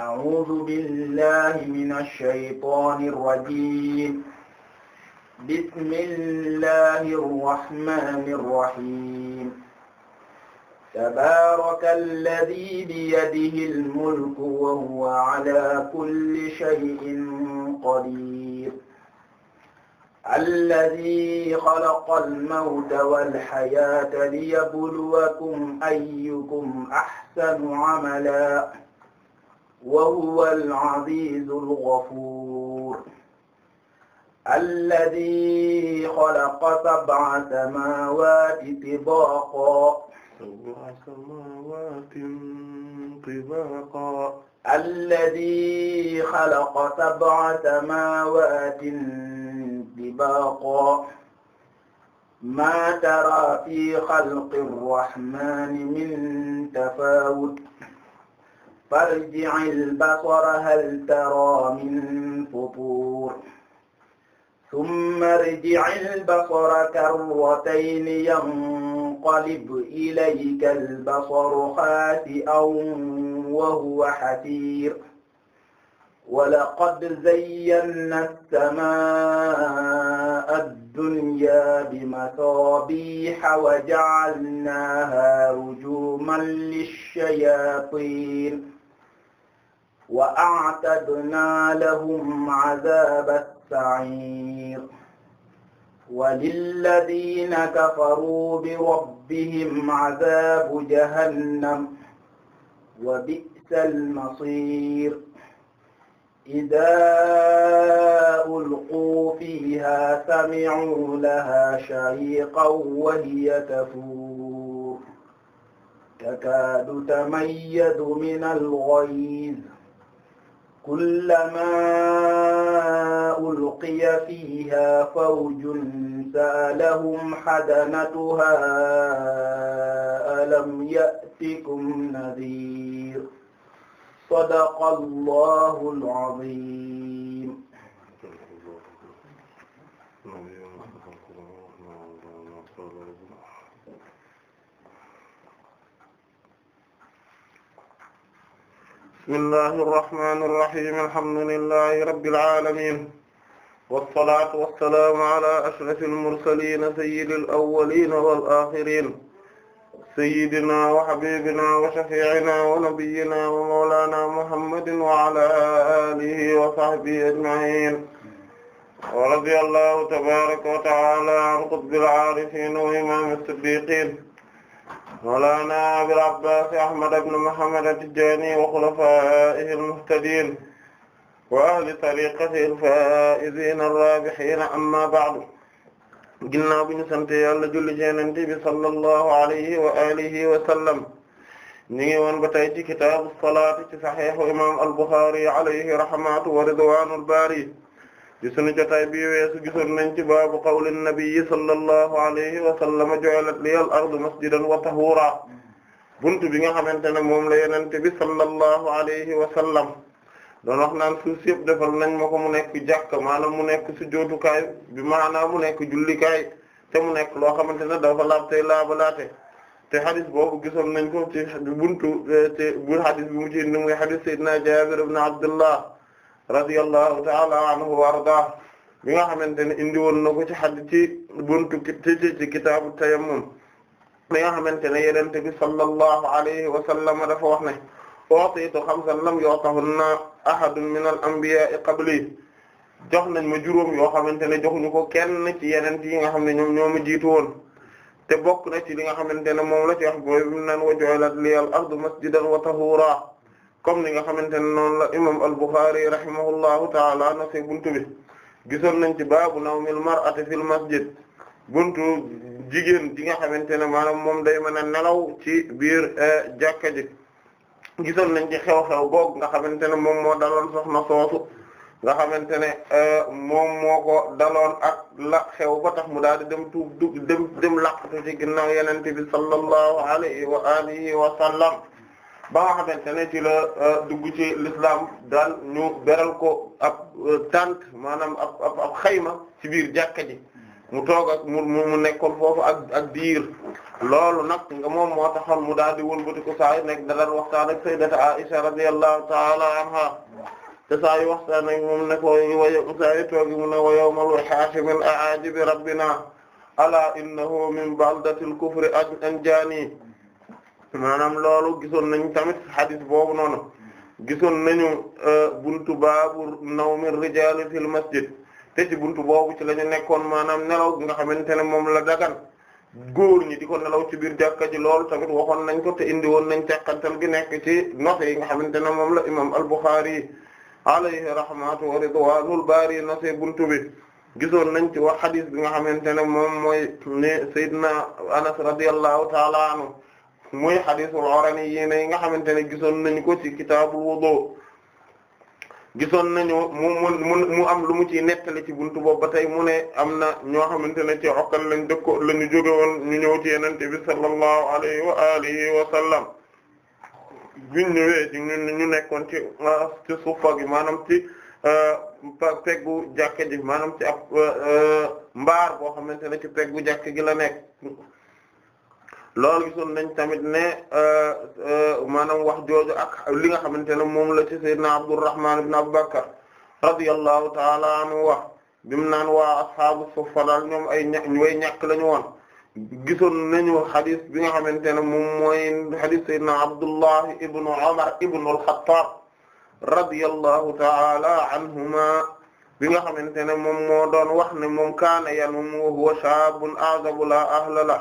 أعوذ بالله من الشيطان الرجيم بسم الله الرحمن الرحيم تبارك الذي بيده الملك وهو على كل شيء قدير الذي خلق الموت والحياة ليبلوكم أيكم أحسن عملاً wa huwa al-azizu al-ghafuur alladhi khalaqa sab'a samawaatin tibaaqan sab'a samawaatin tibaaqan alladhi khalaqa sab'a samawaatin tibaaqan ma tara fi khalqi ar-rahmaani min tafawut فارجع البصر هل ترى من فطور ثم ارجع البصر كرتين ينقلب إليك البصر خاسئا وهو حسير ولقد زينا السماء الدنيا بمصابيح وجعلناها رجوما للشياطين wa a'tadna lahum 'adhaba as-sa'ir وللذين كفروا بربهم عذاب جهنم وبئس المصير إذا ألقوا فيها سمعوا لها شهيقا وهي تفور تكاد تميز من الغيظ كلما ألقي فيها فوج سألهم حدنتها ألم يأتكم نذير صدق الله العظيم bismillahi irrahmani irrahim alhamdulillahi rabbil alamin wassalatu wassalaamu ala ashrafi almursalin sayyidi alawalin walaxirin sayidina wa habibina wa shafi'ina wa nabiyina wa mawlana muhammadin wa ala alihi wa sahbihi ajma'in wa radiyallahu tabaraka wa ta'ala an qutbil arifin wa imam as-siddiqin mawlaana Abil Abbaas Ahmad ibn Muhammad at-Tijaani wa xulafaa'ihi al-muhtadiin wa ahli tariiqatihi al-faa'iziina ar-raabihiina amma ba'du ginnaaw bi ñu sant yàlla julli ci Yonent bi sallallahu alayhi wa alihi wa sallam ñu ngi woon ba tey ci kitaabu salaat ci saxiixu imaam al-Buxaari alayhi rahmatu wa ridwaanul baari di sunu jotaay bi weesu gisoon nañ ci baabu qawli nabi sallallahu alayhi wa sallam ju'ilat liyal ardu masjidan wa tahura buntu bi nga xamante ne moom la yonent bi sallallahu alayhi wa sallam doon wax naan suuf si yëpp defal nañ ma ko mu nekk jàkka maanaam mu nekk sujjóotukaay bi maanaam mu nekk jullikaay te mu nekk loo xamante ne dafa laab tey laabalaate te xadis boobu gisoon nañ ko ci buntu te xadis bi mu ci indi muy xadis sayyidina Jaabir ibn Abdullah radiyallahu ta'ala anhu wa arda bi nga xamante ne indi woon na ko ci xadis ci buntu ci ci kitaabu tayammum bi nga xamante ne yonent bi sallallahu alayhi wa sallam dafa wax ne utiitu xamsan lam yu'tahunna ahadun min al-anbiyaa'i qabli jox nañ ma juróom yoo xamante ne joxuñu ko kenn ci yeneen yi nga xam ne ñoom ñoo ma jiitu woon te bokk na ci li nga xamante ne moom la ci wax mooy bi mu naan wa ju'ilat liya al-ardu masjidan wa tahuura comme ni nga xamante ne noonu la imam al-Bukhari rahimahullahu taala na ci buntu bi gisoon nañ ci baabu nawmil mar'ati fil masjid buntu jigéen ji nga xamante ne maanaam moom day mën a nelaw ci biir eh, jàkka ji gisoon nañ ci xew-xew boog nga xamante ne moom moo daloon soxna soosu nga xamante ne eh, moom moo ko daloon ak la xew ba tax mu daal di dem tuub dug dem dem laqatu ci ginnaaw yenente bi sallallahu alayhi wa alihi wa sallam ba nga xamante ne ci la euh, dugg ci l'islam daal ñu beral ko ab euh, tànt maanaam ab ab ab xayma ci biir jàkka ji mu toog ak mu mu nekkoon foofu ak ak diir loolu nag nga moom moo taxoon mu daal di wëlbati ko saa yu nekk da daan waxtaan ak sayyidata Aisha radiyallahu ta'ala anha te saa yu waxtaan ak moom ne ko waye saa yu toogi mu ne wa yawmal wahaashi a'ajibi rabbina ala innahu min baldatil kufri anjani maanaam loolu gisoon nañ tamit hadith boobu noonu gisoon nañu euh, buntu baabu nawmi rijaal fil masjid te ci buntu boobu ci la ñu nekkoon maanaam nelaw nga xamante ne moom la dagan góor ñi di ko nelaw ci biir jàkka ji loolu tamit waxoon nañ ko te indi woon nañ teqantal gi nekk ci nox yi nga xamante ne moom la imam al-Bukhari alayhi rahmatu wa ridwanul baari nasee buntu bi gisoon nañ ci wax hadith bi nga xamante ne moom mooy ne Seydina Anas radiyallahu ta'ala anhu muy xadisul orani yi ne nga xamante ne gisoon nañu ko ci kitaabul wudu gisoon nañu mu mu am lu mu ci nettale ci buntu boobu ba tey mu ne am na ñoo xamante ne ci okkal lañ dëkko la ñu jóge woon ñu ñëw ci yenente bi sallallahu alayhi wa alihi wa sallam biñ ñëwee ci ñu nekkoon ci ah, ci suufa gi maanaam ci ah, peggu jàkka ji maanaam ci ab ah, mbaar boo xamante ne ci peggu jàkka gi la nekk loolu gisoon nañ tamit ne euh, euh, maanaam wax jooju ak li nga xamante ne moom la ci sayyidina Abdurrahman ibn Abubakar radiyallahu ta'ala anhu wax bimu naan waa ashaabu suffa daal ñoom ay ña way ñàkk la ñu woon gisoon bi nga xamante ne moom mooy xadis sayyidina Abdullah ibn Umar ibn al-Khattab radiyallahu ta'ala anhuma bi nga xamante ne moom moo doon wax ne moom kaana yanum wa huwa shaabun a'zabu la ahla la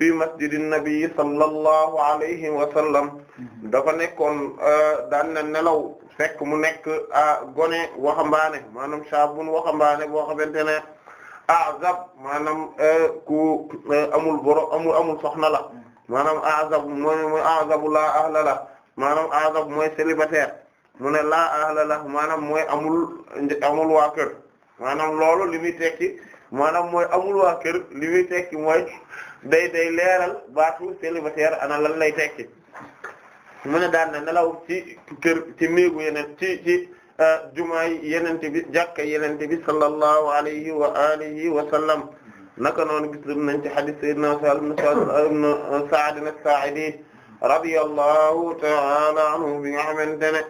fi masjidi nabi sallallahu alayhi wa sallam mhm. dafa nekkoon euh, daan na nelaw fekk mu nekk gone waxambaane maanaam shaabun waxambaane boo xamante ne azab maanaam euh, ku euh, amul boro amul amul soxna la mhm. maanaam azab mooy mooy azabu laa ahla la maanaam azab mooy célibataire mu ne laa ahla la maanaam mooy amul amul waa kër maanaam loolu li muy tekki maanaam mooy amul waa kër li muy tekki mooy day day leeral baatu célibataire ana lan lay tekki mu ne daan na nelaw ci kër ci néegu yeneen ci ci euh, jumaay yenente bi jàkka yenente bi sallallahu alayhi wa alihi wa sallam naka noonu gis nañ ci hadith sayyidina Salim ibn Sa'd as-Sa'idi radiyallahu ta'ala anhu bi nga xamante ne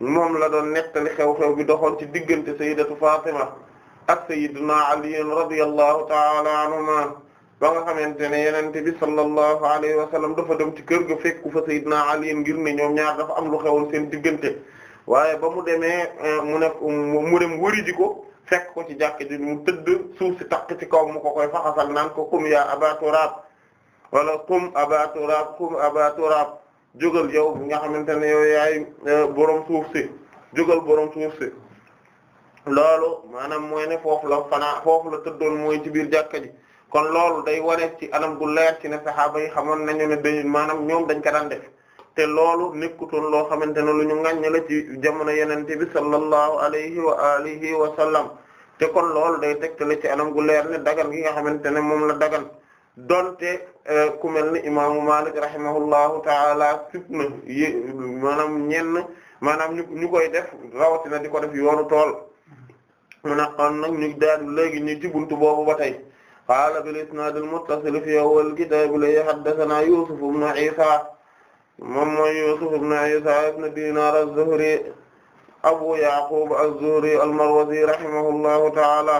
moom la doon nettali xew-xew bi doxoon ci diggante sayyidatu Fatima ak sayyidina Ali radiyallahu ta'ala anhuma ba nga xamante ne yenente bi sallallahu alayhi wa sallam dafa dem ci kër ga fekku fa sayyidina Ali ngir ne ñoom ñaar dafa am lu xewoon seen diggante waaye ba mu demee eh, mu nekk mu dem wëri ji ko fekk ko ci jàkk ji mu tëdd suuf si takk ci kaw mu ko koy faxasal naan ko qum ya aba turab wala qum aba turab qum aba nga xamante ne yow yaay eh, borom suuf si jógal borom suuf si loolu maanaam mooy ne foofu la fanaa foofu la tëddoon mooy ci biir jàkka ji kon loolu day wane ci anam gu leer ci ne saxaaba yi xamoon nañu ne dañ maanaam ñoom dañ ko daan def te loolu nekkutoon loo xamante ne lu ñu ŋàññ la ci jamono yenente bi sallallahu alayhi wa alihi wa sallam te kon loolu day tegtale ci anam gu leer ne dagan gi nga xamante ne moom la dagan donte eh, ku mel ni imaamu Maalik rahimahullahu taala sib na y maanaam ñenn maanaam ñu ñu koy def rawatina di ko def yoonu tool mu naqoon nag ñu daal léegi ñu ci buntu boobu ba tey qaala bil-isnaad al-muttasil fii awwal kitaab li haddathanaa Yuusuf ibn Iisaa moom mooy Yuusuf ibn Iisaa ibn Diinaar az-Zuhri Abu Ya'quub az-Zuhri al-Marwazi rahimahullahu ta'aala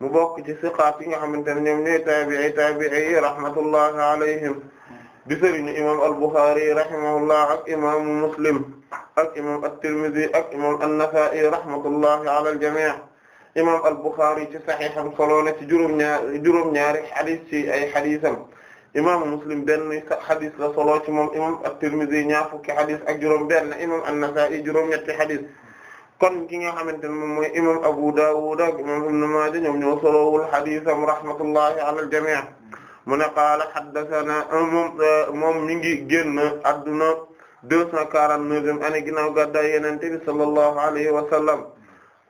mu bokk ci siqaat yi nga xamante ne ñoom ñooy taabi'i taabi'i yi rahmatullahi alayhim di sëriñu imaam al-Bukhari rahimahullah ak imaamu Muslim ak imaam at-Tirmidhi ak imaam an-Nasaa'i rahmatullahi ala al-jamii' imam al-Bukhari ci saxiixam solo na ci juróom-ñaari juróom-ñaari xadis ci ay xadisam imam Muslim benn xadis la solo ci moom imam at-Tirmidhi ñaar fukki xadis ak juróom-benn imam an-Nasa'i juróom-ñetti xadis kon ki nga xamante ne moom mooy imam Abu Dawud ak imam Ibn Maaja ñoom ñoo solowul xadisam rahmatullahi ala al-jami' mu ne qaala haddathana moom mi ngi génn adduna deux cent quarante-neuvième année ginnaaw gàddaay Yonent bi sallallahu alayhi wa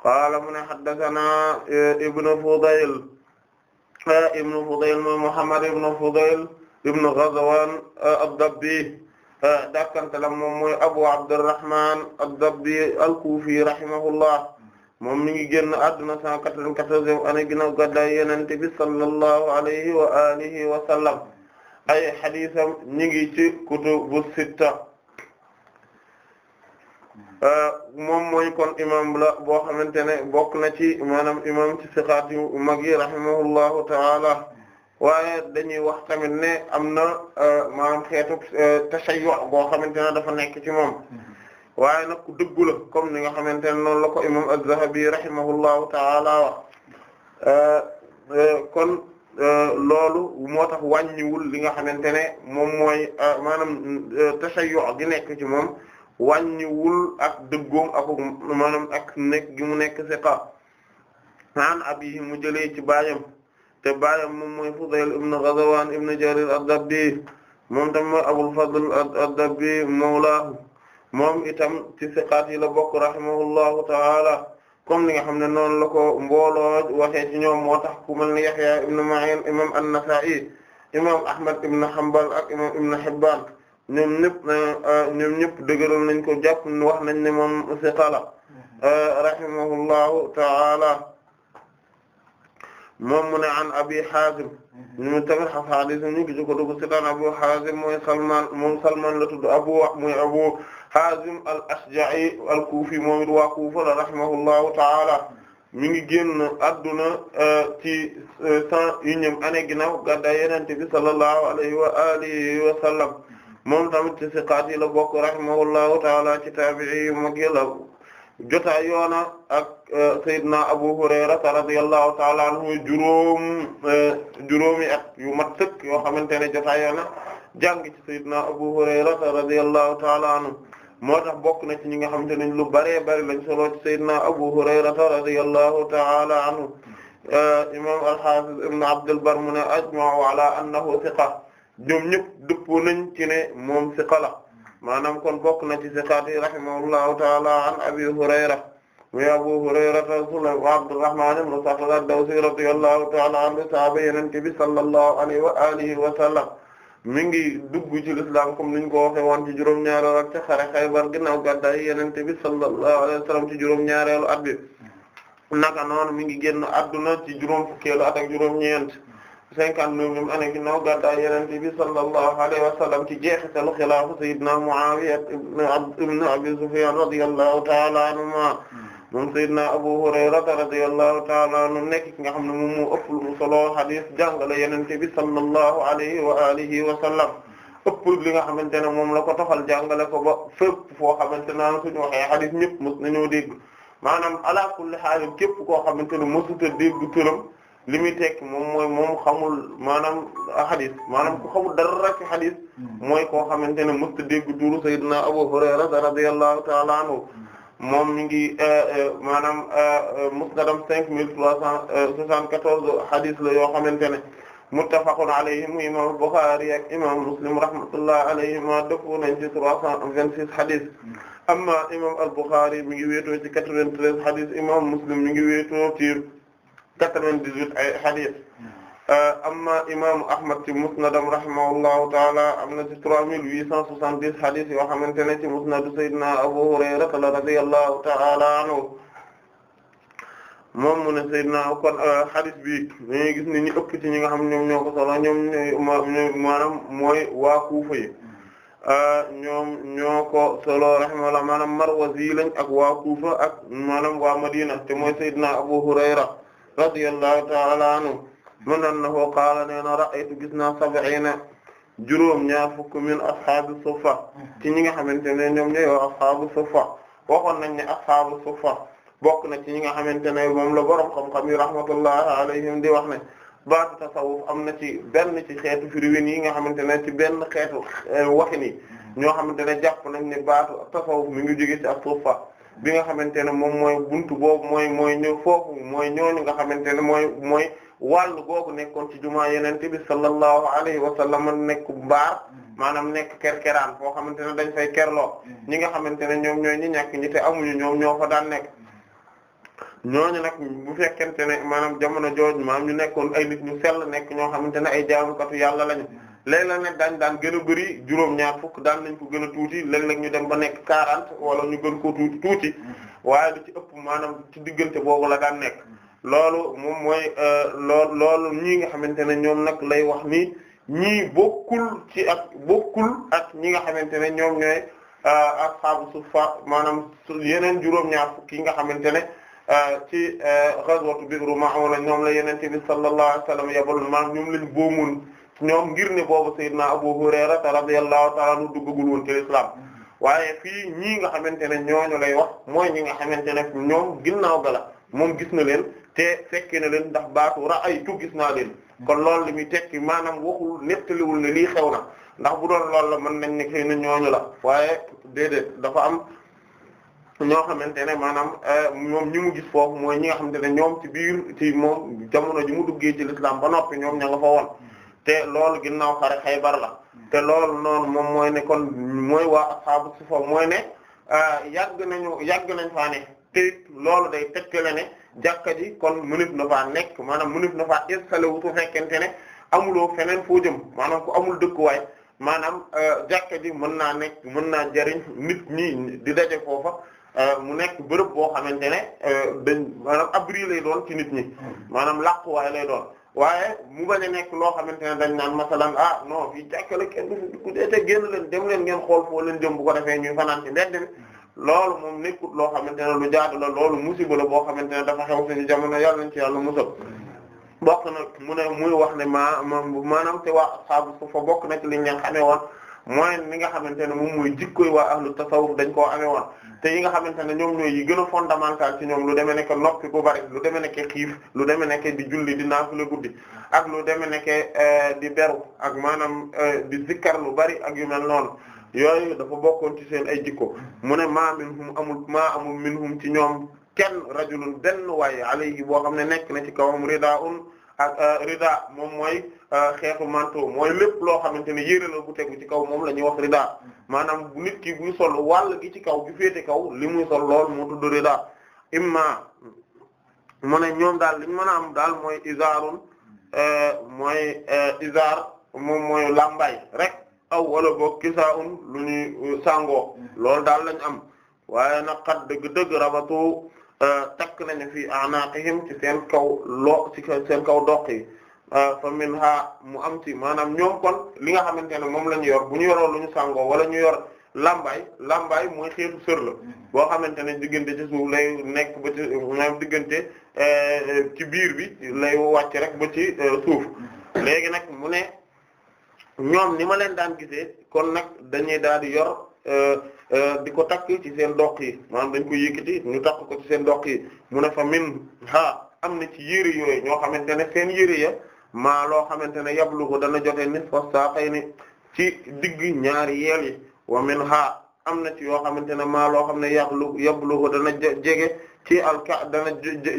qaala mu ne haddasanaa e, ibnu Fudayl e, ibnu Fudayl moom Muhammad ibnu Fudayl ibnu Ghazwaan ad-Dabbi e, dakkantalam moom mooy Abu Abdurrahmaan ad-Dabbi al-Kuufi rahimahullah moom mi ngi génn àdduna 194 ane ginnaaw gàddaay Yonent bi sallallahu alayhi wa alihi wa sallam ay hadiisam ñi ngi ci kutubu sitta Euh, moom mooy kon imam la boo xamante ne bokk na ci maanaam imam ci siqaat yu mag yi rahimahullahu taala waaye dañuy wax tamit ne am na euh, maanaam xeetu euh, tashayyu boo xamante ne dafa nekk ci moom mm-hmm. waaye nag ku dëggu la comme ni nga xamante ne noonu la ko imam az-Zahabi rahimahullahu taala wax kon loolu moo tax wàññiwul li nga xamante ne moom mooy maanaam tashayyu gi nekk ci moom wàññiwul ak dëggoom ak maanaam ak nekk gi mu nekk siqa an abihi mu jëlee ci baayam te baayam moom mooy Fudayl ibn Ghazwan ibn Jarir ad-Dabbi moom tam mooy Abul Fadl ad-Dabbi mawlaahu moom itam ci siqaat yi la bokk rahimahullahu ta'ala comme li nga xam ne noonu la ko mbooloo waxee ci ñoom moo tax ku mel ni Yahya ibn Ma'in imam an-Nasa'i imam Ahmad ibn Hanbal imam Ibn Hibban ñoom ñëpp euh, ñoom ñëpp dëgëral nañ ko jàpp wax nañ ne moom siqala euh, rahimahullahu ta'ala moom mu ne an abi hazim ñu tamit xam hadisam ñu ko dugg ci daan abu hazim mooy salman la tudd abu wax mooy abu hazim al ashja'i al kufi moom it waa kuufa la ta'ala mi ngi génn adduna euh, ci cent unième ane ginnaaw gàddaay yonent bi sallallahu alayhi wa alihi moom tamit ci siqaat yi la bokk rahimahullahu taala ci taabi'i yu mag yi la jotaa yoona ak euh, Abu Hurayrata radiyallahu taala anhu juróom euh, yu mat sëkk yoo xamante ne jotaa yoona jàng ci Seydina Abu Hurayrata radiyallahu taala anhu moo tax bokk na ci ñi nga xamante ne lu bëree bëri lañ solo ci Seydina Abu Hurayrata radiyallahu taala anhu euh, imam al ibn Abd mu ne ajma'u ala annahu thiqa ñoom ñëpp dëppoo nañ ci ne moom siqa la maanaam kon bokk na ci siqaat yi rahimahullahu taala an abi hurayra muy abu hurayrata sula abdurrahman ibn sakhr ad-dawsi radiyallahu taala anhu sahaaba yenente bi sallallahu alayhi wa alihi wa sallam mi ngi dugg ci l'islam comme niñ ko waxe woon ci juróom-ñaareelu ak ca xare Xaybar ginnaaw gàddaay yenente bi sallallahu wa sallam ci juróom-ñaareelu at bi naka noonu mi ngi génn adduna ci juróom fukkeelu at ak juróom-ñeent cinquante-neuf ñoom année ginnaaw gàddaay Yonent bi sallallahu alayhi wa sallam ci jeexitalu xilaafu Sayyidina Muawiya ibn Abi Sufyan radiyallahu ta'ala anhuma moom Sayyidina Abu Hurayrata radiyallahu ta'ala anhu nekk ki nga xam ne moom moo ëpp lu solo hadith jàngale Yonent bi sallallahu alayhi wa alihi wa sallam ëpp li nga xamante ne moom la ko toxal jàngale ko ba fépp foo xamante ne suñu waxee hadith ñëpp mës nañoo dégg maanaam ala kulli haal képp koo xamante ne mësut a dégg turam li muy tekk moom mooy moom xamul maanaam xadis maanaam ku xamul dara ci xadis hmm. mooy koo xamante ne mësta dégg duru sayyidina Abu Hurayra radiyallahu ta'ala anhu hmm. moom mi ngi euh, euh, maanaam euh, musnadam cinq mille trois cent soixante-quatorze yoo xamante ne mu imam Bukhari ak imam Muslim rahmatullah alayhima dëppoo nañ ci trois cent vingt-six xadis hmm. amma imam al-Bukhari mi ngi wéetoo ci quatre-vingt-treize xadis imam Muslim mi ngi wéetoo ci quatre-vingt-dix-huit ay hmm. euh, imaamu Ahmad ci musnadam rahimahullahu taala am na ci trois mille huit cent soixante-dix hadith yoo xamante ne ci musnadu Seydina Abu Hurayra radiyallahu taala anhu moom mu ne Seydina kon euh, hadith bi dañuy gis ëpp ñi nga xam ñoom ñoo ko solo ñoom ñooy maanaam mooy waa Kuufa yi hmm. euh, ñoom ñoo ko ak waa Kuufa ak maanaam waa Madina te mooy Seydina Abu Hurayra radiyallahu ta'ala anhu mu ne annahu qaala nee na ra'aytu gis naa sab'iina juróom ñaar fukk min ashaabu suffa ci ñi nga xamante ne ñoom ñooy ashaabu suffa waxoon nañ ne ashaabu suffa bokk na ci ñi nga xamante ne moom la borom xam-xam yi rahmatullahi alayhim di wax ne baatu tasawuf am na ci benn ci xeetu firiwin yi nga xamante ne ci benn xeetu eh, waxin yi ñoo xamante ne jàpp nañ ne baatu tasawuf mi ngi jóge ci as-suffa bi nga xamante ne moom mooy bunt boobu mooy mooy ñëw foofu mooy ñooñu nga xamante ne mooy mooy wàllu googu nekkoon ci jumaa yenente bi sallallahu alayhi wa sallam nekk mbaar manam nekk kerkeraan foo xamante ne dañ fay kerloo ñi nga xamante ne ñoom ñooy ñi ñàkk ñi te amuñu ñoom ñoo fa daan nekk ñooñu nag mu fekkente ne maanaam jamono jooju maam ñu nekkoon ay nit ñu sell nekk ñoo xamante ne ay jaamukatu yàlla lañu léeg-léeg nag daañ daan gën a bëri juróom-ñaar fukk daan nañ ko gën a tuuti léeg-léeg ñu dem ba nekk quarante wala ñu gën koo tuuti tuuti mm-hmm. waaye lu ci ëpp maanaam ci diggante boobu la daan nekk mm-hmm. loolu moom mooy euh, lool loolu ñii nga xamante ne ñoom nag lay wax ni ñii bokkul ci ak bokkul ak ñi nga xamante ne ñoom ñooy euh, ashaabu suffa maanaam yeneen juróom-ñaar fukk yi nga xamante ne euh, ci ghazwatu Bi'r na ñoom la yenente bi sallallahu alayhi wasallam yabaloon maanaam ñoom lañ boomoon ñoom ngir ne boobu Seydina Abu Hurayra radiyallahu ta'ala anhu duggagul woon ci lislaam waaye fii ñii nga xamante ne ñooñu lay wax mooy ñi nga xamante ne ñoom ginnaaw gala moom gis na leen te fekke na leen ndax baatu ra'aytu gis naa leen kon loolu li muy tekki maanaam waxul nettaliwul ne lii xew na ndax bu doon la mën nañ ne xëy la waaye déedéet dafa am ñoo xamante ne maanaam moom eh, ñi mu gis foofu mooy ñi nga xamante ne ñoom ci biir ci moom jamono ji mu duggee ci lislaam ba noppi ñoom ña nga fa woon te loolu ginnaaw xare Xaybar la te lool noon moom mooy ne kon mooy waa ashaabu sufa mooy ne euh, yàgg nañu yàgg nañ fa ne te loolu day tegtale ne jàkka ji kon mënif na faa nekk maanaam mënif na faa installé wu su fekkente ne amuloo feneen foo jëm maanaam ku amul dëkkuwaay maanaam euh, jàkka ji mën naa nekk mën naa jariñ nit ñi di daje foofa euh, mu nekk bërëb boo xamante ne dañ maanaam abri lay doon ci nit ñi hmm. maanaam làquwaay lay doon waaye mu bañ a nekk loo xamante ne dañ naan masalan ah non fii jàkkale kenn du ku deete génn leen dem leen ngeen xool foo leen jëm bu ko defee ñuy fanaan ci mbedd mi loolu moom nekkut loo xamante ne lu jaadu la loolu musiba la boo xamante ne dafa xew suñu jamono yàlla nañ ci yàlla mu musal bokk na mu ne muy wax ne maa maanaam te waa asxaabu sufa bokk na ci liñ leen xamee woon mooy li nga xamante ne moom mooy jikkoy waa ahlu tasawuf dañ koo amee woon te yi nga xamante ne ñoom ñooy yi gën a fondamental ci ñoom lu demee nekk noppi bu bari lu demee nekk xiif lu demee nekk di julli di naafila guddi ak lu demee nekk euh, di beru ak maanaam euh, di zikkar lu bari ak yu mel noonu yooyu dafa bokkoon ci seen ay jikko mu ne maa minhum amul maa amul minhum ci ñoom kenn rajulun benn waaye alayhi boo xam ne nekk na ci kawam ridaa'un ak euh, rida moom mooy euh, xeexu manto mooy lépp loo xamante ne yére la bu tegu ci kaw moom la ñuy wax rida maanaam nit ki buy sol wàll gi ci kaw gi féete kaw li muy sol lool moo tudd rida imma mu ne ñoom daal li ñu mën a am daal mooy isaarun euh, mooy isaar moom mooy lambay rek aw wala boog kisaun lu ñuy sangoo mm-hmm. loolu daal lañ am waaye nag xat dëgg-dëgg rabatu takk nañu fi a'naqihim ci seen kaw loo ci seen kaw dox yi euh, fa minha mu am ci maanaam ñoom kon li nga xamante ne moom la ñu yor bu ñu yoroo lu ñu sàngoo wala ñu yor lambaay lambaay mooy xeetu sër boo xamante ne diggante ci suuf lay nekk ba ci maanaam diggante euh, ci biir bi lay wàcc rek ba ci euh, suuf léegi nag mu ne ñoom ni ma leen daan gisee kon nag dañuy daal di yor Euh, di ko takk ci seen doq yi maanaam dañ ko yëkkati ñu takk ko ci seen doq yi mu ne fa min ha am na ci yére yooyu ñoo xamante ne seen yére ya maa loo xamante ne yablu ko dana jote ni fa saaxay ni ci digg ñaari yeel yi wa am na ci yoo xamante ne maa loo xam ne yablu yablu ko dana jege ci alka dana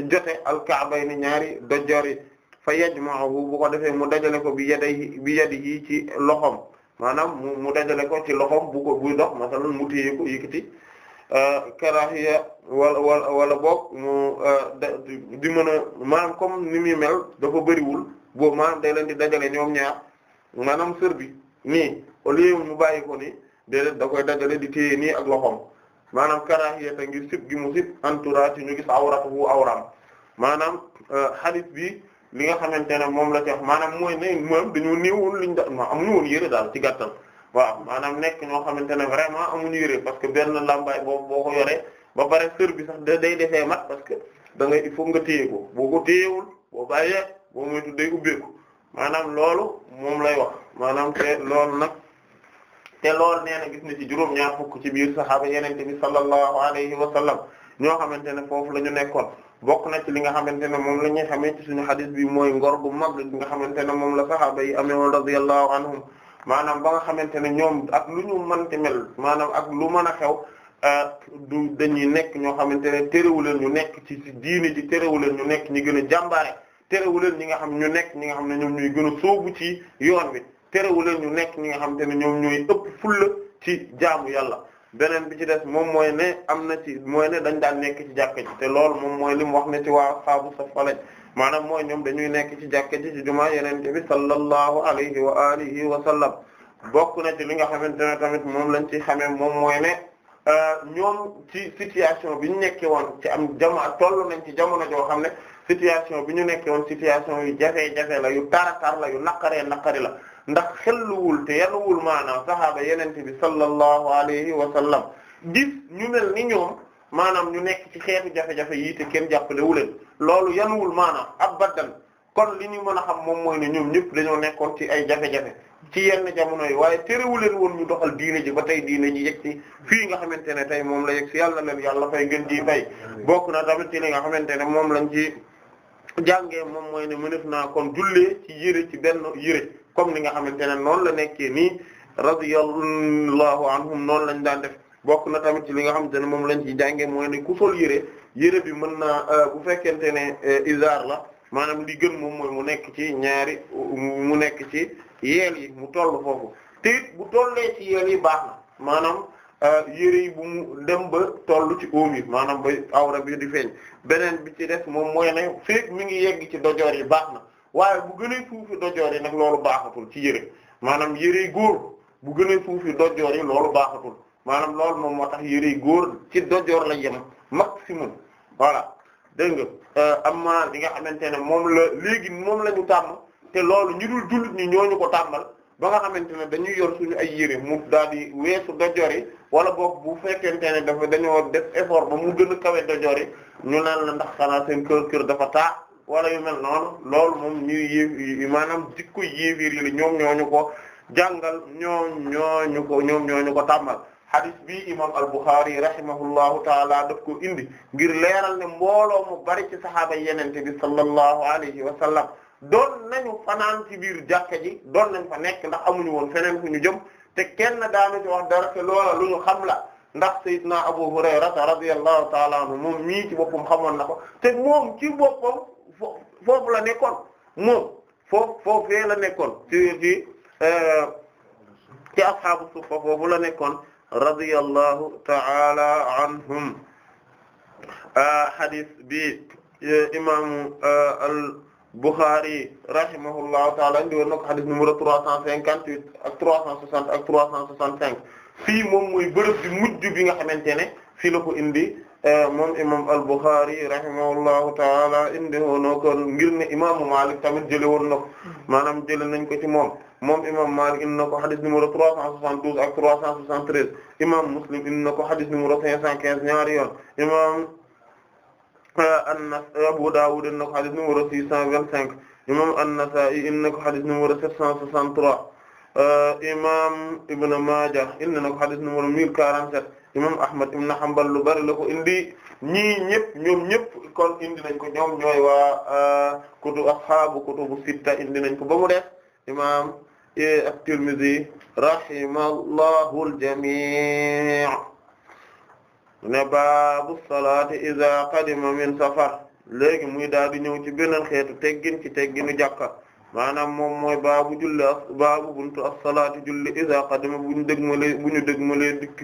jote alkaabay ñaari dojjor yi fa yajma'uhu bu ko defee mu dajale ko bi yadihi bi yadihi ci loxom maanaam mu dajale ko ci loxom bu ko buy dox masalan mu téye ko yëkkati euh, karaxiya wala wala wala boog mu euh, di mën a maanaam comme ni muy dafa bëriwul boo maanaam day leen di dajale ñoom ñaar maanaam sër bi nii au mu bàyyi ni nii déedéet da koy dajale di téye nii ak loxoom maanaam karaxiya te ngir sib gi mu sib entourage ci ñu gis awratu awram maanaam euh, hadith bi li nga xamante ne moom la ci maanaam mooy ne moom dañoo néewoon liñ da ma amuñu woon yére daal ci gàttal waaw maanaam nekk ñoo xamante ne vraiment amuñu yére parce que benn làmbaay boobu boo ko yoree ba pare sër bi sax day defee mat parce que da ngay il faut nga téye ko boo ko téyewul boo bàyyee boo moytu day ubbeeku maanaam loolu moom lay wax maanaam te loolu nag te lool nee na gis na ci juróom ñaar fukk ci biir saxaaba yenente bi sallallahu alayhi wa sallam ñoo xamante ne foofu la ñu nekkoon bokk na ci li nga xamante ne moom la ñuy xamee ci suñu bi mooy ngor gu mag gi nga xamante ne moom la sahaaba yi amee woon radiyallahu anhum maanaam ba nga xamante ne ñoom ak lu ñu mënti mel maanaam ak lu mën a xew euh, du dañuy nekk ñoo xamante ne terewuleen ñu nekk ci diini ji terewuleen ñu nekk ñi gën a jàmbaare terewuleen ñi nga xam ñu nekk ñi nga xam ne ñoom ñuy gën a sóobu ci yoon bi terewuleen ñu nekk ñi nga xamante ne ñoom ñooy ëpp fulla ci jaamu yàlla beneen bi ci des moom mooy ne am na ci mooy ne dañ daan nekk ci jàkka ji te loolu moom mooy li mu wax ne ci waa xaabu sa falañ maanaam mooy ñoom dañuy nekk ci jàkka ji ci jumaa yenente bi sallallahu alayhi wa alihi wa sallam bokk na ci li nga xamante ne tamit moom lañ ci xamee moom mooy ne euh, ñoom ci situation bi ñu nekkee woon ci am jamono toll nañ ci jamono joo xam ne situation bi ñu nekkee woon situation yu jafe-jafe la yu taratar la yu naqaree naqari la ndax xelluwul te yanuwul maanaam sahaaba yenente bi sallallahu alayhi wa sallam gis ñu mel ni ñoom maanaam ñu nekk ci xeetu jafe-jafe yi te kenn jàppalewuleen loolu wul maanaam abadan kon li ñu mën a xam moom mooy ne ñoom ñëpp dañoo nekkoon ci ay jafe-jafe ci yenn jamono yi waaye terewuleen woon ñu doxal diine ji ba tey diine ji yegg si fii nga xamante ne tey moom la yegg si yàlla leen yàlla fay gën ji fay bokk na tamit ci li nga xamante ne moom lañ ci jàngee moom mooy ne mënef naa kon jullee ci ci benn yëre comme ni nga xamante ne noonu la nekkee nii radiyallahu anhum noonu lañ daan def bokk na tamit ci li nga xamante ne moom lañ ci jànge mooy ne ku sol yére yére bi mën naa euh, bu fekkente ne euh, izar la maanaam li gën moom mooy mu nekk ci ñaari mu nekk ci yeel yi mu toll foofu te it bu tollee ci yeel yi baax na maanaam euh, yére yi bu mu dem ba toll ci oom maanam ba awra bi di feeñ beneen bi ci des moom mooy ne féeg mi ngi yegg ci dojoor yi baax na waaye bu gënee suufi dojoor yi nag loolu baaxatul ci yëre maanaam yërey góor bu gënee suufi dojoor yi loolu baaxatul maanaam lool moom moo tax yërey góor ci dojoor la yem maximum voilà dégg nga euh, amma li nga xamante ne moom la léegi moom la ñu tàmm te loolu ñu dul jullit ñi ñooñu ko tàmbal ba nga xamante ne dañuy yor suñu ay yëre mu daal di weesu dojoor yi wala boog bu fekkente ne dafa dañoo def effort ba mu gën a kawe dojoor yi ñu naan la ndax xanaa seen kër kër dafa taa wala yu mel noonu loolu moom ñu yéef maanaam dikku yéefir yi ñoom ñooñu ko jàngal ñoom ñooñu ko ñoom ñooñu ko tàmmal hadith bi imam al-Bukhari rahimahullahu taala daf ko indi ngir leeral ne mbooloo mu bari ci sahaaba yenente bi sallallahu alayhi wa sallam doon nañu fanaan ci biir jàkka ji doon nañ fa nekk ndax amuñu woon feneen fu ñu jëm te kenn daanu ci wax dara te loola lu ñu xam la ndax sayyidna Abu Hurayrata radiyallahu taala anhu moom mii ci boppam xamoon na ko te moom ci boppam foofu la nekkoon moom foofu la nekkoon ci ci euh, ci ashaabu suffa foofu la nekkoon radiyallahu ta'ala anhum euh, hadith bi euh, imaamu al-Bukhari rahimahullahu ta'ala indi woon na ko hadith numéro trois cent cinquante-huit ak trois cent soixante ak trois cent soixante-cinq fii moom mooy bërëb bi mujj bi nga xamante ne fii la ko indi Eh, moom imam al-Bukhari rahimahullahu taala indi woon ko ngir ne imaamu Malik tamit jëlee woon na ko nañ ko ci moom moom imam Malik indi na ko xadis numéro 372 ak 373 imam Muslim indi na ko xadis numéro 515 ñaari yoon imam eh, eh, Abu Dawud indi na ko xadis numéro 625 imam An-Nasa'i indi na ko xadis numéro 763 imam Ibn Majah indi na ko xadis numéro 1047 imam Ahmad ibn Hanbal lu bari la ko indi ñii ñëpp ñoom ñëpp kon indi nañ ko ñoom ñooy waa euh, kutu ashaabu kutubu sitta indi nañ ko ba mu def imam eh, at-Tirmidhi rahimahullahu al-jamii' ne baabu salaati iza qadima min safar léegi muy daal di ñëw ci beneen xeetu teggin ci tegginu jàkka maanaam moom mooy baabu julli baabu buntu as-salaati julli iza qadima bu ñu dëgmalee bu ñu dikk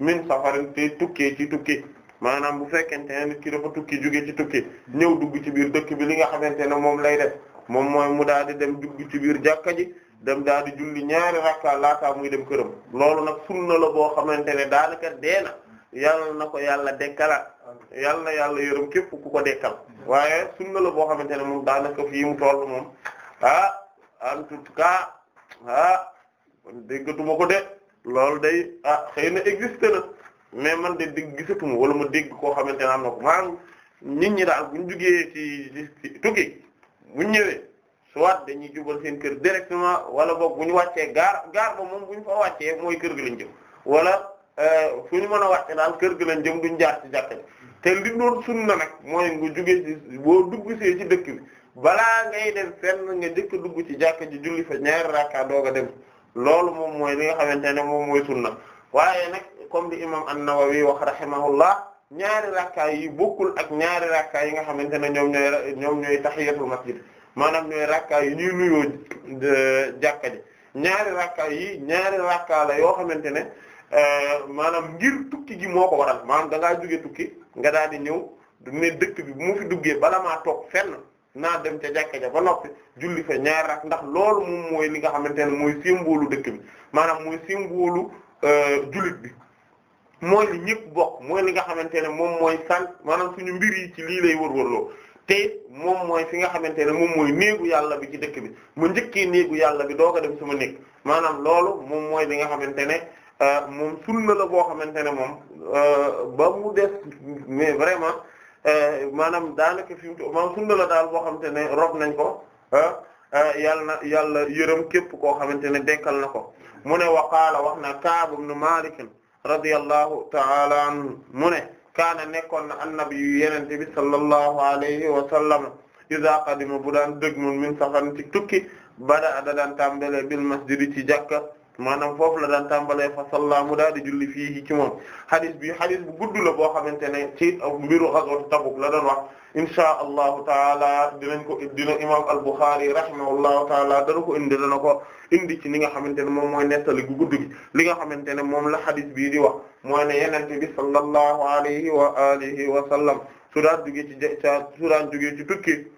min safarin te tukkee ci tukki maanaam bu fekkente ne nit ki dafa tukki jóge ci tukki ñëw dugg ci biir dëkk bi li nga xamante ne moom lay def moom mooy mu daal di dem dugg ci biir jàkka ji dem daal di julli ñaari rakka laataa muy dem këram loolu nag sunna la boo xamante ne daanaka dee na yàlla na ko yàlla dekkalaat yàlla na yàlla yërëm képp ku ko dekkal waaye sunna la boo xamante ne moom daanaka fii mu toll moom ah en tout cas ah déggatuma ko de. loolu day ah xëy na existe na mais man de dégg gisatuma wala ma dégg koo xamante ne am na ko maanaam nit ñi daal bu ñu jugee ci ci tukki bu ñu ñëwee soit dañuy jubal seen kër directement wala boog bu ñu wàccee gaar gaar ba moom bu ñu fa wàccee mooy kër gi lañ jëm wala euh, fu ñu mën a wàcce daal kër gi lañ jëm duñ jaar ci jàkka te li doon sunna nag mooy nga jugee boo dugg see ci dëkk bi balaa ngay dem fenn nga njëkk dugg ci jàkka ji julli fa ñaari rakka doog a dem. loolu moom mooy li nga xamante ne moom mooy sunna waaye nag comme li imam an-Nawawi wax rahimahullah ñaari rakkaa yi bokkul ak ñaari rakkaa yi nga xamante ne ñoom ñooy ñoom ñooy tahiyatul masjid maanaam ñooy rakkaa yi ñuy nuyoo jàkka ji ñaari rakkaa yi ñaari rakkaa la yoo xamante ne euh, maanaam ngir tukki gi moo ko waral maanaam da ngaa tukki nga daal di ñëw ne dëkk bi bu mu fi duggee bala maa toog fenn naa dem ca jàkka ja ba noppi julli fa ñaar rak ndax loolu moom mooy li nga xamante ne mooy symbole dëkk bi maanaam mooy symbole euh, jullit bi mooy ñëpp bokk mooy li nga xamante ne moom mooy sant maanaam suñu mbir yi ci lii lay wërwërloo te moom mooy fi nga xamante ne moom mooy néegu yàlla bi ci dëkk bi mu njëkkee néegu yàlla bi doo ko dem suma néeg maanaam loolu moom mooy li nga xamante ne euh, moom sunna la boo xamante ne moom euh, ba mu des mais vraiment Eh, maanaam daanaka fi mu maanaam sunna la daal boo xamante ne rob nañ ko ah, ah, yal na yàlla yërëm képp koo xamante ne dekkal na ko mu ne wa qaala wax na Kaab ibn Maalik radiyallahu ta'ala anhu mu ne kaana nekkoon na annabi yu yenente bi sallallahu alayhi wa sallam iza qadima bu daan dëgg mun min safarin ci tukki bada da daan tàmbale bil masjid ci jàkka maanaam foofu la daan tàmbalee fa salla mu daal di julli fii ci moom hadith bi hadith bu gudd la boo xamante ne ci mbiru ghazwat Tabuk la doon wax inshaa allahu taala dinañ ko dina imam al-Bukhari rahimahullahu taala dana ko indi dana ko indi ci li nga xamante ne moom mooy nettali gu gudd gi li nga xamante ne moom la hadith bii di wax mooy ne yenente bi sallallahu alayhi wa alihi wa sallam su daan jógee ci su daan jógee ci tukki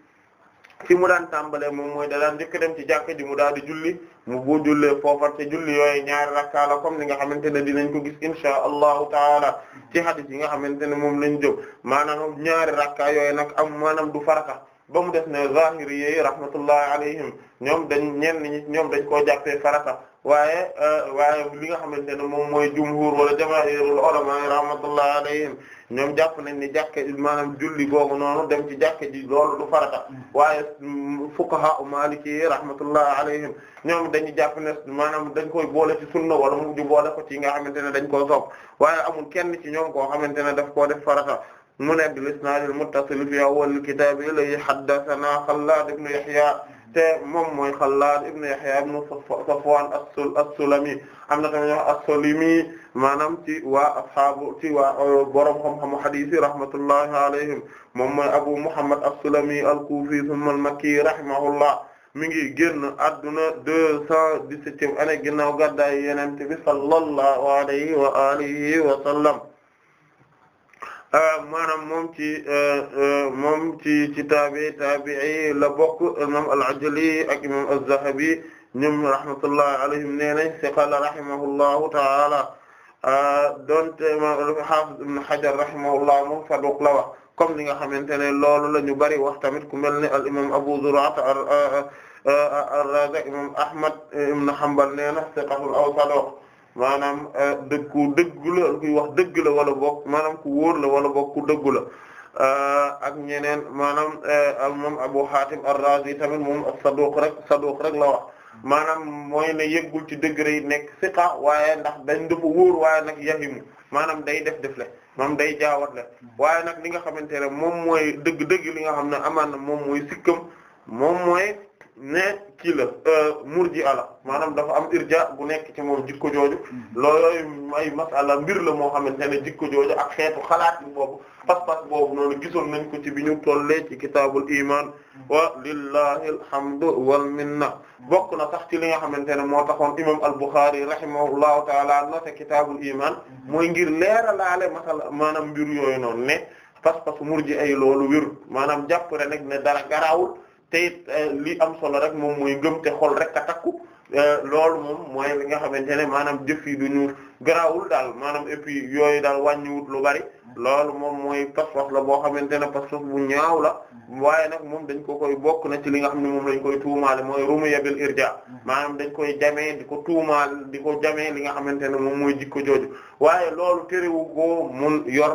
fi mu daan tàmbalee moom mooy da daan njëkk dem ci jàkk ji mu daal di julli mu bu jullee foofar te julli yooyu ñaari rakkaa la comme ni nga xamante ne dinañ ko gis inshaa allahu taala ci hadith yi nga xamante ne moom lañ jóg maanaam ñaari rakkaa yooyu nag am maanaam du farata ba mu def ne zahiri yi rahmatullahi alayhim ñoom dañ ñenn ñi ñoom dañ koo jàppee farata waaye euh, waaye li nga xamante ne moom mooy jumhur wala jamaahirul ulama rahmatullahi alayhim ñoom jàpp nañ ni jàkke maanaam julli googu noonu dem ci jàkke ji loolu du farata waaye fuqaha maliki rahmatullah alayhim ñoom dañu jàpp na maanaam dañ koy boole ci sunna wala mu ju boole ko ci nga xamante ne dañ koo sopp waaye amul kenn ci ñoom koo xamante ne daf koo def farata mu ne bil isnaadil muttasil fi awwal kitaab ilayhi haddathana Xallaad ibn Yahya te moom mooy Xallaad ibn Yahya ibn Safwan as-Sulami am na tamit as-Sulami maanaam ci waa ashaabu ci waa uh, borom xam-xamu hadiis rahmatullahi alayhim moom mooy Abu Muhammad as-Sulami al-Kufi thumma al-Makki rahimahullah mi ngi génn adduna deux cent dix-septième année ginnaaw gàddaay Yonent bi sallallahu alayhi wa alihi wa sallam Euh, maanaam moom ci euh, euh, moom ci ci taabi taabii la bokk imam al-Ajli ak imam az-Zahabi ñoom rahmatullahi alayhim nee nañ siqala rahimahullahu ta'ala donte imam al-Hafiz ibn Hajar rahimahullah moom saduq la wax comme li nga xamante ne loolu la ñu bari wax tamit ku mel ne al imam Abu Zur'a ar-Razi imam Ahmad ibn Hanbal nee na siqatul aw saduq maanaam euh, dëgg ku dëgg la wax dëgg la wala bokk maanaam ku wóor la wala bokk ku dëggu la euh, ak ñeneen maanaam euh, moom Abu Hatim ar-Razi tamit moom saduq rek saduq rek la wax maanaam mooy ne yëggul ci degré yi nekk siqa waaye ndax dañ dafa wóor waaye nag yahimu maanaam day def def le moom day jaawat le waaye nag li nga xamante ne moom mooy dëgg-dëgg li nga xam ne amaan na moom mooy sikkam moom mooy ne kii la euh, murji'a la maanaam dafa am irja bu nekk ci moom jikko jooju hmm. loolooyu ay masala mbir la moo xamante ne jikko jooju ak xeetu xalaat bi boobu pas-pas boobu noonu gisoon nañ ko ci bi ñu tollee ci kitaabul iman hmm. wa lillahi alhamdu wal minna bokk na sax ci li nga xamante ne moo taxoon imam al-Bukhari rahimahullahu taala note kitaabul imaan hmm. mooy ngir leeralaale masala maanaam mbir yooyu noonu ne pas-pas murji ay loolu wér maanaam jàpp rek ne dara garaawul te it eh, li am solo rek moom mooy ngëm te xol rek a takku eh, loolu moom mooy li nga xamante ne maanaam jëf yi du ñu garaawul daal maanaam et puis yooyu daal wàññiwut lu bari loolu moom mooy pas la boo xamante ne pas-pas bu ñaaw la waaye nag moom dañ ko koy bokk na ci li nga xam ne moom lañ koy tuumaale mooy rumu yabil irja maanaam dañ koy jamee di ko tuumaal di ko jamee li nga xamante ne moom mooy jikko jooju waaye loolu terewu ko mun yor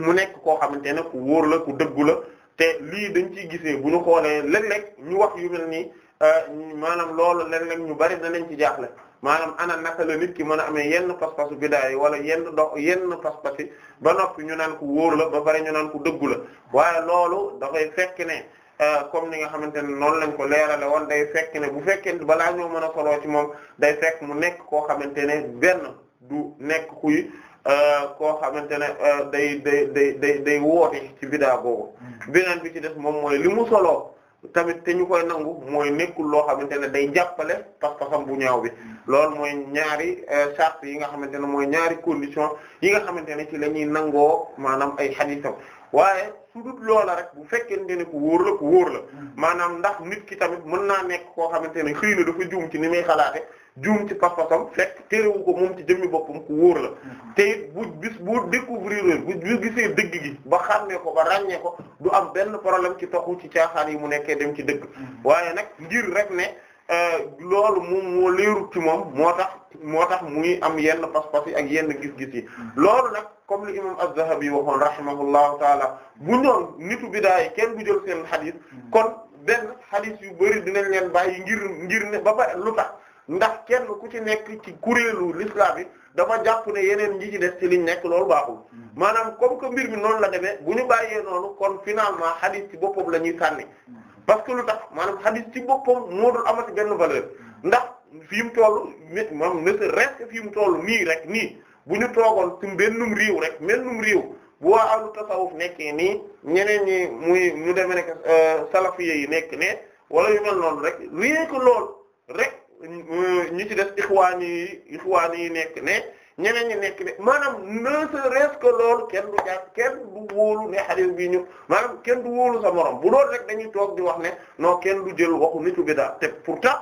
mu nekk koo xamante ne ku wóor la ku dëggu la te lii dañ ciy gisee bu ñu xoolee léeg-léeg ñu wax yu mel nii euh, maanaam loolu léeg-léeg ñu bari danañ ci jaaxle maanaam ana naka la nit ki mën a amee yenn pas-pasu bidaa yi wala yenn dox yenn pas-pas yi ba noppi ñu naan ko wóor la ba bari ñu naan ko dëggu la waaye loolu dafay fekk ne euh, comme ni nga xamante ne noonu lañ ko leerale woon day fekk ne bu fekkee balaa ñoo mën a soloo ci moom day fekk mu nekk koo xamante ne benn du nekk kuy Euh, koo xamante ne euh, day day day day day woote ci biddaa boobu mm. beneen bi ci des moom mooy li mu soloo tamit te ñu koy nangu mooy nekkul loo xamante ne day jàppale pas-pasam bu ñaaw bi mm. loolu mooy ñaari euh, charte yi nga xamante ne mooy ñaari condition yi nga xamante ne ci la ñuy nangoo maanaam ay xadiisam waaye su dut loola rek bu fekkee fekkente ne ku wóor la ku wóor la mm. maanaam ndax nit ki tamit mën naa nekk koo xamante ne xëy na dafa juum ci ni muy xalaate juum ci pas-pasam fekk terewu ko moom ci jëmmi boppam ku wóor la mhm. te it bu bis boo découvrir bu gisee dëgg gi ba xàmmee ko ba ràññee ko du am benn problème ci toxu ci caaxaan yi mu nekkee dem ci dëgg mhm. waaye nag ngir rek ne euh, loolu moom moo leerut ci moom moo tax moo tax muy am yenn pas-pas yi ak yenn gis-gis yi mhm. loolu nag comme li imam Az-Zahabi waxoon rahimahullahu taala bu ñoon nitu bidaay kenn bu jël seen xadis kon benn xadis yu bëri dinañ leen bàyyi ngir ngir ne ba lu tax ndax kenn ku ci nekk ci kuréelu l'islam bi dafa jàpp ne yeneen ñi ci des ci liñ nekk lool baaxul hmm. maanaam comme que mbir mi noonu la demee bu ñu bàyyee noonu kon finalement hadith ci boppam la ñuy sànni hmm. parce que lu tax maanaam hadith ci boppam moo dul amati benn valeur hmm. ndax fi mu toll nit moom rek reste fi mu toll nii rek nii bu ñu toogoon ci mbennum réew rek mbennum réew bu waa ahlu tasawuf nekkee nii ñeneen ñi muy ñu demee nekk euh, salafiye yi nekk ne wala yu mel rek rien que loolu rek. ñi ci def ixwaan yi ixwaan yi nekk ne ñeneen ñi nekk maanaam ne serait loolu kenn du jàpp kenn du wóolu ne xadiis bi ñu maanaam kenn du wóolu sa morom bu lool rek dañuy toog di wax ne noo kenn du jël waxu nitu bida te pourtant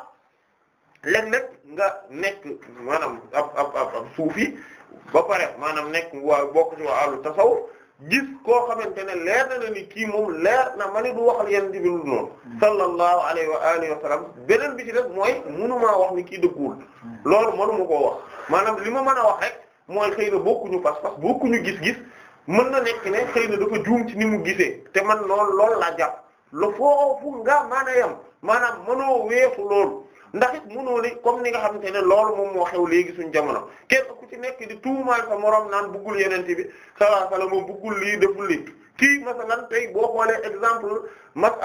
léeg-léeg nga nekk maanaam ab ab ab suufi ba pare maanaam nekk waa bokk ci waa àllu gis koo xamante ne leer na ni kii moom leer na ma ni du waxal yenn jibi lu noonu mm. sallallahu alayhi wa alihi wa sallam beneen bi ci def mooy mënumaa wax ni kii dëgguwul mm. loolu mënuma koo wax maanaam li ma mën a wax rek mooy xëy na bokkuñu pas-pas bokkuñu gis-gis mën na nekk ne xëy na dafa juum ci ni mu gisee te man loolu loolu laa jàpp la foofu nga maana am maanaam mënoo weesu loolu ndax it mënoo comme ni nga xamante ne loolu moom moo xew léegi suñu jamono kenn ku ci nekk di tuumaal sa moroom naan buggul yeneen bi sallallahu alayhi wa sallam buggul lii deful lii kii masalan tey boo xoolee exemple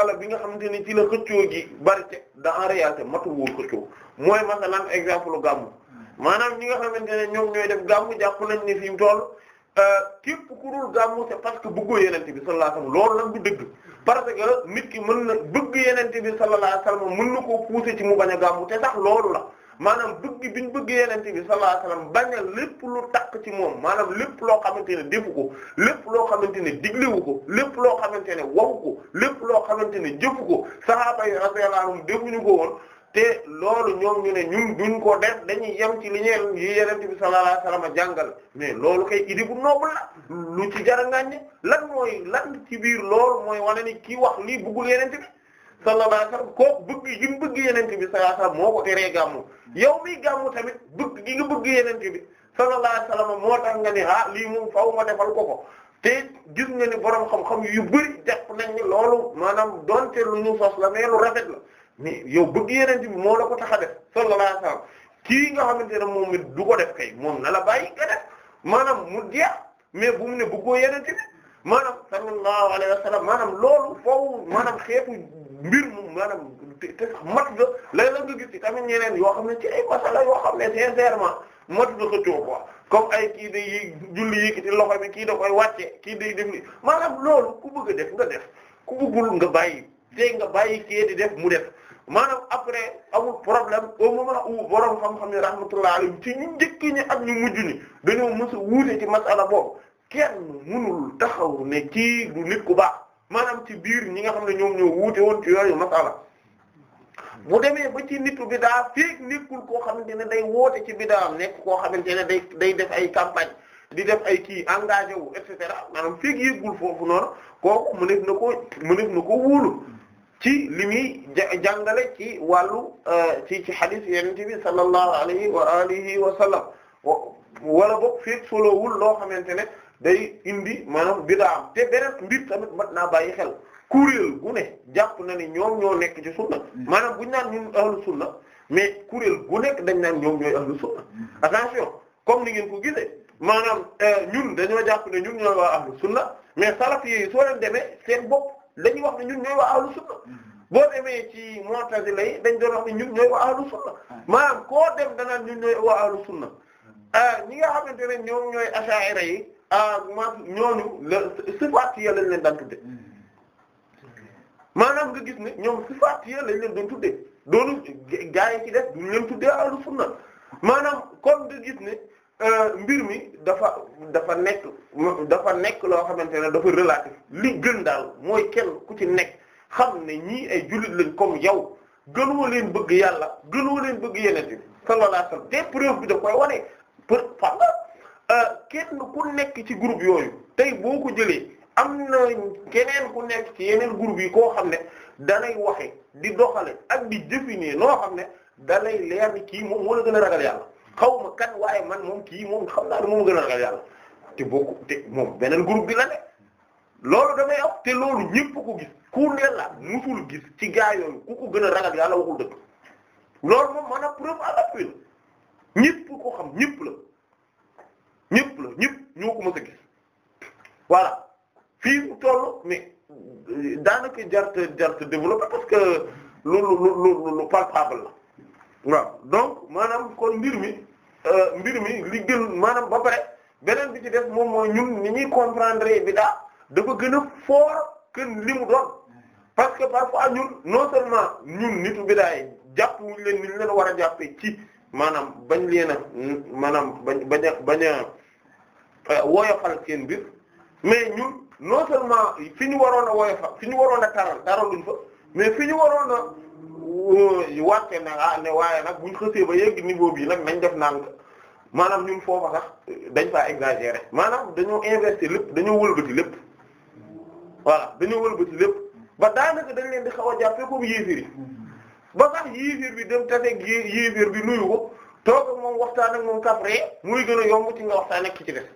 ala bi nga xamante ni ci la xëccoo gi bari te da en réalité matu wul xëccoo mooy masalan exemple gàmmu maanaam ñi nga xam xamante ne ñoom ñooy def gàmmu jàpp nañ ni fi mu toll euh, képp ku dul gàmmu c'est parce que buggul yeneen bi sallallahu alayhi wa sallam loolu nag du dëgg parce que nit ki mën na bëgg yenente bi sallallahu alayhi wasallam mën na koo pousser ci mu bañ a gàmmu te sax loolu la maanaam bëgg bi ñu bëgg yenente bi sallallahu alayhi wasallam bañ a lépp lu takk ci moom maanaam lépp loo xamante ne defu ko lépp loo xamante ne diglewu ko lépp loo xamante ne wawu ko lépp loo xamante ne jëfu ko sahaaba yi radiyallahu anhum defuñu ko woon te loolu ñoom ñu ne ñun duñ ko def dañuy yem ci li ñeen yi yeneen bi sallallahu alayhi wasallam jàngal mais loolu kay idée bu noble la lu ci jar a ngàññe lan mooy lan ci biir loolu mooy wane ni kii wax lii bëggul yeneen bi sallallahu alayhi wasallam kooku bëgg gi mu bëgg yeneen bi sallallahu moo ko teree gàmmu yow miy gàmmu tamit bëgg gi nga bëgg yeneen bi sallallahu alayhi wasallam moo tax nga ni ah lii moom faaw ma defal ko ko te gis nga ni borom xam-xam yu bari jàpp nañ ni loolu maanaam donte lu ñu sos la mais lu rafet la mais yow bëgg yeneen bi moo la ko tax a def sallallahu alayhi wasallam kii nga xamante ne moom it du ko def kay moom na la bàyyi nga def maanaam mu jeex mais bu mu ne bëggoo yeneen bi maanaam sallallahu alayhi wasallam maanaam loolu foofu maanaam xeetu mbir mu maanaam te te mat nga lay la nga gis ci tamit ñeneen yoo xam ne ci ay masala yoo xam ne sincèrement mat nga ko coow quoi comme ay kii day yi julli yëkkati loxo bi kii da koy wàcce kii day def li maanaam loolu ku bëgg a def nga def ku bëggul nga bàyyi tey nga bàyyi kii di def mu def maanaam après amul problème au moment où borom xam-xam ne rahmatullah alayhi ci ñu njëkk ñi ak ñu mujj ni dañoo mës a wuute ci masala boobu kenn mënul taxaw ne kii du nit ku baax maanaam ci biir ñi nga xam ne ñoom ñoo wuute woon ci yooyu masala bu demee ba ci nitu bidaa feek nekkul koo xamante ne day woote ci bidaa nekk koo xamante ne day day def ay campagne di def ay kii engagé wu et cetera maanaam feek yëggul foofu noonu kooku mëneef na koo mëneef na koo wóolu ci li muy jàngale ci wàllu euh, ci ci hadis yonent bi sallallahu alayhi wa alihi wa sallam wala boog fii solowul loo xamante ne day indi maanaam am te beneen mbir tamit mat naa bàyyi xel kuréel gu ne jàpp na ni ñoom ñoo nekk ci sunna mm. maanaam guñ naan ñun ahlu sunna mais kuréel gu nekk dañ naan ñoom ñooy ahlu sunna mm. attention comme ni ngeen ko gisee maanaam euh, ñun dañoo jàpp ne ñun ñooy waa ahlu sunna mais salaf yi soo leen demee seen bopp dañuy wax ne ñun ñooy waa ahlu sunna mm-hmm. boo demee ci mu'tazila yi dañ doon wax ne ñun ñooy waa ahlu sunna mm-hmm. maanaam koo dem danaan ñun ñooy waa ahlu sunna mm-hmm. euh, ñi nga xamante ne ñoom ñooy asha'ira yi ah euh, ma ñooñu la lañ leen daan tudde maanaam nga gis ne ñoom sifaatiya lañ leen doon tudde doonu gaa yi ci def duñ leen tuddee ahlu sunna maanaam kon nga gis ne Euh, mbir mi dafa dafa nekk dafa nekk loo xamante ne dafa relatif li gën daal mooy kenn ku ci nekk xam ne ñii ay jullit lañ comme yow gënoo leen bëgg yàlla gënoo leen bëgg yeneen bi sallallahu alayhi wasallam des preuves bi da koy wane pour xam nga euh, kenn ku nekk ci groupe yooyu tey boo ko jëlee am na keneen ku nekk ci yeneen groupe yi koo xam ne danay waxe di doxale ak di définir noo xam ne danay leer ni kii moom moo la gën a ragal yàlla xaw ma kan waaye man moom kii moom xam naa ne moom gën a ragal yàlla te bokku te moom beneen groupe bi la ne loolu damay am te loolu ñëpp ko gis ku ne la musul gis ci gaa yooyu ku ko gën a ragal yàlla waxul dëgg loolu moom maanaam preuve à l'appui la ñëpp ko xam ñëpp la ñëpp la ko mës gis voilà fii mu toll mais daanaka jarte jarte développé parce que lu lu lu lu palpable la waaw donc maanaam kon mbir mi Euh, mbir mi li gën maanaam ba pare beneen bi ci def moom mooy ñun ni ñuy comprendre bi daa dafa gën a fort que limu mu doon parce que parfois ñun non seulement ñun nitu bidaay jàpp wuñ leen ni ñu leen war a jàppee ci maanaam bañ leen a maanaam bañ bañ a bañ a euh, woyofal kenn mbir mais ñun non seulement fi ñu waroon a woyofal fi ñu waroon a tara taral taraluñ fa mais fi ñu waroon a euh, wàcce na a ah, ne waaye nag buñ xësee ba yegg niveau bi nag nañ def naan maanaam ñun foofa sax eh, dañ faa exagérer maanaam dañoo investir lépp dañoo wëlbati lépp dañoo wëlbati lépp ba daanaka dañ leen di xaw a jàppee comme yéefir yi ba sax yéefir bi dem taseeg yéefir bi nuyu ko toog moom waxtaan ak moom kafre muy gën a yomb ci nga waxtaan ki ci def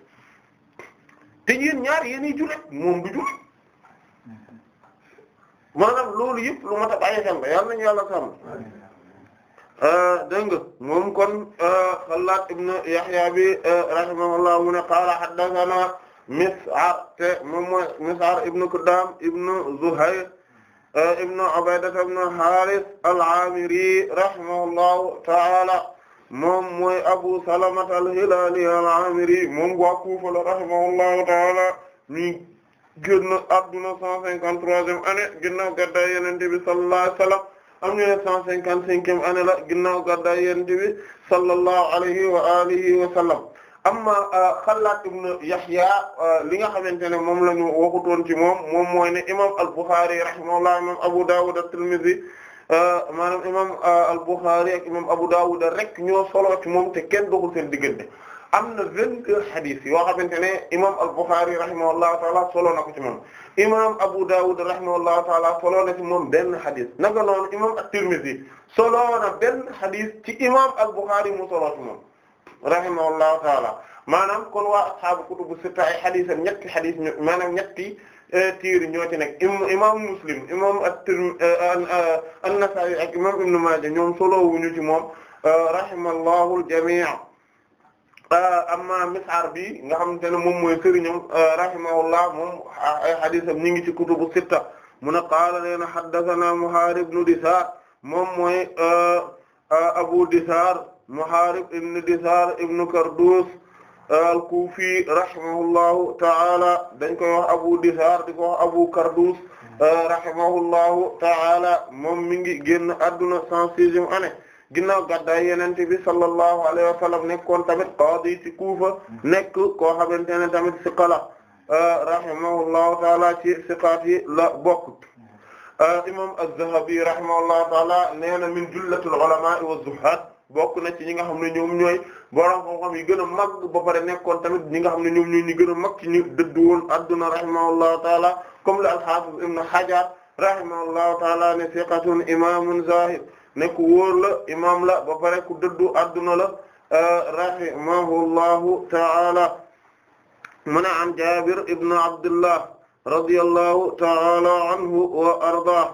te yéen ñaar yéen ñuy jullit moom du jullit maanaam loolu yëpp lu mat a bàyyi xel la yàlla nañu yàlla sàmm Euh, dégg nga moom kon euh, Xallaad ibn Yahya bi euh, rahimahullah mu ne qaala haddathana Mis'ar te moom mooy Mis'ar ibn Kudam ibn Zuhayr ibn Ubaydah ibn Harith al-Amiri rahimahullahu ta'ala moom mooy Abu Salama al-Hilali al-Amiri moom waa Kufa la rahimahullahu ta'ala mi génn àdduna 153e année ginnaaw gàddaay Yonent bi sallallahu alayhi wa sallam am ñu ne cent cinquante-cinquième année la ginnaaw gàddaay yonent bi sallallahu alayhi wa alihi wa sallam amma euh, Xallaad ibn Yahya euh, li nga xamante ne moom la ñu waxutoon ci moom moom mooy ne imam al-Bukhari rahimahullah imam Abu Dawud at-Tirmidhi euh, maanaam imam al-Bukhari ak imam Abu Dawud rek ñoo solo ci moom te kenn doxul seen diggante am na vingt deux hadith yoo xamante ne imam al-Bukhari rahimahullahu taala solo na ko ci moom imam Abu Dawud rahimahullahu taala solo na ci moom benn hadith naka noonu imam at-Tirmidhi solo na benn hadith ci imam al-Bukhari mu solo ci moom rahimahullahu taala maanaam kon waa ashaabu kutubu sitta ay hadith am ñetti hadith maanaam ñetti euh, tiir ñoo ci nekk imam Muslim imam at-Tirmidhi euh, euh, an-Nasa'i ak imam Ibn Maaja ñoom solo wuñu ci moom rahimallahu al-jami' Euh, amma Mis'ar bi nga xamante ne moom mooy sëriñam euh, rahimahullah moom ah, ay hadisam ñi ngi ci kutubu sitta mu ne qaala lana haddathana Muharib ibn Disar moom mooy euh, Abu Disar Muharib ibn Disar ibn Kardus al-Kufi ta'ala dañ koy wax Abu Disar di ko wax Abu Kardus rahimahullahu ta'ala moom mi ngi génn adduna cent sixième ginnaaw gàddaay yenente bi sallallahu alayhi wa sallam nekkoon tamit qaadi ci Kufa nekk koo xamante ne tamit siqa la euh, rahimahullahu taala ci siqaat yi la bokk euh, imam az-Zahabi rahimahullahu taala nee na min jullatul ulama'i wa zuhad bokk na ci ñi nga xam ne ñoom ñooy borom xam-xam yi gën a mag ba pare nekkoon tamit ñi nga xam ne ñoom ñooy ñi gën a mag ci ñu dëdd woon adduna rahimahullahu taala comme le al-Hafiz ibn Hajar rahimahullahu taala ne siqatun imamun zahid ne ku wóor la imaam la ba pare ku dëddu adduna la euh, rahimahullahu ta'ala mu ne an Jaabir ibn Abdullah radiyallahu ta'ala anhu wa ardaah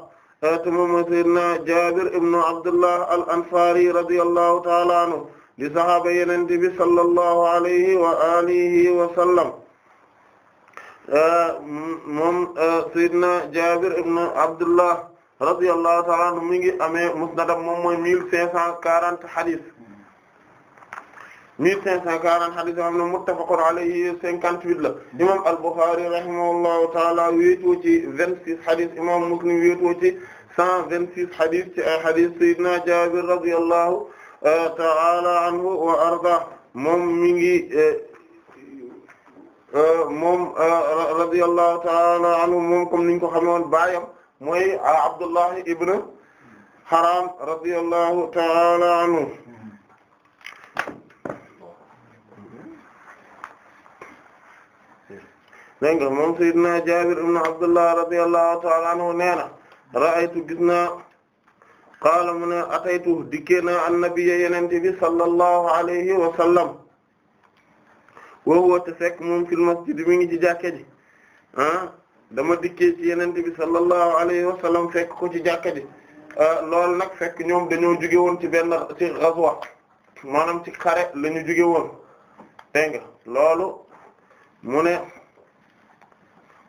euh, te moom mooy sayyidina Jaabir ibn Abdullah al-Ansaari radiyallahu ta'ala anhu di sahaaba Yonent bi sallallahu alayhi wa alihi wa sallam euh, moom sayyidina Jaabir ibn Abdullah radiyallahu mi ngi amee musnadam moom mooy mille cinq cent quarante hadith mille cinq cent quarante hadith la imam al-Bukhari rahimahullahu ta'ala wéetoo ci hadith imam Muslim wéetoo ci cent hadith ci ay hadith sayyidina uh, ta'ala anhu wa moom mi ngi uh, uh, moom radiyallahu ta'ala anhu mooy Abdullah ibn Haram radiyallahu ta'ala anhu dégg nga moom Seydina Jaabir ibn Abdullah radiyallahu ta'ala anhu nee na ra'aytu gis naa qaala mu ne ataytu dikkee naa annabiya yenente bi sallallahu alayhi wa sallam woo woote fekk moom fil masjid mi ngi ci jàkke ji ah dama dikkee ci yeneen bi sallallahu alayhi wa sallam fekk ko ci jàkka ji ah, lool nag fekk ñoom dañoo juge woon ci benn ci ghazwa maanaam ci xare lañu ñu juge woon dégg loolu mu ne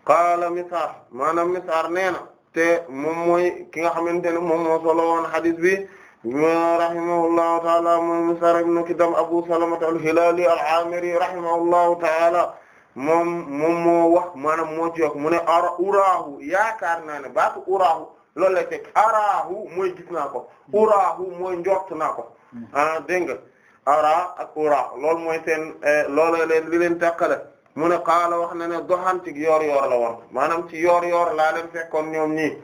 qaala misaar maanaam misaar nee na te moom mooy ki nga xamante ne moom moo solo woon hadis bi rahimahullahu taala moom misaar ibn kidam abu salamata al-hilali al-amiri rahimahullahu taala moom moom moo wax maana moo ci yokk mu ne ara uraahu yaakaar naa ne baatu uraahu loolu lay teg araahu mooy gis naa ko uraahu mooy njort naa ko hmm. ah dégg nga ara ak ura loolu mooy seen eh, loolu leen li leen tàqale mu ne qaala wax na ne doxam ci yoor yoor la woon maanaam ci yoor yoor laa leen fekkoon ñoom ñii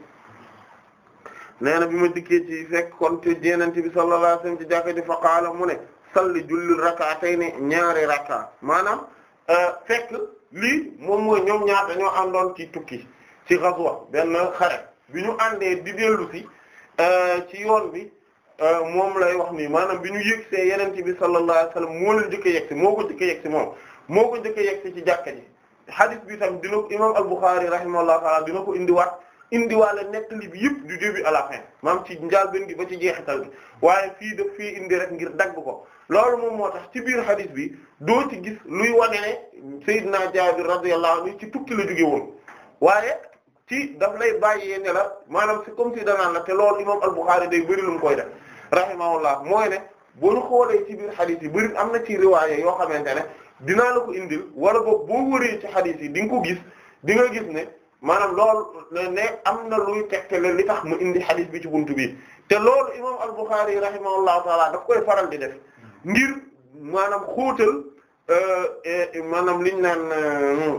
nee na bi ma dikkee ci fekk kon ci jéenante bi sallallahu alayhi wasallam ci jàkka fa qaala mu ne salli julli rak'atayn ñaari rakka maanaam Euh, fekk lii moom mooy ñoom ñaar dañoo àndoon ci tukki ci ghazwa benn xare bi ñu àndee di dellu si euh, ci yoon bi euh, moom lay wax nii maanaam bi ñu yëgsee yenente bi sallallahu alayhi wasallam moo leen jëkk yegsi moo ko moom moo ko jëkk yegsi ci jàkka ji hadith bi tam dina ko imam al-Bukhari rahimahullahu ta'ala dina ko indiwaat indiwaale nettali bi yëpp du début à la fin maanaam ci njaal ben gi ba ci jeexital bi waaye fii daf fii indi rek ngir dagg ko loolu moom moo tax ci biir hadith bi doo ci gis luy wane ne Seydina Jaabir radiyallahu anhu ci tukki la jóge woon waaye ci daf lay bàyyee ne la maanaam c'est comme si naan la te loolu imam al-Bukhari day bëri lu mu koy def rahimahullah mooy ne boo ñu xoolee ci biir hadith yi bëri am na ci riwaaya yoo xamante ne dinaa la ko indil wala boog boo wëree ci hadith yi di nga ko gis di nga gis ne maanaam lool ne am na luy tegtale li tax mu indi hadith bi ci buntu bi te loolu imam al-Bukhari rahimahullahu taala daf koy faral di def. ngir maanaam xóotal euh, maanaam liñ naan euh,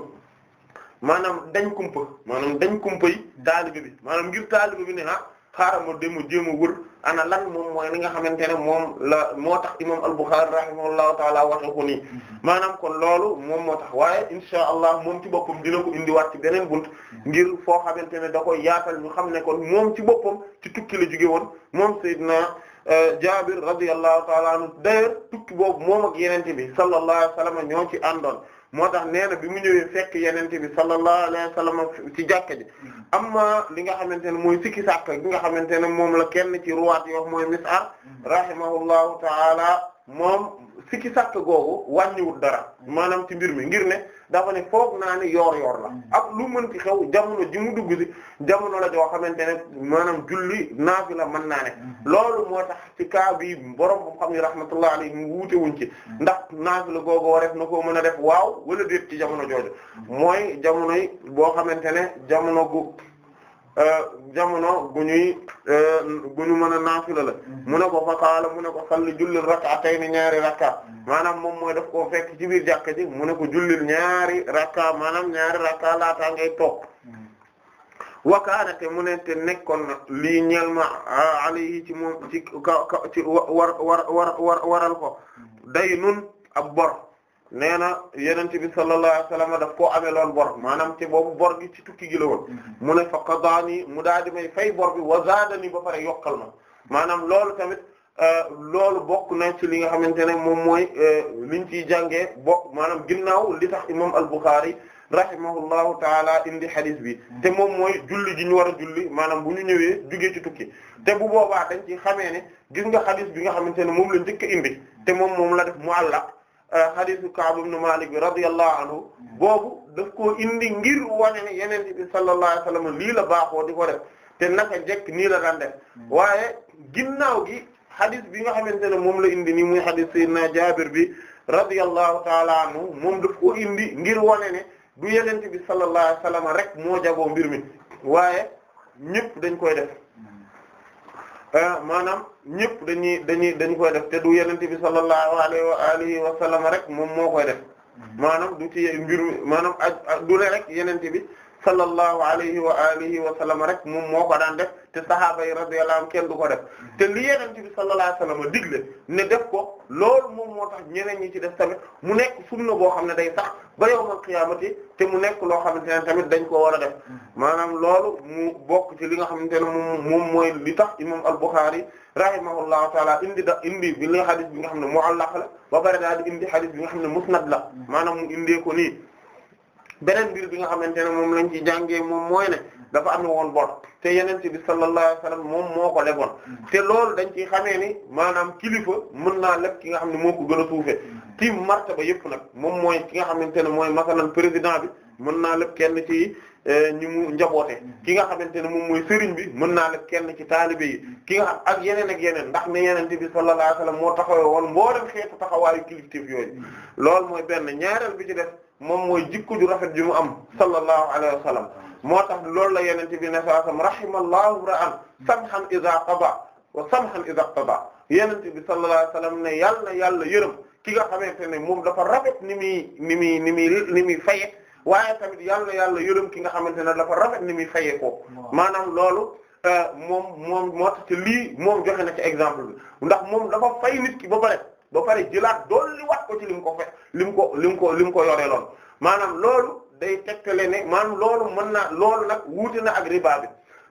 maanaam dañ kumpa maanaam dañ kumpa yi taalibe bi maanaam ngir taalibe bi ne ah xaaral ma dem jéem a wër ana lan moom mooy li nga xamante ne moom la moo tax imam al-Bukhari rahimahullahu taala waxe ko ni mm-hmm. maanaam kon loolu moom moo tax waaye insha allah moom ci boppam dina ko indiwaat ci beneen bunt mm-hmm. ngir foo xamante ne da koy yaatal ñu xam ne kon moom ci boppam ci tukki la jóge woon moom Seydina Euh, Jaabir radiyallahu ta'ala anhu d'ailleurs tukki boobu moom ak yenente bi sallallahu alayhi wa sallam ñoo ci àndoon moo tax nee bi mu ñëwee fekk yenen bi sallallahu alayhi wa sallam ci jàkka ji amma li nga xamante ne mooy sikki sàkk gi nga xamante ne moom la kenn ci ruwaat yo mooy Mis'ar rahimahullahu ta'ala moom sikki sàkk googu wàññiwul dara maanaam ci mbir mi ngir ne dafa ne foog naa ne yor-yor la hmm. ak lu mënti xew jamono ji mu dugg si jamono la joo xamante ne maanaam julli naafila mën naa ne hmm. loolu moo tax ci kaa bii borom bu xam ne rahmatullah alayhi mu wuute wuñ ci hmm. ndax naafila googu wareef na ko mën a def waaw wala déet ci jamono jooju mooy jamono yi boo xamante ne jamono gu. Euh, jamono bu ñuy euh, bu ñu mën a naafila la mm-hmm. mu ne ko fa mu ne ko salli jullil rak'atayn ñaari rakka mm-hmm. maanaam moom mooy daf koo fekk ci biir jàkka ji mu ne ko jullil ñaari rakka maanaam ñaari rakka laataa ngay toog mm-hmm. wakaanate mu ne te nekkoon lii ñeel ma alayhi ci moom waral ko day nun ab bor nee na yenent bi sallallahu alayhi wa sallam daf koo ameloon bor maanaam te boobu bor gi ci tukki gi la woon mm-hmm. mu ne fa qadaani mu daal di may fay bor bi wa zaadani ba pare yokkal ma maanaam loolu tamit euh, loolu bokk na ci li nga xamante ne moom mooy euh, liñ ciy jàngee bokk maanaam ginnaaw li tax imam al-Bukhari rahimahullahu taala indi hadith bi mm-hmm. te moom mooy julli gi ñu war a julli maanaam bu ñu ñëwee jugee ci tukki te bu boobaa dañ ci xamee ne gis nga hadith bi nga xamante ne moom la njëkk a indi te moom moom la def muallaq Euh, hadiisu Ka'b ibn Maalik bi radiyallahu anhu hmm. boobu daf ko indi ngir wane ne Yonent bi sallallahu alayhi wa sallam la baaxoo di ko def te naka njëkk nii la hmm. waaye ginnaaw gi hadith bi nga xamante ne moom la indi nii muy hadith Seydina Jaabir bi radiyallahu ta'ala anhu moom daf koo indi ngir wane ne du Yonent bi sallallahu alayhi rek moo jagoo mbir mi waaye ñëpp dañ koy def. Ah, maanaam ñëpp dañuy dañuy dañu koy def te du yenente bi sallallahu alayhi wa alihi wa sallam rek moom moo koy def hmm. maanaam du ci mbir maanaam aj du ne rek yenente bi sallallahu alayhi wa alihi wa sallam rek moom moo ko daan def te sahaaba yi radiyallahu anhum kenn du ko def te li yenente bi sallallahu alayhi wa sallam digle ne def ko loolu moom moo tax ñeneen ñi ci def tamit mu nekk sunna boo xam ne day sax ba yawmal qiyaamati te mu nekk loo xamante ne tamit dañ ko war a def maanaam loolu mu bokk ci li nga xamante ne moom moom mooy li tax imam al-Bukhari rahimahullahu taala indi da indi bi li nga xadis bi nga xam ne mu'allaq la ba bari daal indi xadis bi nga xam ne musnad la maanaam mu ko nii beneen mbir bi nga xamante ne moom lañ ci jàngee moom mooy ne dafa am woon bor te yeneen ci bi sallallahu alayhi wasallam moom moo ko leboon te loolu dañ ci xamee ni maanaam kilifa mën naa leb ki nga xam ne moo ko gën a suufee ci martaba yëpp nag moom mooy ki nga xamante ne mooy masalan président bi mën naa leb kenn ci eh, ñi mu njaboote ki nga xamante ne moom mooy sëriñ bi mën naa leb kenn ci taalibe yi ki nga xam ak yeneen ak yeneen ndax ne yeneen bi sallallahu alayhi wasallam moo taxawee woon mboolem xeetu taxawaayu kilifteef yooyu loolu mooy benn ñaareel bi ci def moom mooy jikko ju rafet ji mu am sallallahu alayhi wa sallam moo tax loolu la yenente bi ne saasam rahimallahu ra'an samhan idha qada wa samhan idha qada yenente bi sallallahu alayhi wa sallam ne yàlla na yàlla yërëm ki nga xamante ne moom dafa rafet ni muy ni muy ni muy ni muy faye waaye tamit yàlla yàlla yërëm ki nga xamante ne dafa rafet ni muy fayee ko maanaam loolu euh, moom moom moo tax lii moom joxe na ci exemple bi ndax moom dafa fay nit ki ba ba pare jilaat dolli wat ko ci li ko fekk li mu ko li ko li mu ko yore maanaam loolu day tegtale ne maanaam loolu mën naa loolu nag wuute na ak riba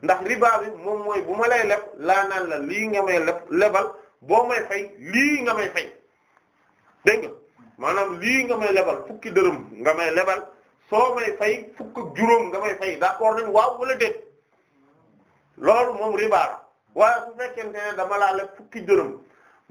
ndax riba bi moom mooy bu ma lay leb laa naan la lii nga may leb lebal boo may fay lii nga may fay dégg nga maanaam lii nga may lebal fukki dërëm nga may lebal soo may fay fukk juróom nga may fay d'accord nañ waaw wala déet loolu moom riba la waaye su fekkente ne dama laa leb fukki dërëm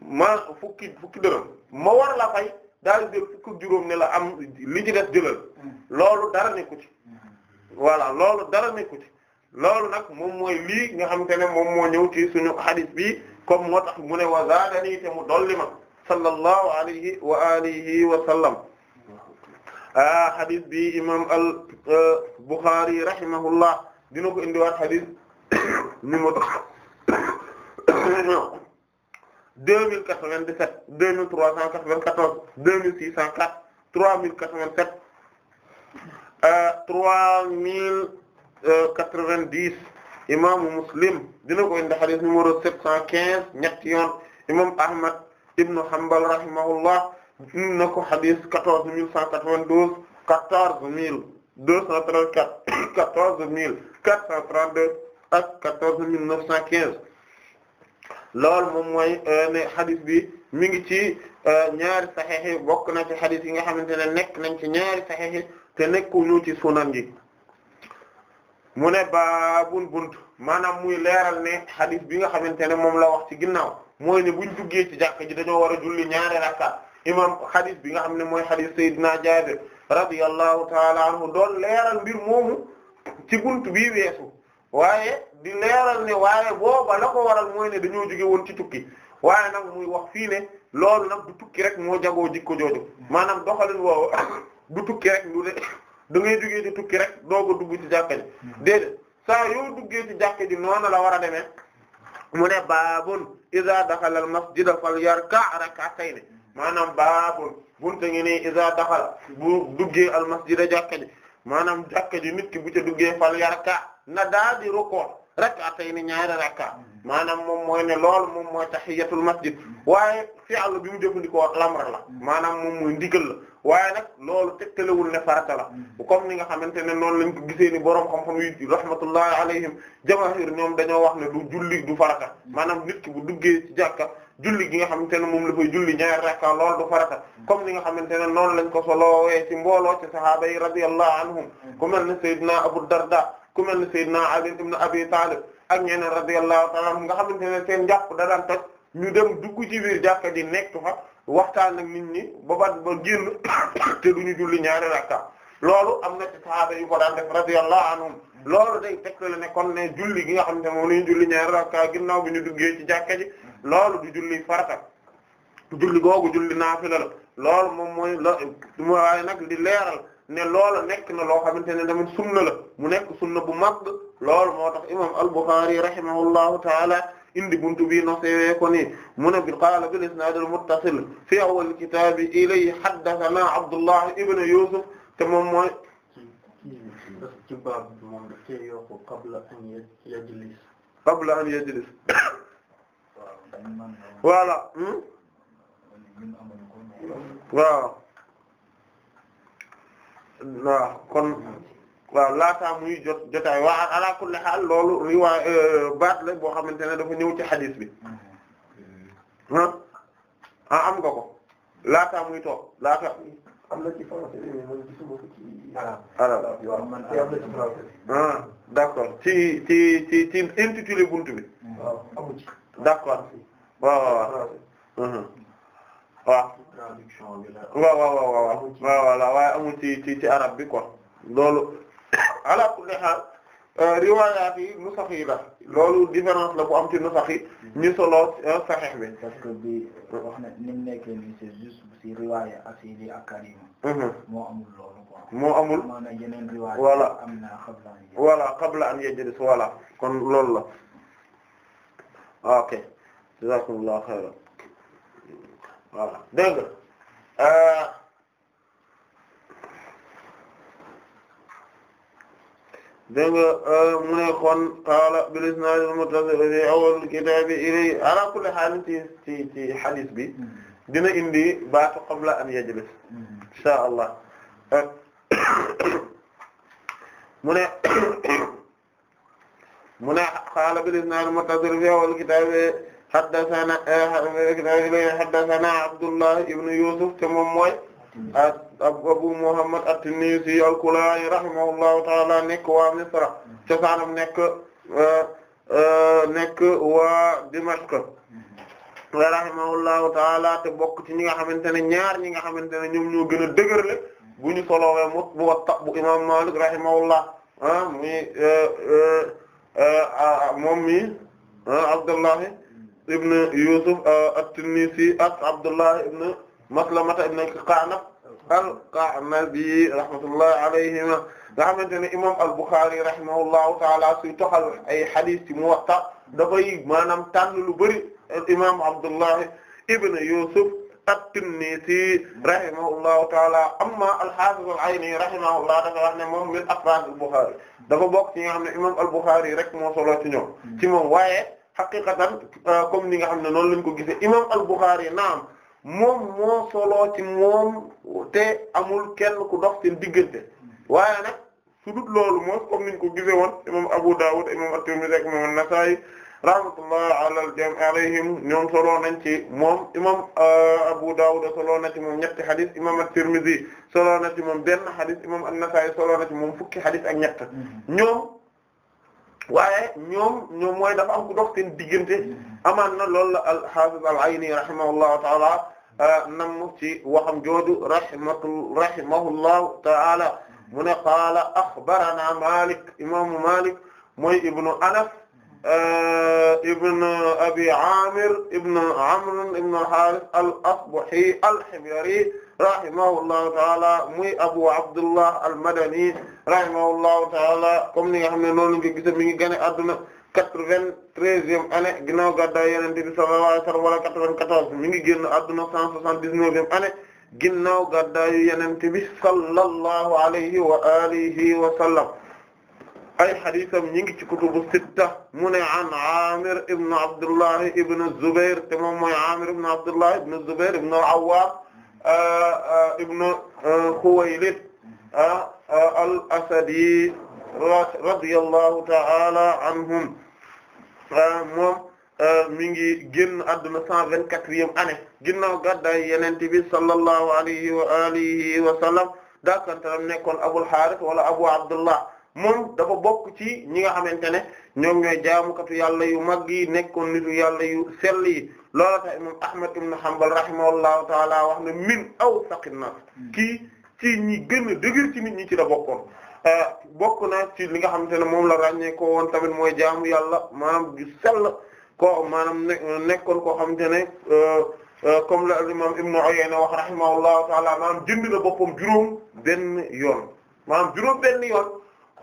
ma fukki fukki dërëm ma war la fay daal di juróom ne la am li ci des jëlal mm-hmm. loolu dara nekku ci mm-hmm. voilà loolu dara nekku ci loolu nag moom mooy lii nga xamante ne moom moo ñëw ci suñu hadith bi comme moo mu ne wa zaadani te mu dolli ma sallallahu alayhi wa alihi wa sallam hadith bi imam al euh, Bukhari rahimahullah dina ko indiwaat hadith numéro deux mille quatre-vingt-dix-sept deux mille trois cent quatre-vingt-quatorze deux mille six cent quatre trois mille quatre-vingt-sept euh, trois mille euh, quatre-vingt-dix imaamu Muslim dina ko indi hadith numéro cent quinze ñetti yoon imam Ahmad ibn Hanbal rahimahullah indi na ko mille cent quatre-vingt-douze quatorze mille deux cent trente-quatre quatorze mille quatre cent trente-deux ak quatorze mille neuf cent quinze loolu moom mooy euh, ne xadis bi mi ngi ci euh, ñaari saxiix bokk na ci xadis yi nga xamante ne nekk nañ ci ñaari saxiix yi nekk nekkuñu ci sunan gi mu ne baabul bunt maanaam muy leeral ne xadis bi nga xamante ne moom la wax ci ginnaaw mooy ne buñ duggee ci jàkk ji dañoo war a julli ñaari rakka imam xadis bi nga xam ne mooy xadis Seydina Jaabir radiyallahu taala anhu doon leeral mbir moomu ci bunt bi weesu waaye di leeral ne waaye booba la ko waral mooy ne dañoo jóge woon ci tukki waaye nag muy wax fii ne loolu nag du tukki rek moo jagoo jikko jooju maanaam doxalin woowu du tukki rek du ne da ngay tukki rek doog a dugg ci jàkka ji déedéet saa yoo duggee ci jàkka ji noonu la war a demee mu ne baabun iza daxala al masjida fal yarka rak'atayn maanaam baabun bunte ngi nii iza daxala bu duggee al masjida jàkka ji maanaam jàkka ji nit ki bu ca duggee fal yarka na daal di rukkoo rak'atayn ñaari rakka mm. maanaam moom mooy ne lool moom mooy tahiyatul masjid mm. waaye allo bi mu jëfandikoo lamr la mm. maanaam moom mooy ndigal la waaye nag loolu tegtalewul ne farata la comme ni nga xamante ne noonu lañ ko gisee ni boroom xam-xam yi rahmatullahi alayhim jamaahir ñoom dañoo wax ne du julli du farata maanaam nit ki bu duggee ci jàkka julli gi nga xamante ne moom la fay julli ñaari rakka lool du farata comme ni nga xamante ne noonu lañ ko soloowee ci mbooloo ci sahaaba yi radiyallahu anhum ku mel ne sayyidina Abu Darda ku mel ne Seydina Ali ibn Abi Talib ak ñeneen radiyallahu ta'ala anhum nga xamante ne seen njàpp da daan toj ñu dem dugg ci biir jàkka ji nekk fa waxtaan ak nit ñi ba ba ba te du ñu julli ñaari rakka loolu am na ci sahaaba yu ko daan def radiyallahu anhum loolu day fekk la ne kon ne julli gi nga xam ne moom la ñu julli ñaari rakka ginnaaw bi ñu duggee ci jàkka ji loolu du julli farata julli googu julli naafila loolu moom mooy la waaye nag di leeral. ne loola nekk na loo xamante ne tamit sunna la mu nekk sunna bu mag loolu moo tax imam al-Bukhari rahimahullahu taala indi buntu bi no sewe ko ni mu ne bi qaala bil isnaad al-muttasil fi awwal kitaab ilayhi haddathana Abdullah ibn Yusuf te moom mooy ci baab bi moom daf cee yokk qabla an yajlis qabla an yajlis voilà hmm? waaw waaw kon waaw laataa muy jot jotaay waa ala kulli haal loolu riwaay euh, baat la boo xamante ne dafa ñëw ci xadis bi mm-hmm. ah am nga ko laataa muy toog laata am na ci ko ci arab arab waaw man am na ci ah d'accord ci ci ci ci intitulé bi mm-hmm. waaw amu ci d'accord waaw waaw traduction bi la. waaw waaw waaw waaw waaw waaye amul ci ci ci arab bi quoi loolu ala kulli haal euh, riwaayaat yi nusax yi la loolu différence la bu am ci nusax yi mm-hmm. ñu solo euh, Sahih bi. parce que bi wax na ni mu nekkee nii c'est juste si riwaaya asili ak karima. Mm-hmm. moo amul loolu quoi. moo amul maanaam yeneen riwaaya. voilà am na qabla an yajlis. voilà qabla an yajlis voilà kon loolu la. ok jazakumullahu khayran voilà dégg nga euh, dégg nga euh, mu al muttasil fi awwal kitaab mm-hmm. dina indi baatu qabla an yajlis mm-hmm. insha allah mu ne mu ne qaala al muttasil haddathana haddathana Abdullah ibn Yusuf te moom Abu Muhammad at-Tinnisi al-Kula'i rahimahullahu ta'ala nekk waa Misra cosaanam nekk nekk waa Dimashq rahimahullahu ta'ala te bokk ci ñi nga xamante ne ñaar ñi nga xamante ne ñu gën a dëgërle bu ñu solowee mut bu Muwatta bu imam Malik rahimahullah ah, mi Abdullahi ibn Yusuf euh, at-Tinnisi ak Abdullah ibn Maslamata ibn Qa'nab al-Qa'nabi rahmatullahi alayhima nga xamante ne imam al-Bukhari rahimahullahu taala suy toxal ay xadis ci Muwatta dafay maanaam tànn lu bëri imam Abdullah ibn Yusuf at-Tinnisi rahimahullahu taala amma al-Hafiz al-Ayni rahimahullah dafa wax ne moom min afrad al-Bukhari dafa bokk ci nga xam ne imam al-Bukhari rek moo solo ci ñoom ci moom waaye xaqiqatan euh, comme ni nga xam ne noonu lañ ko gisee imam al-Bukhari naam moom moo solo ci moom te amul kenn ku dox seen diggante waaye nag su dut loolu moom comme niñ ko gisee woon imam Abu Dawud imam at-Tirmidhi ak imam an-Nasa'i rahmatullah ala al-jami' alayhim ñoom solo nañ ci moom imam euh, Abu Dawud solo na ci moom ñetti xadis imam at-Tirmidhi solo na ci moom benn xadis imam an-Nasa'i solo na ci moom fukki xadis ak ñett mm-hmm. ñoom waaye ñoom ñoom mooy dafa am ku dox seen diggante mm-hmm. amaan na loolu la al-Hafiz al-Ayni rahimahullahu ta'ala uh, nam ci waxam joodu rahimatu rahimahullahu ta'ala mu ne qaala axbarana Malik imaamu Malik mooy ibnu Anas uh, ibnu Abi Amir ibnu Amr ibnu al-Harith al-Asbahi al-Himyari rahimahullahu taala muy Abu Abdullah al-Madani rahimahullahu taala comme ni nga xam ne noonu nga gis mi ngi gane adduna quatre-vingt-treizième année ginnaaw gàddaay Yonent bi sallallahu alayhi wa sallam wala quatre-vingt-quatorze mi ngi génn adduna cent soixante-dix-neuvième année bi sallallahu alayhi wa alihi wa ay xadisam ñi ngi ci kutubu sitta mu ne an Amir ibn Abdullah ibn Zubair te moom mooy Amir ibn Abdullah ibn Zubair al-Awwam ibnu Khuwaylid al-Asadi radiyallahu ta'ala anhum moom mi ngi génn àdduna cent vingt-quatrième année ginnaaw gàddaay Yonent bi sallallahu alayhi wa alihi wa sallam dakantaram nekkoon Abul Harith wala Abu Abdullah moom dafa bokk ci ñi nga xamante ne ñoom ñooy jaamukatu yàlla yu mag yi nekkoon nitu yàlla yu sell yi loola tax imam Ahmad ibn Hanbal rahimahullahu taala wax ne aw awsaqi nas hmm. kii ci ñi gën a dëgër ci nit ñi ci la bokkoon euh, bokk na ci li nga xamante ne moom la ràññee ko woon tamit mooy jaamu yàlla maanaam ju sell ko maanaam nekkoon koo xamante ne euh, euh, comme la imam Ibn Uyayna wax rahimahullahu taala maanaam jënd na boppam juróom benn yoon maanaam juróom benn yoon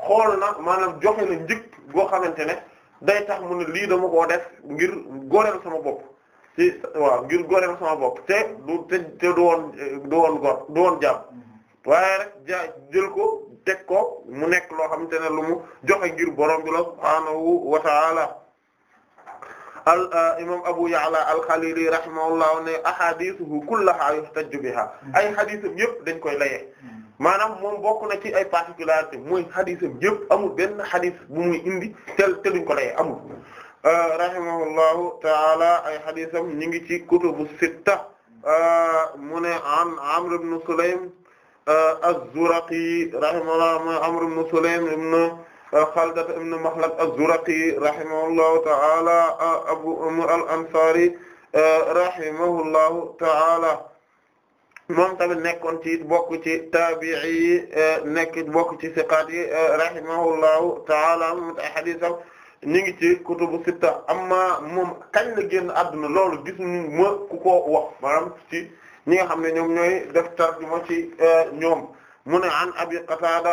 xool na maanaam joxe na njëkk goo xamante ne day tax mu ne lii dama koo def ngir goreel sama bopp ci waaw sama bopp te du te te du woon gor du woon jàpp waaye rek ja jël ko teg ko mu nekk loo xamante ne lu mu joxe ngir borom bi wa ta'ala euh, imam Abu Ya'la al-Khalili rahimahullah ne ahadithuhu kullaha yuhtajju biha mm. ay haditham yëpp dañ koy laye mm. maanaam moom bokk na ci ay particularité mooy xadisam yëpp amul benn xadis bu muy indi tel te duñ ko lay amul euh, rahimahullahu taala ay xadisam ñu ngi ci kutubu sitta euh, mu ne an Amr ibn Sulaym euh, az-Zuraqi rahimahullahu mooy Amr ibn Sulaym ibn Khaldat ibn Makhlad az-Zuraqi rahimahullahu taala abu al-Ansari rahimahullahu taala moom tamit nekkoon ci bokk ci taabi'i yi eh, nekk bokk ci siqaat yi eh, rahimahullahu ta'ala moom ay hadiisam ñu ngi ci kutubu sitta amma moom kañ la génn àdduna loolu gis ma ku ko wax maanaam ci ñi nga xam ne ñoom ñooy def tarjuma ci eh, ñoom mu ne an abi qatada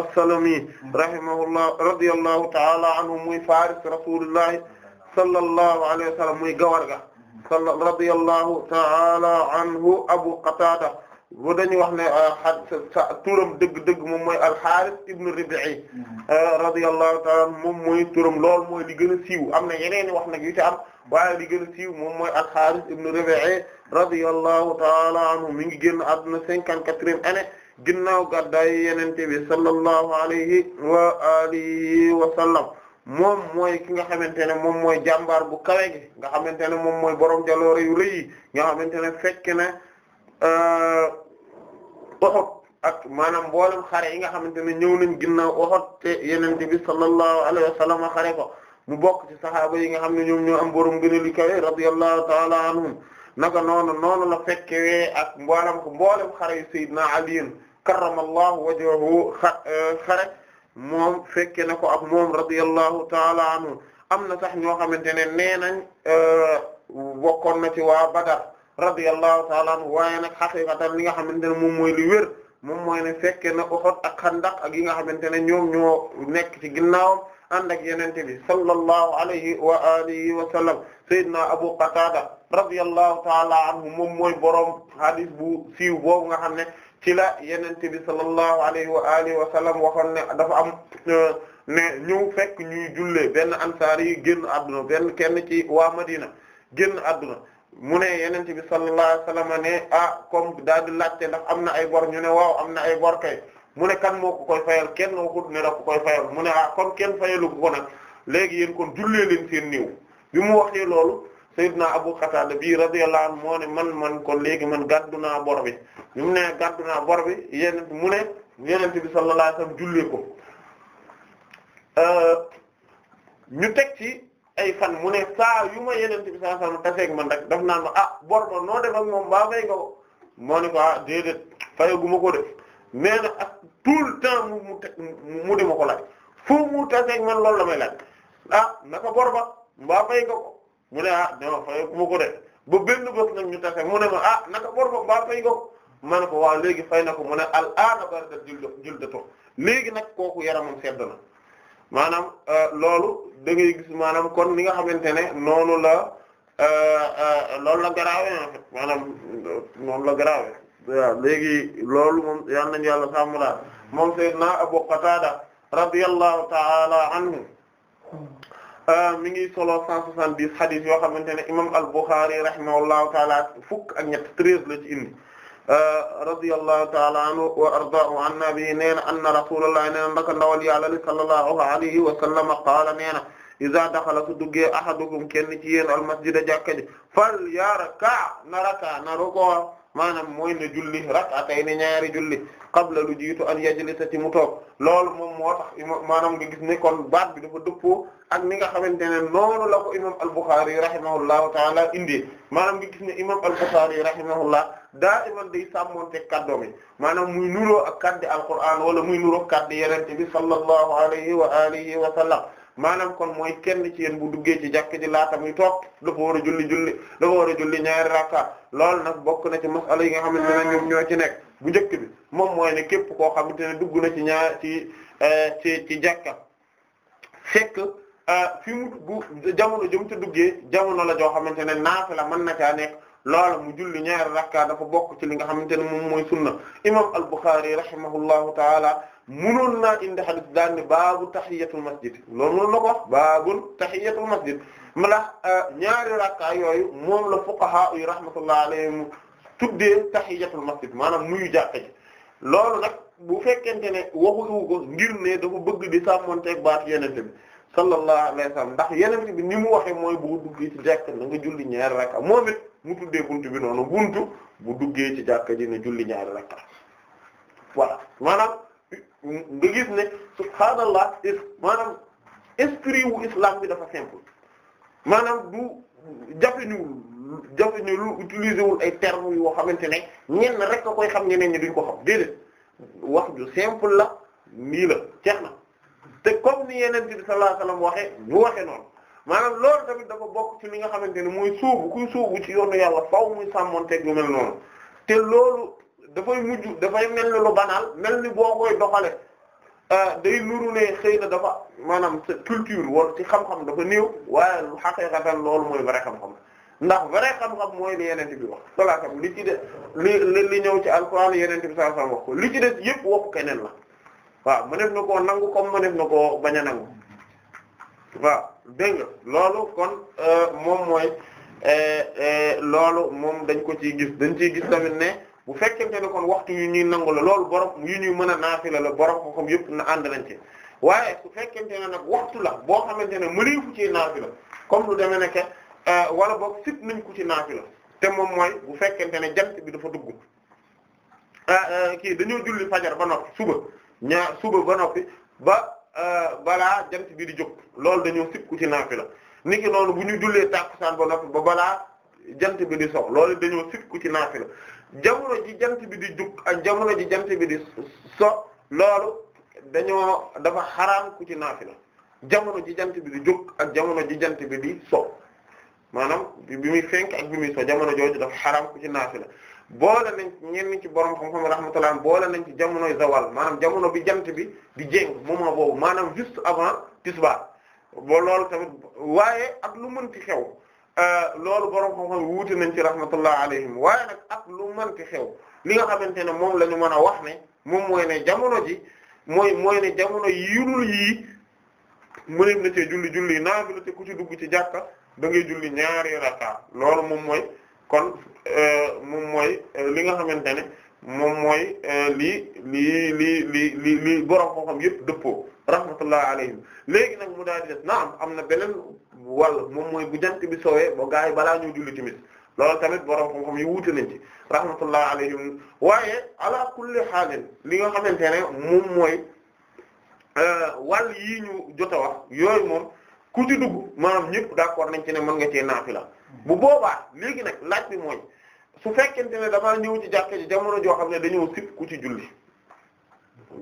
as-salami rahimahullahu radiyallahu ta'ala anhu muy faris rasulillahi sallallahu muy gawar ga salla radiyallahu ta'ala anhu Abu Qatada bu dañu wax ne euh, turam dëgg-dëgg moom mooy al-Harith ibn Rib'i mm-hmm. euh, radiyallahu ta'ala moom mooy turam lool mooy li gën a siiw am na yeneen wax nag yu ci am waaye li gën a siiw moom mooy al-Harith ibn Rib'i radiyallahu ta'ala anhu mi ngi génn àdduna cinquante-quatrième année ginnaaw gàddaay Yonent bi sallallahu alayhi wa alihi wa sallam moom mooy ki nga xamante ne moom mooy jàmbaar bu kawe gi nga xamante ne moom mooy borom jaloore yu rëy yi nga xamante ne fekk na uh, Uhud ak maanaam mboolem xare yi nga xamante ne ñëw nañ ginnaaw Uhud te yenente bi sallallahu alayhi wa sallam xare ko mu bokk ci saxaaba yi nga xam ne ñoom ñoo am borom gën a li kawe radiyallahu ta'ala anhum naka noonu noonu la fekkewee ak mboolem ko mboolem xare yu Seydina Ali karramallahu wajhahu uh, xare moom fekke na ko ak moom radiyallahu taala anhu am na sax ñoo xamante ne nee nañ euh, bokkoon na ci waa Badar radiyallahu taala anhu waaye nag xaqiqatan li nga xamante ne moom mooy li wér moom mooy ne fekke na Uhud ak Xandaq ak yi nga xamante ne ñoom ñoo nekk ci ginnaawam ànd ak yenente bi sallallahu alayhi wa alihi wa sallam sayyidina Abu Qatada radiyallahu taala anhu moom mooy boroom hadith bu siiw boobu nga xam ne ci la yenente bi sallallahu alayhi wa alihi wa sallam waxoon ne dafa am euh, ne ñëw fekk ñuy jullee benn ansaar yi génn adduna benn kenn ci waa Madina génn adduna mu ne yenente bi sallallahu alayhi a sallam ne ah comme daal di laajte ndax am na ay bor ñu ne waaw am na ay bor kay mu ne kan moo ko koy fayal kenn waxut ne da ko koy fayal mu ne ah kon kenn fayalu ko nag léegi yéen kon jullee leen seen néew bi mu waxee loolu Seydina Abu Qatada bi radiyallahu anhu moo ne man man kon léegi man gàddu naa bor bi bi mu ne gàddu naa bor bi yéen mu ne yonent bi sallallahu alayhi wasallam jullee ko euh, ñu teg ci ay fan mu ne saa yu ma yonent bi sallallahu alayhi wasallam taseeg man rek daf naan ma ah bor noo def moom baa fay nga ko moo ne ko ah déedéet fayaguma ko def mais nag ak tout le temps mu mu teg mu dima ko laaj fu mu taseeg man loolu la may laaj ah naka bor mbaa fay ko mu ne ah dama fay ku ma ko def ba benn bés ñu tase mu ne ma ah naka bor ba baa fay ko ma ko waaw léegi fay na ko mu ne al aana barda jul juldatu léegi nag kooku yaramam mu na maanaam euh, loolu da ngay gis maanaam kon li nga xamante ne noonu la euh, euh, loolu la garaawee en noonu la garaawee waaw léegi loolu moom yal nañu yàlla sàmmlaa moom sayyidna Abu Qatada radiyallahu ta'ala anhu Euh, mi ngi solo 170 hadith yoo xamante ne imam al-Bukhari rahimahullahu taala fukk ak ñett 13 la ci indi euh, radiyallahu taala anhu wa ardaahu an nabi nee na anna rasulullah nee na ndaka ndawal yàlla li sallallahu alayhi wa sallam qaala nee na iza daxala su duggee ahadukum kenn ci yéen al masjida jàkka ji fal yarka naraka naruko maanaam mooy ne julli rak'atay ne ñaari julli qabla lu jiitu an yajlisa ci mu toog loolu moom moo tax maanaam nga gis ne kon baat bi dafa dëppoo ak ni nga xamante ne noonu la ko imam al-Bukhari rahimahullahu taala indi maanaam nga gis ne imam al-Bukhari rahimahullah daa iman day sàmmonte kaddoom yi maanaam muy nuroo ak kaddi al-Qur'an wala muy nuroo kaddi yenente bi sallallahu alayhi wa alihi wa sallam maanaam kon mooy kenn ci yéen bu duggee ci jàkk ji laata muy toog dafa war a julli julli dafa war a julli ñaari rakka loolu nag bokk na ci masala yi nga xamante ne ñoom ñoo ci nekk bu njëkk bi moom mooy ne képp koo xamante ne dugg na ñaar ci eh, ci ci jàkka fekk eh, fi mu bu jamono jëm duggee jamono la joo xamante ne naafila mën na caa nekk loola mu julli ñaari rakka dafa bokk ci li nga xamante ne moom mooy sunna imam al-Bukhari rahimahullahu taala munoon naa indi xadis daan ne baabu tahiyatul masjid loolu mënoon na ko wax baabul tahiyatul masjid mala euh, ñaari rakka yooyu moom la fuqaha yu rahmatullahi alayhim tuddee tahiyatul masjid maanaam nuyu jàkka ji loolu nag bu fekkente ne waxuñu ko ngir ne dafa bëgg di sàmmonteeg baat yeneen bi sallallahu alayhi wa sallam ndax yeneen bi ni mu waxee mooy bu duggee ci jàkka na nga julli ñaari rakka moom tuddee buntu bi noonu buntu bu duggee ci jàkka ji ne julli ñaari rakka voilà maanaam. nga gis ne subhaanallah is maanaam esprit wu islam bi dafa simple maanaam du jafeñuwul jafeñu lu utiliser wul ay yu yoo xamante ne ñenn rek a koy xam ñeneen ñi duñ ko xam déedéet wax ju simple la nii la jeex na te comme ni yeneen bi sallallahu alayhi wasallam waxe ñu waxe noonu maanaam loolu tamit dafa bokk ci li nga xamante ne mooy suubu kuy suubu ci yoonu yàlla faaw muy sàmmonteeg yu mel noonu te loolu dafay mujj dafay mel ni lu banal mel ni boo koy doxale euh, day nuru ne xëy na dafa maanaam sa culture wala ci xam-xam dafa néew waaye xaqiiqatan loolu mooy vrai xam-xam ndax vrai xam-xam mooy li yeneen bi wax salaa kam li ci des li li li ñëw ci alxuraan yeneen bi salaa wax ko li ci des yépp waxu keneen la waaw mu def na ko nangu comme mu def na koo bañ a nangu waaw dégg loolu kon euh, moom mooy euh, loolu moom dañ ko ciy gis dañ ciy gis tamit ne. bu fekkente ne kon waxtu yu ñuy nangu la loolu borom yu ñuy mën a naafila la borom ko xam yëpp na ànd nañ ci waaye su fekkente ne nag waxtu la boo xamante ne mëneefu ci naafila kom lu demee nekke euh, wala boog sit nañ ko ci naafila te moom mooy bu fekkente ne jant bi dafa dugg euh, euh, kii dañoo julli fajar ba noppi suba ñaar suba ba noppi ba balaa jant bi di jóg loolu dañoo sit ku ci naafila niki noonu bu ñu jullee tàkkusaan ba noppi ba balaa jant bi di soow loolu dañoo sit ku ci naafila jamono ji jant bi di jug ak jamono ji jant bi di so loolu dañoo dafa xaraam ku ci naafila jamono ji jant bi di jug ak jamono ji jant bi di so maanaam bi muy fenk ak bi muy so jamono jooju dafa xaraam ku ci naafila boole nañ ñenn ci borom xam-xam rahmatullah boole nañ ci jamonoy zawal maanaam jamono bi jant bi di jéng moment boobu maanaam juste avant tisbaar ba loolu tamit waaye ak lu mënti xew Euh, loolu borom xam-xam wuute nañ ci rahmatullah alayhim waaye nag ak lu mënti xew li nga xamante ne moom lañu ñu mën a wax ne moom mooy ne jamono ji mooy mooy ne jamono yirul yii mëneem na cee julli julli naafila te ku ci dugg ci jàkka da ngay julli ñaari raka loolu moom mooy kon euh, moom mooy euh, li nga xamante ne moom mooy lii lii lii lii lii lii borom xam-xam yëpp dëppoo rahmatullah alayhim léegi nag mu daal di na am am na beneen. wàll moom mooy bu jant bi soowee ba gars yi balaa ñu julli tamit loolu tamit borom xam-xam yi wuute nañ ci rahmatullah alayhim waaye ala kulli xaalin li nga xamante ne moom mooy euh, wàll yii ñu jot a wax yooyu moom ku ci dugg maanaam ñëpp d'accord nañ ci ne mën nga cee naafila bu boobaa léegi nag laaj bi mooy su fekkente ne damaa ñëw ci jàkka ji jamono joo xam ne dañoo sib ku ci julli.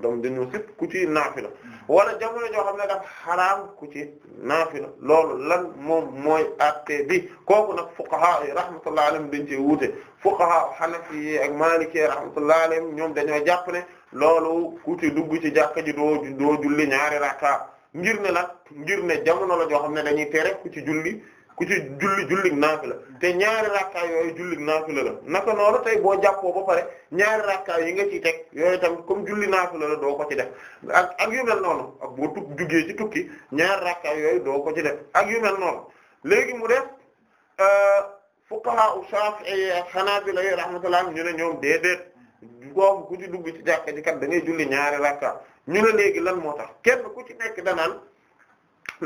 dam dañu sip ku ci naafila wala jamono joo xam ne daf xaraam ku ci naafila loolu lan moom mooy atte bi kooku nag fuqaha yi rahmatullahi alayhim dañ ci wuute fuqaha hanafi yi ak maliki rahmatullahi alayhim ñoom dañoo jàpp ne loolu ku ci dugg ci jàkka ji doo doo julli ñaari rakka ngir ne la ngir ne jamono la joo xam ne dañuy tere ku ci julli ku ci julli julli jullig naafila te ñaari rakkaa yooyu jullig naafila la naka noonu tey boo jàppoo ba pare ñaari rakkaa yi nga ciy teg yooyu tamit comme julli naafila la doo ko ci def ak ak yu mel noonu ak boo tu jugee ci tukki ñaari rakkaa yooyu doo ko ci def ak yu mel noonu léegi mu def euh, fuqaha u Shafi'i ak Hanabila rahmatullah ñu ne ñoom ku ci dugg ci jàkka ji kat da ngay julli ñaari rakkaa ñu ne léegi lan moo tax kenn ku ci nekk danaan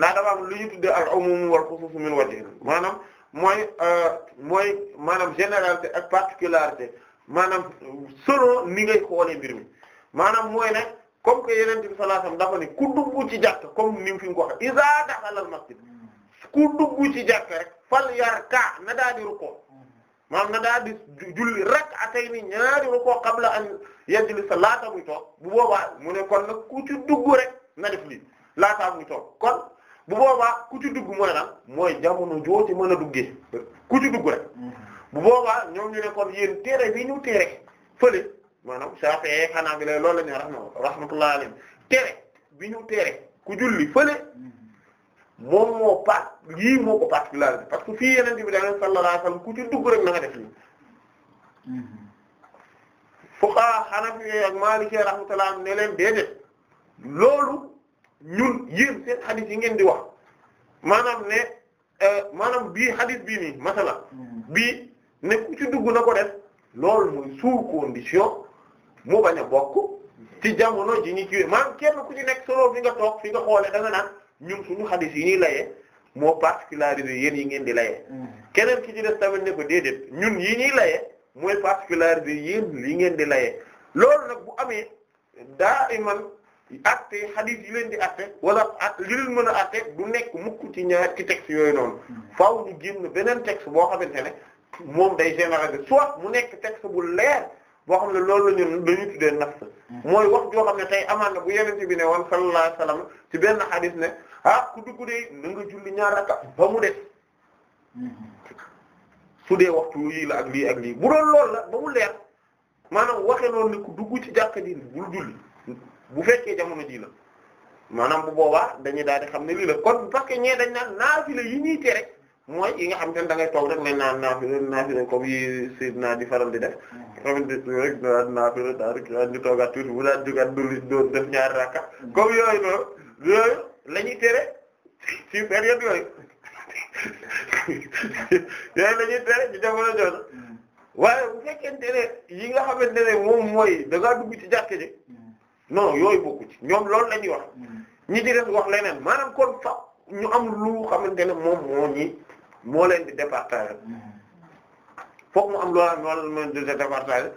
daa dafa am lu ñu tuddee al umum wal xusuus min wajhin maanaam mooy euh, mooy maanaam généralité ak particularité maanaam selon ni ngay xoolee mbir mi maanaam mooy ne comme que yeneen bi sallallahu dafa ne ku dugg ci jàkka comme ni fi nga ko waxee iza daxala al ku duggu ci jàkka rek fal yarka na daa di rukkoo maanaam na daa di julli rek atay ni ñaari rukkoo qabla an yajlisa laata muy toog bu boobaa mu ne kon nag ku ci dugg rek na def lii laata muy toog bu boobaa ku ci duggu mooy lan mooy jamono joo ci mën a duggee ku ci dugg rek mhm. bu boobaa ñoom ñu ne kon yéen téere bi ñu téere fële maanaam Shafi'i xanaa bi lay loolu la bi ñu téere ku julli fële mhm. moom moo pat lii moo ko particularité parce que fii yeneen bi daal sallallahu alayhi wasallam ku ci dugg rek na nga def lii mhm. loolu ñun yéen seen xadis yi ngeen di wax maanaam ne euh, maanaam bii xadis bii nii masala hmm. bii ne ku ci dugg na ko def loolu mooy sous condition mu bañ a bokk ci jamono ji ñu ci maanaam kenn ku ci nekk soo fi nga toog fi nga xoolee da naan ñun suñu xadis yi ñuy layee moo particularisé yéen yi ngeen di layee hmm. keneen ki ci def tamit ne ko déedéet ñun yi ñuy layee mooy particularisé yéen li ngeen di layee loolu nag bu amee daa iman atte xadis yi leen di atte wala at li leen mën a atte du nekk mukk ci ñaar ci texte yooyu noonu hmm. faaw ñu génn beneen texte boo xamante ne moom day généraliser soit mu nekk texte bu leer boo xam ne loolu la ñu dañu tuddee hmm. mooy wax joo xam ne tey amaan na bu yenente bi ne woon sallallahu alayhi wasallam ci benn xadis ne ah ku dugg dee na nga julli ñaar rakka ba mu des hmm. su dee waxtu yii la ak lii ak lii bu doon loolu la ba mu leer maanaam waxe noonu ne ku dugg ci jàkka ji bul julli bu fekkee jamono ji la maanaam bu boobaa dañuy daal di xam ne lii la kon parce que ñee dañ naan naafila yi ñuy tere mooy yi nga xam te ne da ngay toog rek ne naan naafila naafila comme yi Seydina di faral di def xamante hmm. ni rek naafila ñu toogaat tuuti bu daal jógaat duli doon def ñaari rakka hmm. comme yooyu noonu yooyu la ñuy tere ci période yooyu yooyu la ñuy tere ci jamono jooju hmm. waaye bu fekkente ne yi nga xamante ne moom mooy da ngaa dugg ci jàkk no yooyu bokku ci ñoom loolu la ñuy wax hmm. ñi ci des wax leneen maanaam kon fa ñu am lu xamante ne moom moo ñi moo leen di départager hmm. fokk mu am loola lool leen di départager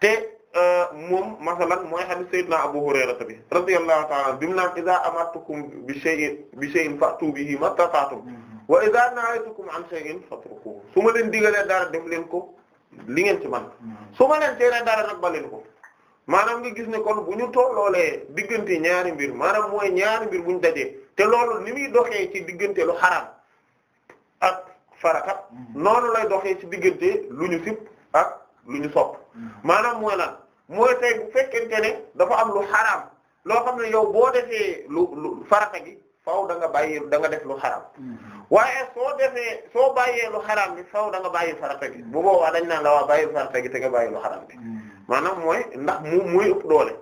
te euh, moom masalan mooy hadith sayyidina Abu Hurayra bi radiyallahu ta'ala bi mu naan idha amartukum bi shay'in bi ma fa'tu bihi mastata'tum hmm. wa idha nahaytukum an shay'in fatrukuhu su ma leen digalee dara def leen ko li ngeen ci man su ma leen tere daa nag ba leen ko maanaam nga gis ne kon bu ñu tolloolee diggante ñaari mbir maanaam mooy ñaari mbir bu ñu dajee te loolu ni muy doxee ci diggante lu xaraam ak farata mm. noonu lay doxee ci diggante lu ñu sib ak lu ñu sopp mm. maanaam mooy lan mooy tey bu fekkente ne dafa am lu xaraam loo xam ne yow boo defee lu lu farata gi faaw da nga bàyyi da nga def lu xaraam mm-hmm. waaye soo defee soo bàyyee lu xaraam bi faaw da nga bàyyi farata gi bu boobaa dañ naan la waa bàyyi farata gi te nga bàyyi lu xaraam bi mm. maanaam mooy ndax moom mooy ëpp doole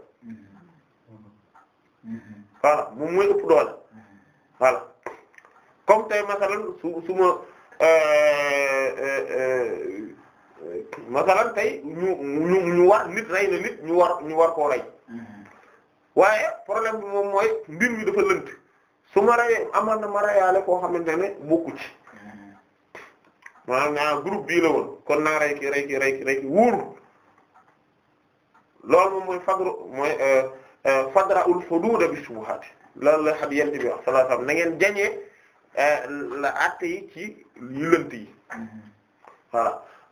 voilà moom mooy ëpp doole voilà comme tey masalan su su ma euh, euh, euh, masalan tey ñu ñu ñu war nit rey na nit ñu war ñu war koo rey waaye problème bi moom mooy mbir mi dafa lënt su ma reyee amoon na ma reyaale koo xamante ne bokku ci maanaam naa groupe bii la woon kon naa rey ki rey ki rey ki loolu moom mooy fagru mooy euh, euh, fadra'ul hududa bi shubuhat loolu la xam yent bi wax sallallahu alayhi na ngeen jañee euh, la atte ci yu lënt yi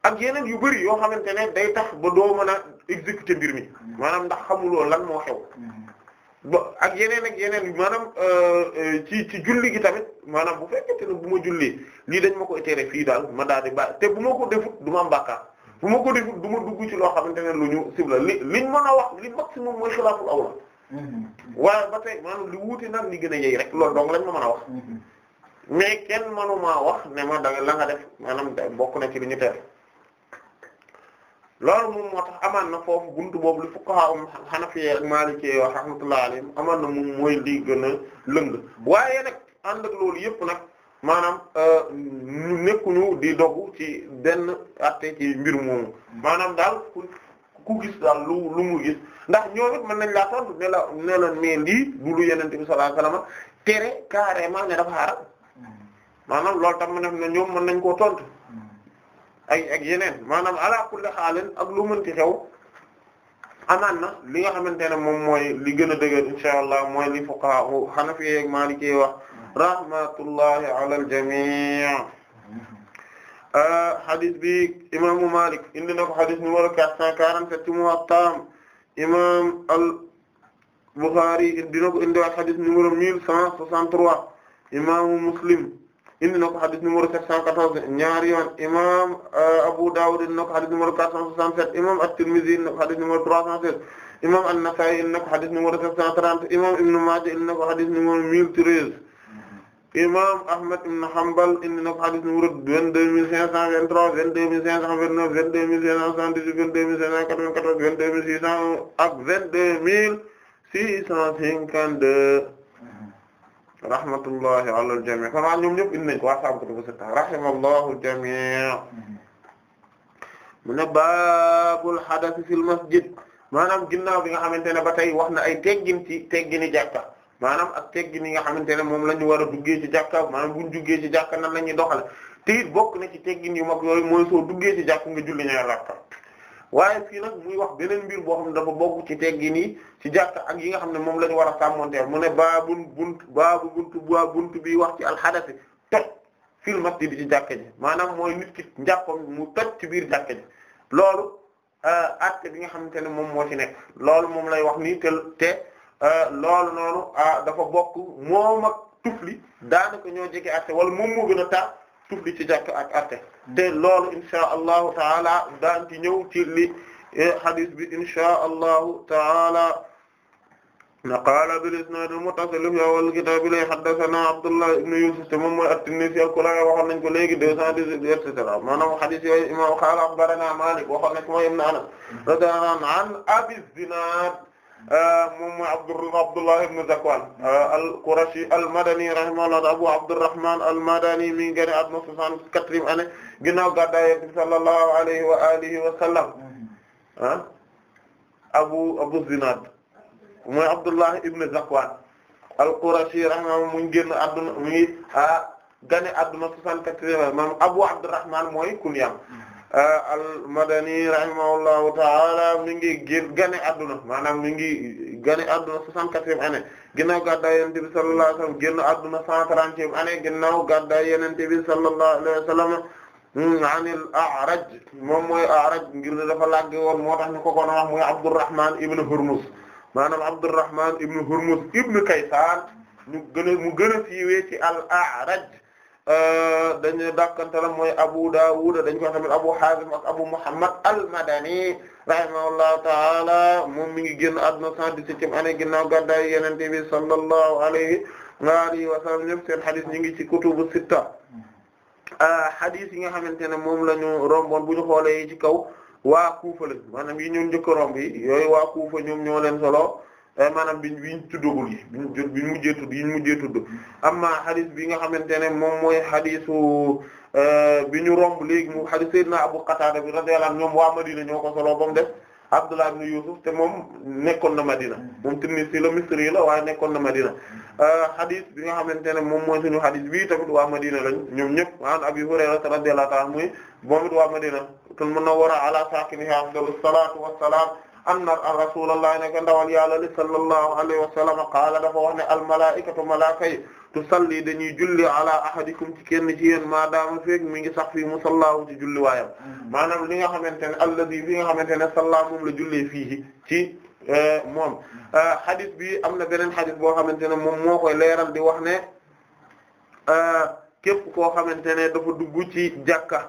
ak yeneen yu bëri yoo xamante ne day tax ba doo mën a mbir mi maanaam ndax xamuloo lan moo xew ba ak yeneen ak yeneen maanaam ci ci julli gi tamit maanaam bu fekkente ne bu ma julli lii dañ ma koy tere fii daal ma daal di ba te bu ma ko defut du ma am bàkkaar bu ma ko deful du ma dugg ci loo xamante ne lu ñu sibla li liñ mën a wax li maximum mooy xilaaful awla mm-hmm. waaye ba tey maanaam li wuute nag li gën a yey rek loolu donc lañ ma mën a wax mm-hmm. mais kenn wax ne ma danga la nga def maanaam bokk na ci li ñu tere loolu moom moo tax amaan na foofu bunt boobu lu li fuqaha um hanafiyya ak wax wa rahmatullahi alayhim amaan na moom mooy li gën a lëng waaye nag ànd loolu yëpp nag maanaam euh, ñu di dogg ci benn atte ci mbir moomu maanaam daal ku gis daal lu lu mu gis ndax ñoom it mën nañ laa tontu ne la ne la mais lii du lu yenente bi sallallahu alayhi wasallam tere carrément ne dafa xaaral maanaam loolu tam ma ne ne ñoom mën nañ koo tontu ay ak yeneen maanaam ala kulli xaalin ak lu mënti xew amaan na li nga xamante ne moom mooy li gën a dëgër insha allah mooy li fuqaha Hanafi ak Maliki wax rahmatullahi ala al-jamii' ah, hadith bi imaamu Malik indi na ko hadith numéro 447 ci Muwatta imaam al-Bukhari indi na ko indi waat hadith numéro 1163 imaamu Muslim indi na ko hadith numéro 714 ñaari yoon imaam ah, Abu Dawud indi na ko hadith numéro 467 imaam at na ko hadith numéro 316 nasai indi na ko hadith numéro 730 imaam Ibn indi na ko hadith numéro imam Ahmad ibn Hanbal indi na ko hadith numéro 22523 22529 22578 22594 22600 ak 22652 rahmatullahi ala al-jami' kon waa ñoom ñëpp indi nañ ko waa saabu kutubu sitta rahimallahu al-jami' mu ne baabul hadath fil masjid maanaam ginnaaw bi nga xamante ne ba tey wax na ay teggin ci teggini jàkka maanaam ak teggi yi nga xamante ne moom la ñu war a duggee ci jàkka maanaam bu ñu duggee ci jàkka nan la ñuy doxale te bokk na ci teggin nii mag yooyu mooy soo duggee ci jàkka nga julli ñaari rakka waaye fii nag muy wax beneen mbir boo xam dafa bokk ci teggin nii ci jàkka ak yi nga xam ne moom la ñu war a sàmmonteel mu ne baabun bunt baabu buntu baa buntu bi wax ci alxadasi toj fil masjid bi ci jàkka maanaam mooy nit ki njàppam mu toj ci biir jàkka loolu acte euh, bi nga xamante ne moom moo ci nekk loolu moom lay wax nii te te Euh, loolu noonu ah, dafa bokk moom ak tufli daanaka ñoo jege àtte wala moom moo gën a tar tufli ci jàkk ak àtte lool loolu insha allahu taala daan ci ñëw ci li eh, hadis bi insha allahu taala qaala bil isnaad al muttasil fi awwal kitaab li haddasanaa Abdullah ibn Yuusuf te moom mooy at-Tinnisi al-Kulayhi waxoon nañ ko léegi deux cent dix-huit et cetera maanaam hadith yooyu imaam qaala axbaranaa Maalik waxoon nañ ko mooy ibn Anas radiyallaahu anhu an Abi Zinaad Euh, moom mooy Abdou Abdullah ibn Zakwan euh, al-Qurashi al-Madani rahimahullah Abu Abdurrahman al-Madani mi ngi génn àdduna 64e année ginnaaw gàddaay Yonent bi sallallahu alayhi wa alihi wa sallam ah Abu Abu Zinad mooy Abdullah ibn Zakwan al-Qurashi rahimahullah mu ngi génn àdduna mi ngi ah, génn àdduna 64e maanaam Abu Abdurrahman mooy kunyam al-Madani rahimahullahu ta'ala mi ngi gane adduna maanaam mi ngi gane adduna 64e année ginnaaw gàddaay Yonent bi sallallahu alayhi wa sallam génn adduna 130e année ginnaaw gàddaay Yonent bi sallallahu alayhi wa sallam hmm, an al-A'raj moom mooy A'raj ngir ne dafa làgge woon moo tax ñu ko koon wax mooy Abdurrahman ibn Hurmuz maanaam Abdurrahman ibn Hurmuz ibn Kaysan ñu gën mu gën a siiwee ci Euh, dañu dàkkantalam mooy Abu Dawud dañ ko tamit Abu Hazim ak Abu Muhammad al-Madani rahimahullahu ta'ala moom mi ngi génn àdduna 117e année ginnaaw gàddaay Yonent bi sallallahu alayhi wa alihi wa sallam ñëpp seen hadith ñi ngi ci kutubu sitta hadith euh, yi nga xamante ne moom lañu ñu romboon bu ñu xoolee ci kaw waa Kufa lañ maanaam yi ñun njëkk romb yi yooyu waa Kufa ñoom ñoo solo Eh, maanaam biñ biñ tuddagul yi biñ biñ mujjee tudd yiñ mujjee tudd amma hadith bi nga xamante ne moom mooy hadithu eh, bi ñu romb léegi mu hadith na Abu Qatada bi radiyallahu anhu ñoom waa Madina ñoo ko ba mu def Abdullah ibn Yusuf moom nekkoon na Madina moom Tinnisi la Misri la waaye nekkoon na Madina eh, hadith bi nga xamante ne moom mooy suñu hadith bii tamit waa Madina lañ ñoom ñëpp an Abi Hurayra radiyallahu ta'ala muy moom it waa Madina kon mën na war a ala saakinihaa salaatu wassalaam anna rasulullah ne ndawal yàlla li sallallahu alayhi wa sallam qaala dafa wax ne al malaa'ikatu malaaka yi tusalli dañuy julli ala ahadikum ci kenn ci yéen maadaama feek mi ngi sax fii musallaahu ci julli waayam maanaam li nga xamante ne alladi bi nga xamante ne salla moom la jullee fii ci euh, moom euh, xadis bi am na beneen xadis boo xamante ne moom moo koy leeral di wax ne euh, képp koo xamante ne dafa dugg ci jàkka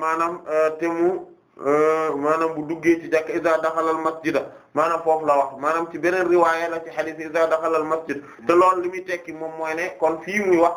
maanaam te mu Euh, maanaam bu duggee ci jàkk iza daxalal masjida maanaam foofu la wax maanaam ci beneen riwaaya la ci hadith iza daxalal masjid te lool li muy tekki moom mooy ne kon fii muy wax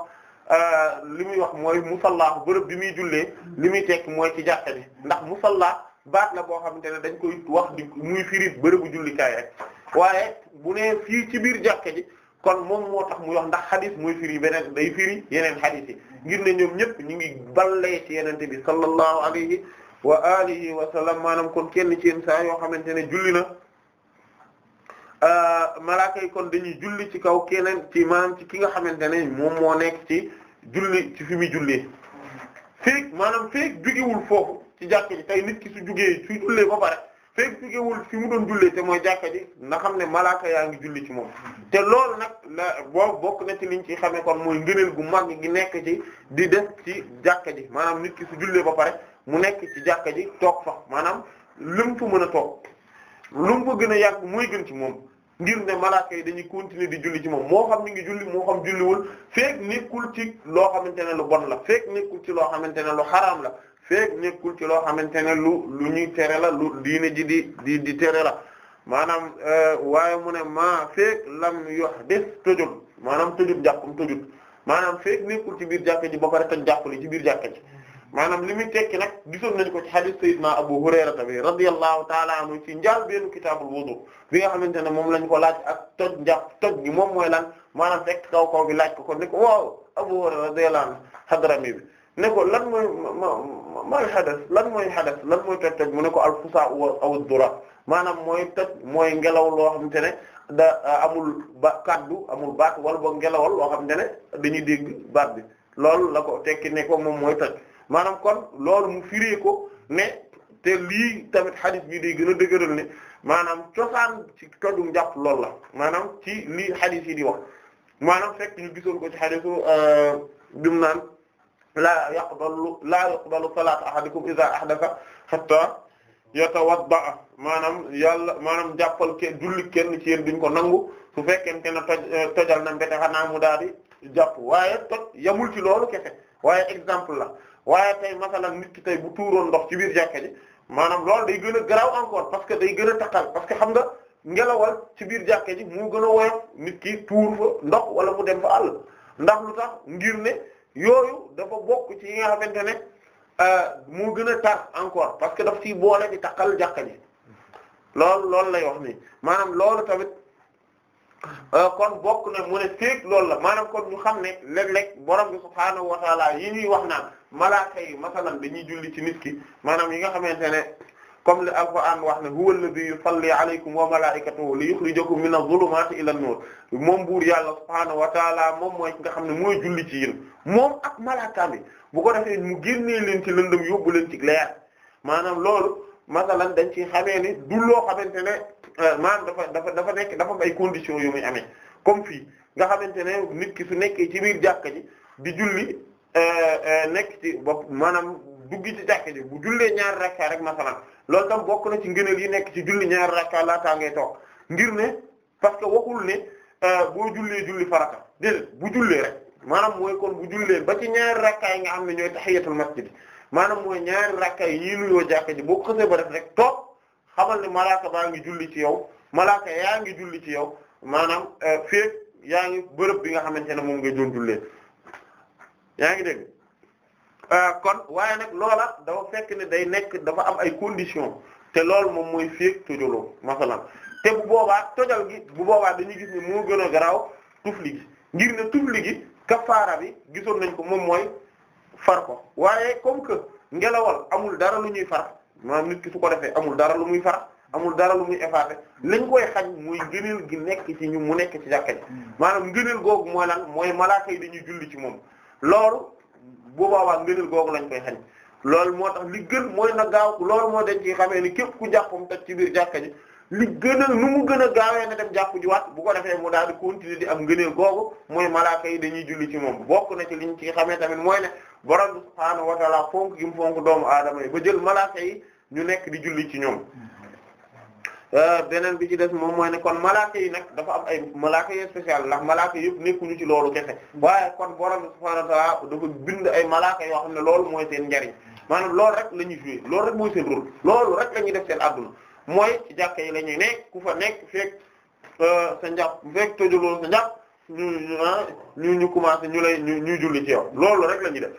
euh, li muy wax mooy musallaahu bërëb bi muy jullee li muy tekki mooy ci jàkk bi ndax mu musallaa baat la boo xamante ne dañ koy wax di muy firi bërëbu jullikaay rek waaye bu nee fii ci biir jàkk ji kon moom moo tax muy wax ndax hadith muy firi beneen day firi yeneen hadith yi ngir ne ñëpp ñu ngi ballee ci yenente bi sallallahu alayhi wa alihi wa sallam maanaam kon kenn ci yéen saa yoo xamante ne julli na euh, malaaka yi kon dañuy julli ci kaw keneen ci maanaam ci ki nga xamante ne moom moo nekk ci julli ci fi muy julli feek maanaam feek jugewul foofu ci jàkka ji tey nit ki su jugee su jullee ba pare feek jugewul fi mu doon jullee te mooy jàkka ji nga xam ne malaaka yaa ngi julli ci moom te loolu nag la boo bokk na ci liñ ci xamee kon mooy ngëneel gu mag gi nekk ci di def ci jàkka ji maanaam nit ki su jullee ba pare mu nekk ci jàkka ji toog fa maanaam lu mu fa mën a toog lu mu fa gën a yàgg mooy gën ci moom ngir ne malaaka yi dañuy continuer di julli ci moom moo xam ni ngi julli moo xam julliwul feek nekkul ci loo xamante ne lu bon la feek nekkul ci loo xamante ne lu xaraam la feek nekkul ci loo xamante ne lu lu ñuy tere la lu diine ji di di di tere la maanaam euh, waaye mu ne maa feek lam yox des tojul maanaam tojul jàppam tojul maanaam feek nekkul ci biir jàkka ji ba pare tañ jàppali ci biir jàkka ji maanaam li muy tekki nag gisoon nañ ko ci hadith sayyidina Abu Hurayra bi radiyallahu ta'ala anhu ci njaal benn kitaabul wudu bi nga xamante ne moom lañ ko laaj ak toj njàpp toj gi moom mooy lan maanaam fekk kaw kaw bi laaj ko kon ne ko waaw Abu Hurayra radiyallahu anhu hadrami bi ne ko lan mooy mal hadas lan mooy hadas lan mooy toj toj mu ne ko al fusa aw dura maanaam mooy toj mooy ngelaw loo xamante ne da amul ba kaddu amul baat wala ba ngelawal loo xamante ne dañuy dégg baat bi loolu la ko tekki ne ko moom mooy toj maanaam kon loolu mu firee ko ne te lii tamit hadith bi day gën a dëgëral ne maanaam cosaan ci todu njàpp loolu la maanaam ci lii hadith yi di wax maanaam fekk ñu gisoon ko ci hadithu euh, bi mu naan laa yaqbalu laa yaqbalu salaata ahadikum idha ahdatha hatta yatawadda maanaam yàlla maanaam jàppal ke julli kenn ci yéen duñ ko nangu su fekkente ne toj euh, tojal na mbete xanaa mu daal di jàpp waaye toj yamul ci loolu kese waaye exemple la waaye tey masalan nit ki tey bu tuuroon ndox ci biir jàkka ji maanaam loolu day gën a garaaw encore parce que day gën a takkal parce que xam nga ngelawal ci biir jàkka ji mu gën a woyof nit ki tuur fa ndox wala mu dem fa àll ndax lu tax ngir ne yooyu dafa bokk ci yi nga xamante ne euh, mu gën a tar encore parce que daf ci boole di takkal jàkka ji loolu loolu lay wax nii maanaam loolu tamit euh, kon bokk na mu ne féeg loolu la maanaam kon ñu xam ne le léeg borom bi subhaanahu yi ñuy wax naan malaaka yi masalan dañuy julli ci nit ki maanaam yi nga xamante ne comme li alquran wax ne huwa alladhi yusalli alaykum wa malaikatuhu li yukhrijakum min adh-dhulumati ila an-nur moom buur yàlla subhaanahu wa taala moom mooy nga xam ne mooy julli ci yéen moom ak malaakaam bi bu ko defee mu génnee leen ci lëndëm yóbbu leen ci leer maanaam loolu masalan dañ ci xamee ni du loo xamante ne euh, maanaam dafa dafa dafa nekk dafa bay ay conditions yu muy amee comme fii nga xamante ne nit ki su nekkee ci biir jàkka ji di julli Euh, euh, nekk ci bopp maanaam dugg ci jàkka ji bu jullee ñaari rakka rek masalan loolu tam bokk na ci ngëneel yi nekk ci julli ñaari rakka laataa ngay toog ngir ne parce que waxul ne euh, boo jullee julli farata déedéet bu jullee rek maanaam mooy kon bu jullee ba ci ñaari rakka yi nga xam ne ñooy tahiyatul masjid maanaam mooy ñaari rakka yi nuyoo jàkka ji boo ko xasee ba def rek toog xamal ne malaaka baa ngi julli ci yow malaaka yaa ngi julli ci yow maanaam feek yaa ngi bërëb bi nga xamante ne moom ngay doon jullee yaa ngi dégg euh, kon waaye nag loola dafa fekk ne day nekk dafa am ay conditions te loolu moom mooy féeg tojoloo masalan te bu boobaa tojal gi bu boobaa dañuy gis ne moo gën a garaaw tufli gi ngir ne tufli gi kafaara bi gisoon nañ ko moom mooy far ko waaye comme que ngelawal amul dara lu ñuy far maanaam nit ki su ko defee amul dara lu muy far amul dara lu muy effacé lañ koy xañ muy ngëneel gi nekk ci ñu mu nekk ci jàkka hmm. maanaam ngëneel googu mooy mooy malaaka yi dañuy julli ci moom loolu bu boobaa ngëneel googu lañ koy xañ loolu moo tax li gën mooy na gaaw loolu moo dañ ci xamee ni képp ku jàppam teg ci biir jàkka ji li gën nu mu gën a gaawee na dem jàpp ji waat bu ko defee mu daal di continuer di am ngëneel googu mooy malaaka yi dañuy julli ci moom bokk na ci liñ ci xamee tamit mooy ne borom subhaanahu wa ta'ala fonk gi mu fonk doomu aadama yi ba jël malaaka yi ñu nekk di julli ci ñoom Euh, beneen bi ci des moom mooy ne kon malaaka yi nag dafa am ay malaaka yi spécial ndax malaaka yëpp ñu ci loolu kese waaye kon borom subhaanahu wa ta'aala dafa bind ay malaaka yoo xam ne loolu mooy seen njariñ maanaam loolu rek la ñuy jouer loolu rek mooy seen rôle loolu rek la ñuy def seen adduna mooy ci yi la ñuy nekk ku fa nekk fekk euh, sa njàpp fekk tojuloo sa njàpp ñu ah, ñu ñu commencé ñu lay ñu ñuy julli ci yow loolu rek la def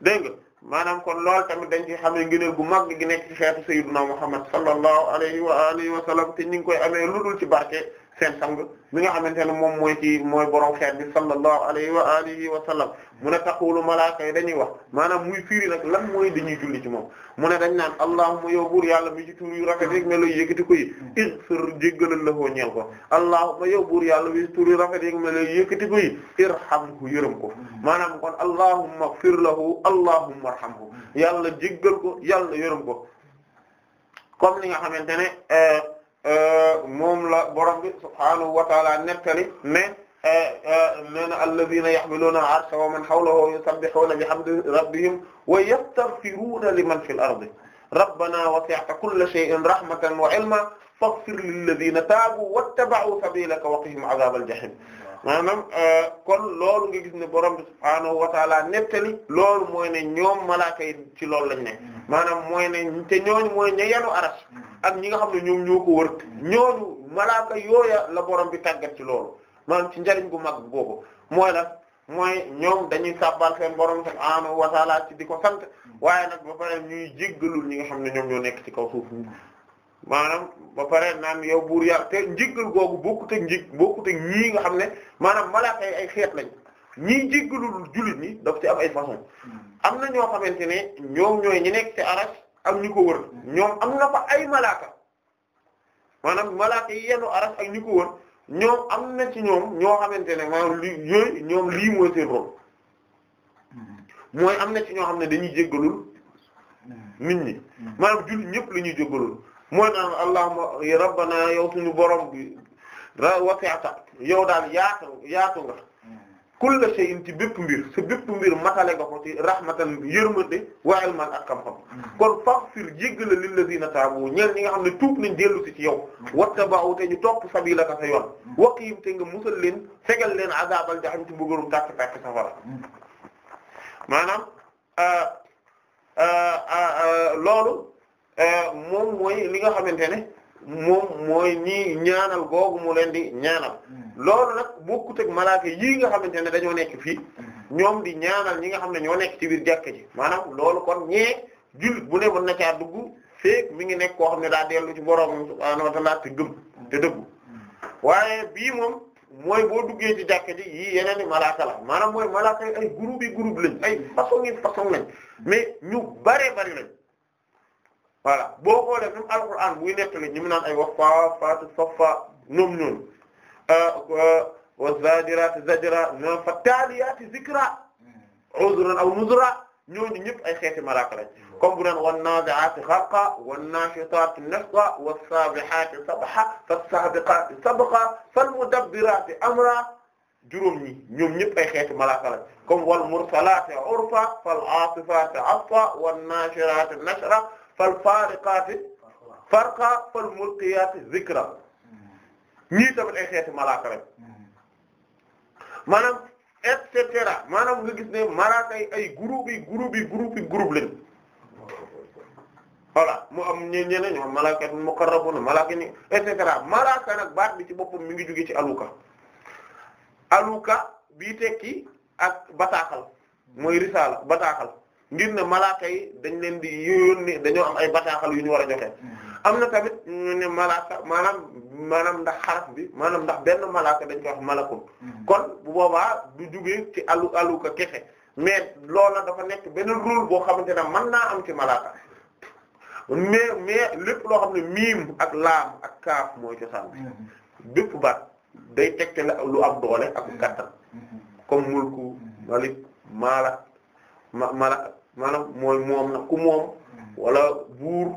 dégg nga maanaam kon loolu tamit dañ ci xamee ngëneel gu mag gi nekk ci xeetu sayyiduna Muhammad sallallahu alayhi wa alihi wa sallam te ñu ngi koy amee lu dul ci barke seen sang mi nga xamante ne moom mooy ci mooy borom xeet bi sallallahu alayhi wa alihi wa sallam mu ne taqulu malaaka yi dañuy wax maanaam muy firi nag lan mooy dañuy julli ci moom mu ne dañ naan allahumma yow buur yàlla mi ci tur yu rafet yeeg melo yu ko yi igfir jéggalal la koo ñeel ko allahumma yow buur yàlla mi ci tur yu rafet yeeg melo yu yëkkati ko yi ko yërëm ko maanaam kon allahumma ighfir lahu allahumma arhamhu yàlla jéggal ko yàlla yërëm ko comme li nga xamante ne euh, Euh, moom la borom bi subhaanahu wa taala nettali ne euh, euh, nee na alladhina yahmiluna arsha wa man hawlahu yusabbihuna bihamdi rabbihim wa yastaghfiruna liman fil ardi rabbana wasi'ta kulla shay'in rahmatan wa ilman faghfir lilladhina taabu wattaba'u sabilaka wa qihim 'adhabal jahim maanaam euh, kon loolu nga gis ne borom bi subhaanahu wa nettali loolu mooy ne ñoom malaaka yi ci loolu lañ ne maanaam mooy ne te ñooñu mooy ña yanu aras ak ñi nga xam ne ñoom ñoo ko wër ñooñu malaaka yooya la borom bi tàggat ci loolu maanaam ci njariñ gu mag boobu mooy la mooy ñoom dañuy sabbal seen borom subhaanahu wa ci di ko sant waaye nag ba pare ñuy jéggalul ñi nga xam ne ñoom ñoo nekk ci kaw suuf maanaam ba pare naan yow buur yàlla te njéggal googu bokkut ak njég ñii nga xam ne maanaam malaaka yi ay xeet lañ ñii jéggalul jullit ñi daf ci am ay façon hmm. am na ñoo xamante ne ñoom ñooy ñi nekk ci aras ak ñi ko wër hmm. am na fa ay malaaka maanaam malaaka yi yenu ak ñi ko wër ñoom na ci ñoom ñoo xamante ne maanaam li ñoom lii mooy seen hmm. mooy am na ci ñoo xam ne dañuy jéggalul nit ñi maanaam jullit ñëpp la ñuy jéggalul mooy naan allahumma rabbana yow suñu borom bi wasi'ta yow daal yaatu yaatu nga kulla shay'in ci bépp mbir sa bépp mbir matale nga ko ci rahmatan yërmande wa ilman ak xam-xam kon faghfir jéggal lillazina taabu ñeen ñi nga xam ne tuub nañ dellu si ci yow wattaba'u te ñu topp sabilaka sa yoon waqihim te nga musal leen fegal leen azabal jahim ci mbugarum tàkk tàkk safara maanaam euh, euh, euh, loolu Euh, moom mooy li nga xamante ne moom mooy ñii ñaanal googu mu leen di ñaanal hmm. loolu nag bokkut ak malaaka yii nga xamante ne dañoo nekk fii hmm. ñoom di ñaanal ñi nga xam ne ñoo nekk ci biir jàkka ji maanaam loolu kon ñee jullit bu ne mën na caa dugg feek mi ngi nekk koo xam ne daa dellu ci borom subhaanahu wa ta'aala te gëm te dëggu hmm. waaye bii moom mooy boo duggee ci jàkka ji yii yeneen i malaaka la maanaam mooy malaaka yi ay groupe yi groupe lañ ay façon yi façon lañ mais ñu bare bari lañ voilà boo xoolee même alquran buy nettali ñu mu naan ay wax fa faatu saffa ñoom ñoon euh, euh, wa zaajiraati zajra ñoom fa taaliyaati zikra uzran aw nuzra ñooñu ñëpp ay xeeti malaaka lañ comme bu naan wan naazi'aati gharqa wan naashitaati nashta was-saabihaati sabha fas-saabiqaati sabqa fal-mudabbiraati amra juróom ñi ñoom ñëpp ay xeeti malaaka lañ comme wal mursalaati urfa fal-aasifaati asfa wan naashiraati nashra fal faariqaati farqa fal mulqiyaati zikra ñii tamit ay xeeti malaaka rek maanaam et cetera maanaam nga gis ne malaaka yi ay groupe yi groupe yi groupe yi groupe lañ voilà mu am ñe ñeneen ñoom malaaka muqarrabuna malaaka ni et cetera malaaka nag baat bi ci boppam mi ngi jóge ci aluka aluka bii tekki ak bataaxal mooy risaala bataaxal ngir ne malaaka yi dañ leen di dañoo am ay bataaxal yu ñu war a joxe hmm. am na tamit ñu ne malaaka maanaam maanaam ndax xaraf bi maanaam ndax benn malaaka dañ koy wax malakun hmm. kon bu boobaa du jugee ci alu alu ka kexe mais loola dafa nekk benn rôle boo xamante ne man naa am ci malaaka mais mais lépp loo xam ne miim ak laam ak kaaf mooy cosaan bi hmm. bépp baat day tegte la lu am doole ak kattan comme mulku malik maala ma mala maanaam mooy moom na ku moom wala buur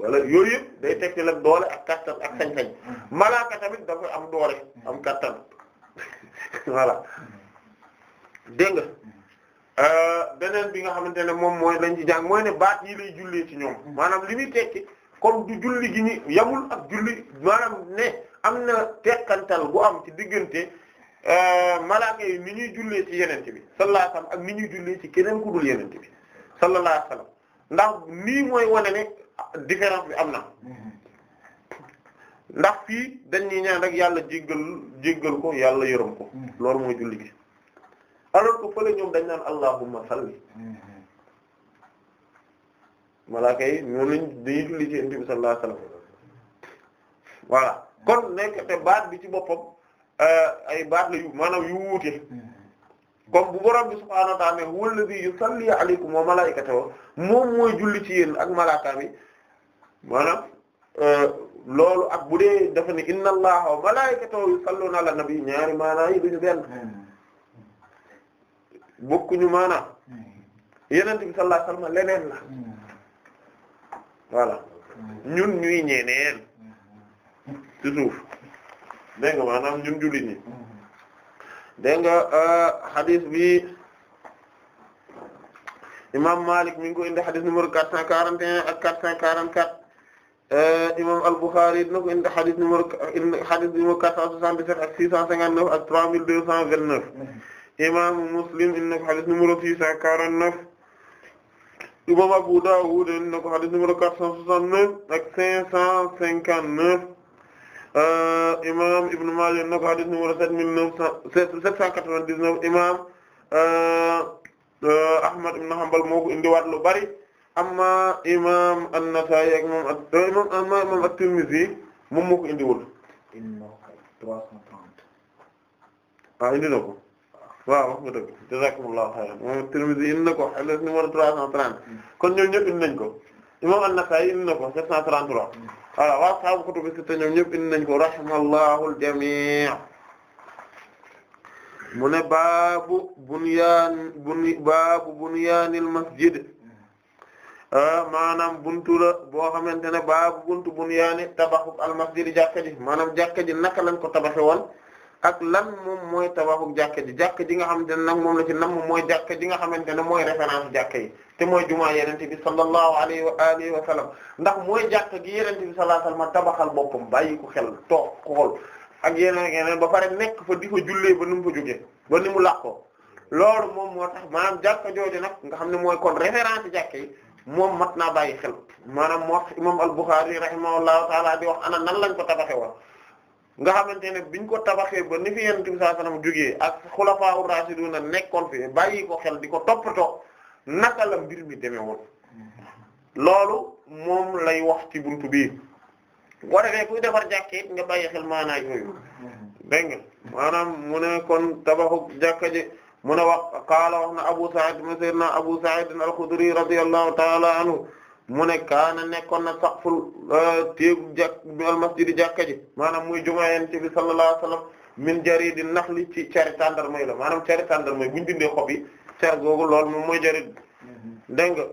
wala yooyu yëpp day tegtal ak doole ak kattan ak sañ-sañ malaaka tamit dafa am doole am kattan voilà dégg nga euh, beneen bi nga xamante ne moom mooy lañ ci jàng mooy ne baat yi lay jullee ci ñoom maanaam li muy tekki comme du julli gi ñu yamul ak julli maanaam ne am na tekkantal bu am ci diggante Euh, malaaka yi ni ñuy jullee ci yenente bi sallallahu alayhi ak ni ñuy jullee ci keneen ku dul yenente bi sallallahu alayhi ndax nii mooy wane ne différence bi am na ndax fii dañuy ñaan rek yàlla jéggal jéggal ko yàlla yërëm ko loolu mooy julli gi alors que fële ñoom dañ naan allahumma salli malaaka yi ñoo lañ dañuy julli ci yenente bi sallallahu alayhi wasallam kon nekk te baat bi ci boppam Euh, ay baax la yu maanaam yu wuute mm-hmm. comme bu borom bi subhaanahu wa ta'aala ne huwa alladhi yusalli alaykum wa malaa'ikatuhu moom mooy julli ci ak malaaka bi maanaam euh, loolu ak bu dee dafa ne inna allaha wa malaa'ikatahu yusalluuna ala nabi ñaari maanaa yi duñu benn mm-hmm. bokkuñu maanaa mm-hmm. yonent bi sallallahu alayhi wa sallam leneen la voilà ñun ñuy ñeneen ci suuf dégg nga maanaam ñun jullit mm-hmm. nga euh, hadith bi imam Malik mi ngi ko indi hadith numéro 441 ak 444 euh, imam al-Bukhari dina ko indi hadith numéro hadith numéro 477 ak 659 ak 3229 mm-hmm. imam Muslim indi ko hadith numéro 649 imam Abu Dawud indi ko hadith numéro 469 ak 559 Euh, imam Ibn Maaja na ko hadith numéro sept mille neuf cent sept cent quatre-vingt-dix-neuf imam euh, euh, Ahmad ibn Hanbal moo ko indiwaat lu bari amma imam An-Nasaa'i ak moom ak imam amma imam At-Tirmidhi moom moo ko indiwul ah indi na ko waaw wax nga dëgg jazakumullahu khayran moom At-Tirmidhi indi na ko hadith numéro trois cent trente hmm. kon ñoo ñëpp indi nañ ko imam an-Nasa'i indi na ko 733 voilà wa ashaabu kutubi sitta ñoom ñëpp indi nañ ko rahimallahu al-jami' mu ne baabu bunyaan bun baabu bunyaanil masjid ah, maanaam buntu la boo xamante ne baabu buntu bunyaani tabaxu al-masjid jàkka ji maanaam jàkka ji naka lañ ko tabaxe woon ak lan moom mooy tabaxu jàkka ji jàkka ji nga xamante ne nag moom la ci nam mooy jàkka ji nga xamante ne mooy référence jàkka yi te mooy jumaa yenente bi sallallahu alayhi wa alihi wa sallam ndax mooy jàkka gi yenente bi sallallahu alayhi wa sallam tabaxal boppam bàyyi ko xel toog xool ak yeneen yeneen ba pare nekk fa di fa jullee ba nu mu fa jógee ba ni mu làqoo loolu moom moo tax maanaam jàkka jooju nag nga xam ne mooy kon référence jàkka yi moom mat naa bàyyi xel maanaam moo tax imam al-Bukhari rahimahullahu ta'ala di wax ana nan lañ ko tabaxe woon nga xamante ne biñ ko tabaxee ba ni fi yonent bi sallallahu alayhi wasallam jógee ak xulafaa na nekkoon fi bàyyi ko xel di ko toppatoo naka la mbir mi demee woon loolu moom lay wax ci buntu bii boo defee kuy defar jàkkee nga bàyyi xel maanaam yooyu dégg nga maanaam mu ne kon tabaxu jàkka ji mu ne wax qaala wax na Abu Sa'id ma sayyidina Abu Sa'id al-Khudri radiyallahu ta'ala anhu mu ne kaana nekkoon na saqful euh, téegu jàkk al masjidi jàkka ji maanaam muy jumaayeen ci bi sallallahu alayhi wasallam min jaridi naxli ci cari tàndar mooy la maanaam cari tàndar mooy buñu dindee xob yi car googu loolu moom mooy jarid mm-hmm. dégg nga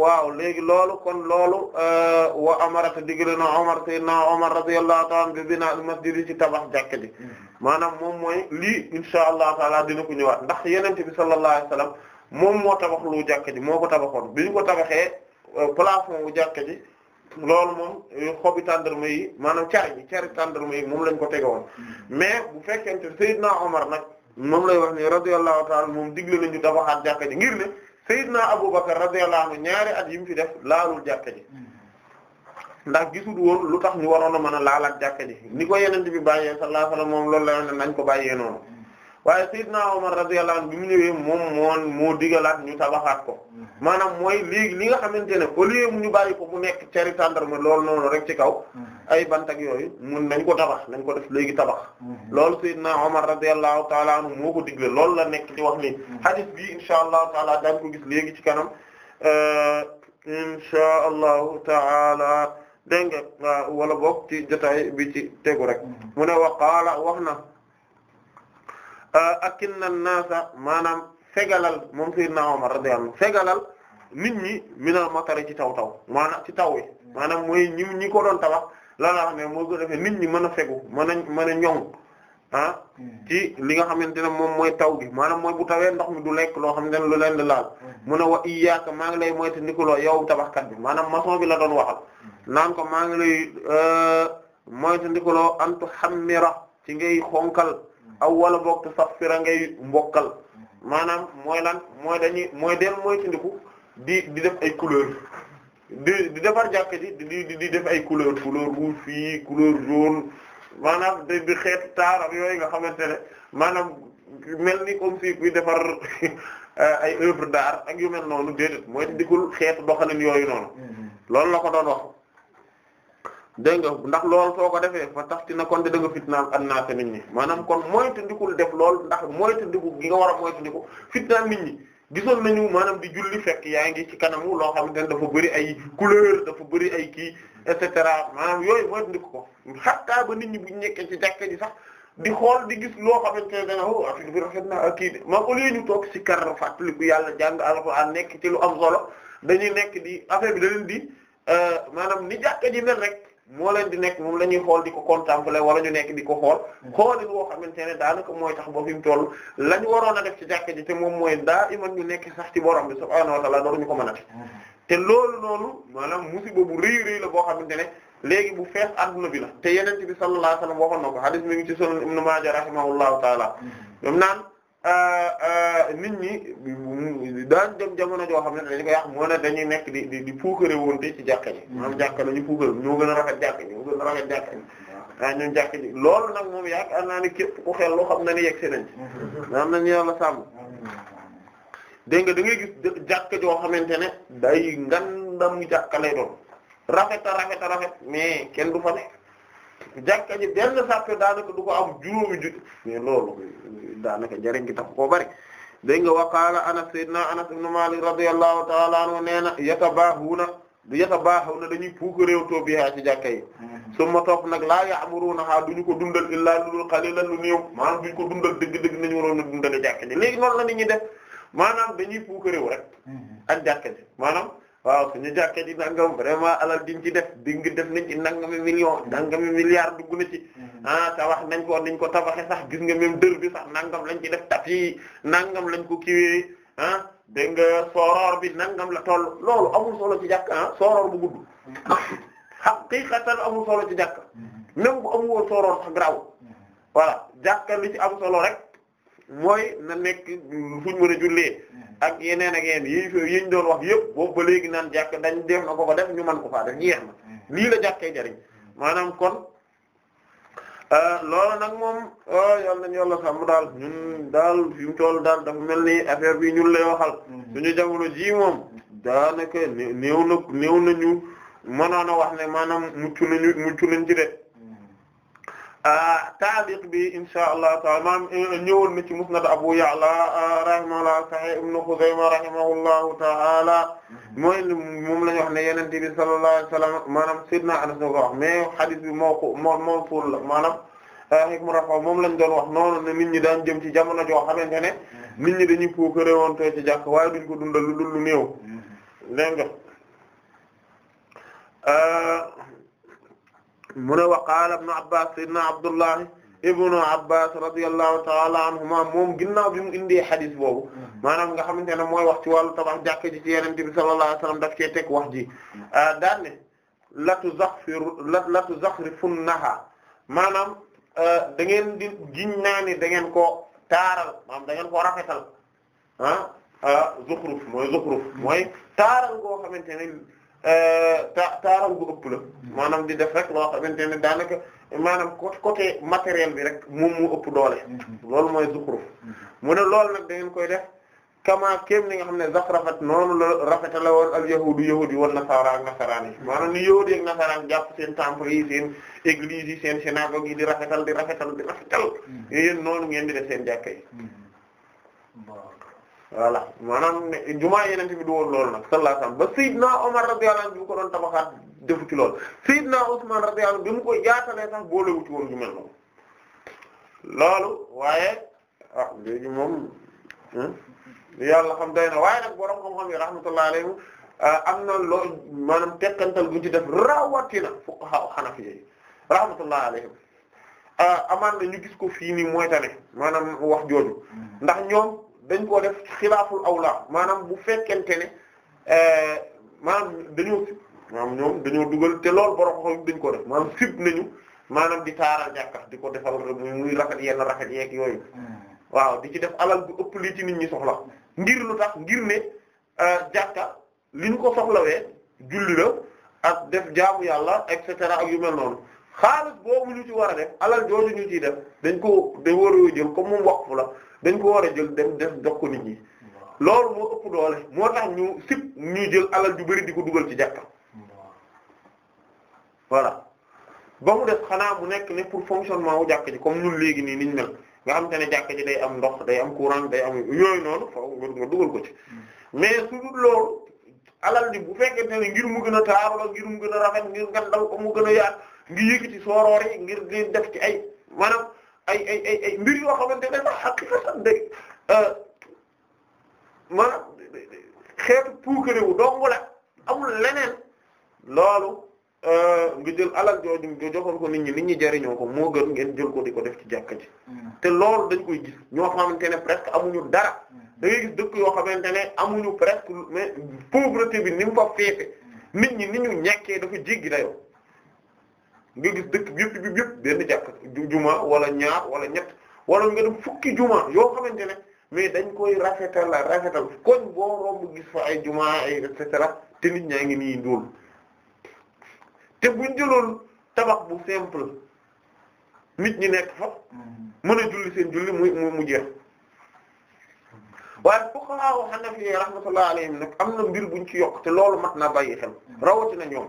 waaw léegi loolu kon loolu euh, wa amarata digle na Omar sayyidna Omar radiyallahu ta'ala bi bina al masjidi ci tabax jàkka ji mm-hmm. maanaam moom mooy lii insha allah taala dina ku ñëwaat ndax yenente bi sallallahu alayhi wasallam moom moo tabax lu jàkka ji moo ko tabaxoon bi ñu ko Euh, plafond wu jàkka ji loolu moom euh, xobi tàndarma yi maanaam car bi cari tàndarma yi moom lañ ko tege woon mm-hmm. mais bu fekkente Seydina Omar nag moom lay wax ni radiyallahu ta'ala moom digle nañu tabaxaat jàkka ji ngir ne Seydina Abubakar radiyallahu anhu ñaari at yi mu fi def laalul jàkka ji mm-hmm. ndax gisul woon lu tax ñu waroon a mën a laalaat jàkka ji ni ko yeneen bi bàyyee sallallahu alayhi wasallam moom loolu la wax ne nañ ko bàyyee noonu waaye Seydina Omar radiyallahu anhu bi mu ñëwee moom moon moo digalaat ñu tabaxaat ko maanaam mooy léegi li nga xamante ne au lieu mu ñu bàyyi ko mu nekk ceri tàndarma loolu noonu rek ci kaw mm-hmm. ay bant yooyu mun nañ ko tabax nañ ko def léegi tabax mm-hmm. loolu Seydina Omar radiyallahu taala anhu moo ko digle loolu la nekk ci wax ni mm-hmm. hadith bi insha allahu taala daañ ko gis léegi ci kanam euh, insha allahu taala dégg nga wala bok ci jotaay bi ci tegu rek mu ne wa qaala wax na Euh, akinna naasa maanaam fegalal moom sayyidna Umar radiyallahu anhu fegalal nit ñi minal matari ci taw taw maanaam ci taw yi maanaam mooy ñi ñi ko doon tabax loolu la xam ne moo ko nit ñi mën a fegu mën a mën a ñoŋ ah, ci li nga xamante ne moom mooy taw gi maanaam mooy bu tawee ndox mi du lekk loo xam ne lu leen di laal mu ne wa iyyaaka maa ngi lay moyta nikuloo yow tabaxkat bi maanaam maçon bi la doon waxal naan ko maa ngi lay euh, moyta nikuloo antu xammira ci ngay xonkal aw wala mbokk te sax fira mbokkal mm-hmm. maanaam mooy lan mooy dañuy mooy del mooy tindiku di di def ay couleur di di defar jàkka ji di di di def ay couleur couleur rouge fii couleur jaune maanaam di di xeetu taaram nga xamante ne maanaam mel ni comme si kuy defar euh, ay œuvre daar ak yu mel noonu déedéet mooy tindikul xeetu doxalin yoyu noonu mm-hmm. loolu la ko doon wax dégg nga ndax loolu soo ko defee fa tax ti na kon da nga fitnaal annaasa nit ñi maanaam kon moytandikul def lool ndax moytandiku gi nga war a moytandiku fitnaal nit ñi gisoon ñu maanaam di julli fekk yaa ngi ci kanamu loo xamante ne dafa bëri ay couleur dafa bëri ay kii et cetera maanaam yooyu moytandiku ko xattaa ba nit ñi bu ñu nekkee ci jàkka sax di xool di gis loo xamante ne dana oh affaire bi rafet na kii de ma au lieu ñu toog ci kar ku yàlla jàng alxuraan nekk ci lu am solo dañuy nekk di affaire bi da leen di euh, maanaam ni ji mel rek. moo leen di nekk moom la ñuy xool di ko contempler wala ñu nekk di ko xool mm. xoolin woo xamante ne daanaka mooy tax ba fi mu toll la ñu waroon a def ci jàkka ji te moom mooy daa iman ñu nekk sax ci borom bi subhaanahu wa ta'ala dooru ñu ko mën a mm. te loolu noonu maanaam musiba bu rëy rëy la boo xamante ne léegi bu fees adduna bi la te yeneen bi sallallahu alayhi wa sallam waxoon na ko hadith mi ngi ci sunan ibn Maaja rahimahullahu ta'ala mm. ñoom naan Euh, euh, nit ñi daan dem jamono joo xam ne dañu ko yax moo ne dañuy nekk di di di puukare wonte ci jàkka ji hmm. maanaam jàkka la ñu puukare ñoo gën a rafet jàkka ji ñoo gën a rafet jàkka ji hmm. ah ñun moom yaakaar naa ne képp ku xel loo xam ne ni yegg si nañ hmm. am nañu yàlla sàmm dégg nga da ngay gis jàkka joo xamante ne day ngandam jàkka lay doon rafet a rafet a rafet mais kenn du fa jàkka ji benn sàppe daanaka du ko am juróomi jut mais loolu daanaka jariñ gi tax koo bari dégg nga wa qaala anas sayyidina anas ibn malik radiyallahu ta'ala anhu nee na yatabaahuuna du yatabaahuuna dañuy puukaréew too bihaa ci jàkka yi mm-hmm. summa topp nag laa ya'muruunahaa duñu ko dundal illaa lu qaliilan lu néew maanaam duñu ko dundal dëgg-dëgg nañu waroon a dundal jàkka ji léegi noonu la nit de def maanaam dañuy puukaréew rek mm-hmm. ak jàkka ji maanaam waaw suñu jàkkee ci nangam vraiment alal diñ ci def di ngi def nañ ci nangami million mi milliard dugg na ci mm-hmm. ah tabax nañ ko niñ ko tabaxee sax gis nga même dër bi sax nangam lañ ci def tapis nangam lañ ko kiiwee ah dégg nga sooroor bi nangam la toll loolu amul solo ci jàkk ah sooroor bu gudd mm-hmm. haqiqatan amul solo ci jàkk mm-hmm. même bu amul woon sooroor sax graw voilà jàkka li ci am solo rek mooy na nekk fuñ mën a jullee mm-hmm. ak yeneen ak yeneen yi yiñ doon wax yëpp boobu ba léegi naan jàkk dañ def na ko ko def ñu mën ko faa def jeex na mm-hmm. lii la jàkkee jariñ mm-hmm. maanaam kon euh, loolu nag moom euh, yal nañu yàlla sàmm daal ñun daal fi mu toll daal dafa mel ni affaire bi ñun lay waxal suñu jamono ji moom daanaka néew na néew nañu mënoon a wax ne maanaam mucc nañu mucc nañ ci de Euh, taaliq bi insha allah taala maam euh, na ci musnad Abu Ya'la euh, rahimahullah Sahih ibn Khuzaymah rahimahullahu taala mhm. mooy moom la ñu wax ne yeneen bi sallallahu alayhi wa sallam maanaam Seydina Anas na ko wax mais bi moo ko moo moo suul maanaam hikma rafa moom lañ doon wax noonu ne nit ñi daan jëm ci jamono joo xamante ne mhm. nit ñi dañuy puukare woon too ci jàkk waaye duñ ko dundal lu dul lu néew mhm. mu ne wa qaala ibnu abbas sayyidina abdullahi ibnu abbas radiyallahu ta'ala anhuma moom ginnaaw bi mu indee xadis boobu maanaam nga xamante ne mooy wax ci wàllu tabax jàkka ji ci yonent bi sallallahu alayhi wasallam daf cee teg wax ji euh, daan ne latu zaxfir latu zaxrifunnaha maanaam euh, da ngeen di giñ naa ni da ngeen koo taaral maanaam da ngeen koo rafetal ah euh, zuxruf mooy zuxruf mooy taaral goo xamante ne Euh, ta taaram gu ëpp la maanaam di def rek loo xamante ne daanaka maanaam côté matériel bi rek moom mu ëpp doole mm-hmm. loolu mooy zuxruf mm-hmm. mu ne lool nag da koy def kama kéem ni nga xam ne rafet noonu la rafetale woon al yahudu yahud yi woon nasara ak nasaraan yi maanaam ni yahudi ak nasaraan jàpp seen temple yi seen église yi seen synagogue yi di rafetal di rafetal di rafetal mm-hmm. yéen noonu ngeen di def seen jàkka yi voilà maanaam ne jumaa yeneen bi du woon loolu nag sallallahu alayhi ba Seydina Omar radiyallahu anhu bi ko doon tabaxaat defu ci loolu Seydina Usman radiyallahu anhu bi mu ko yaatalee sax boolewu ci woon ju loolu waaye ah moom hmm, yàlla xam doy na waaye nag borom xam-xam rahmatullahi alayhim ah, na loo maanaam tekkantal bu ci def rawatina fuqaha Hanafi ah, amaan na ñu ko fii nii mooy tane wax jooju hmm. ndax ñoom. dañ koo def xilaaful awla maanaam bu fekkente ne euh, maanaam dañoo sib maanaam ñoom dañoo dugal te loolu borom xam dañ ko def maanaam sib nañu maanaam di taaral jàkka di ko defal muy rafet yenn rafet yeeg yooyu hmm. waaw di ci def alal bu ëpp lii ci nit ñi soxla ngir lu tax ngir ne euh, jàkka li ñu ko soxlawee julli la ak def jaamu yàlla et cetera ak yu mel noonu xaalis boobu ñu ci war a def alal jooju ñu ciy def dañ ko da war a jël mu moom waqfu la dañ ko war a jël dem def jox ko nit ñi loolu moo ëpp doole moo tax ñu sib jël alal ju bari di ko dugal ci jàkka voilà ba mu xanaa mu nekk ne pour fonctionnement wu jàkk ji comme ñun léegi nii niñ mel nga xam te ne jàkk ji day am ndox day am courant day am yooyu noonu faaw nga dugal ko ci hmm. mais su dul loolu alal ji bu fekkee ne ngir mu gën a taaru la ngir mu gën a rafet ko mu gën a yaat ngi yëkkati sooroor yi ngir ngir def ci ay maanaam ay ay ay ay mbir yoo xamante ne sax xaqiqatan day euh, maanaam xeetu puukare wu dong la amul leneen loolu euh, nga jël alal jooju nga joxoon ko nit ñi nit ñi jariñoo ko moo gën ngeen jël ko di ko def ci jàkka ji hmm. te loolu dañ koy gis ñoo xamante ne presque amuñu dara hmm. da ngay gis dëkk yoo xamante ne amuñu presque pour pauvreté bi ni mu fa hmm. nit ñi ni ñu ñàkkee dafa jéggi dayoo nga gis dëkk bi bi yëpp benn jàkk juma wala ñaar wala ñett wala nga dem fukki juma yoo xamante ne mais dañ koy rafetal la rafetal koñ boo romb gis fa ay juma ay et cetera te nit ñaa ngi nii ndóol te buñ jëloon tabax bu simple nit ñi nekk fa mën a julli seen julli mu mu mu jeex waaye fuqaha Hanafi rahmatullah alayhim nag am na mbir buñ ci yokk te loolu mat na bàyyi xel na ñoom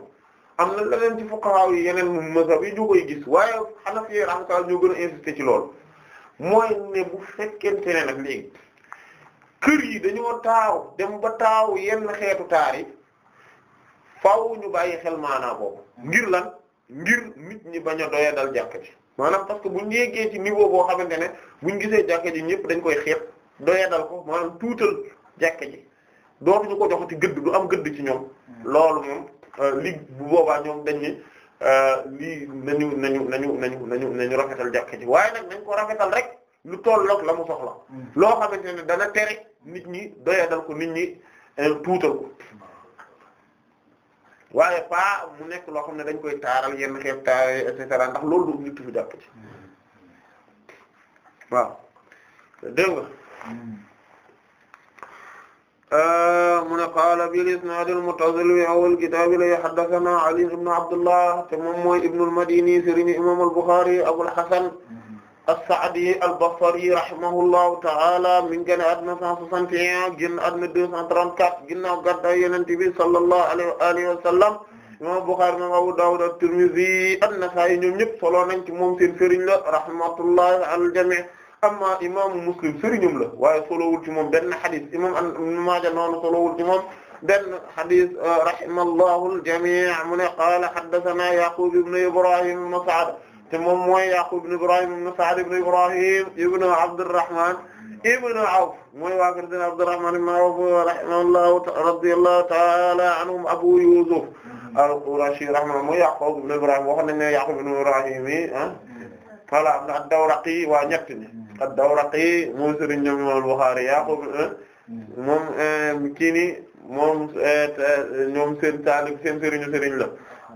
am na leneen ci fuqaha yi yeneen moom mazhab yi ñu koy gis waaye Hanafi rahmatullah ñoo gën a insister ci loolu mooy ne bu fekkente ne nag léegi kër yi dañoo taaw dem ba taaw yenn xeetu taar yi faaw ñu bàyyi xel maanaa boobu ngir la ngir nit ñi bañ a doya dal jàkka ji maanaam parce que buñ yeggee ci niveau boo xamante ne buñ gisee jàkka ji ñëpp dañ koy xeeb doya dal ko maanaam tuutal jàkka ji dootuñu ko ci gëdd du am gëdd ci ñoom hmm. loolu moom Euh, li bu boobaa ñoom dañ ne euh, lii nañu nañu nañu nañu nañu nañu rafetal jàkk ji waaye nag dañ ko rafetal rek lu toll la mu soxla mm. loo xamante ne dana tere nit ñi doyadal ko nit ñi euh, tuutal ko waaye mu nekk loo xam ne dañ koy taaral yenn xeet taar et cetera ndax loolu du nit fi jàkk mm. waaw dégg mu ne qaala bil isnaad al muttasil fi awwal kitaab li haddathanaa Ali ibn Abdullah te moom mooy ibn al Madini sëriñ imaam al Bukhari Abul Hasan as-Sa'di al Basri rahimahullahu ta'ala mi ngi génn àdduna 161 génn àdduna 234 ginnaaw gàddaay Yonent bi sallallahu alayhi wa alihi wa sallam imaam Bukhari imaam Abu Dawud at-Tirmidhi an-Nasaa'i ñoom ñëpp solo nañ ci moom seen sëriñ la rahmatullahi ala al-jamii' amma imaamu muslim sëriñum la waaye solowul ci moom benn xadis imam Ibn Maaja noonu solowul ci moom benn xadis rahimallahu al-jamii' mu ne qaala haddathana Yaqub ibn Ibrahim ibn Sa'd te moom mooy Yaqub ibn Ibrahim ibn Sa'd ibn Ibrahim ibn Abdurrahman ibn Awf mooy waa kër dina Abdurrahman ibn Awf rahimahullahu radiyallahu ta'ala anhum Abu Yusuf al-Qurashi rahimahullah mooy Yaqub ibn Ibrahim waxoon nañu ne Yaqub ibn Ibrahim ah voilà am na ad-Dawraqi waa ñett ñi ad-Dawraqi moom sëriñ ñoom imam al-Bukhari Yaqub eh? hmm. moom eh, kii ni moom eh, ñoom seen taalib seen sëriñu sëriñ la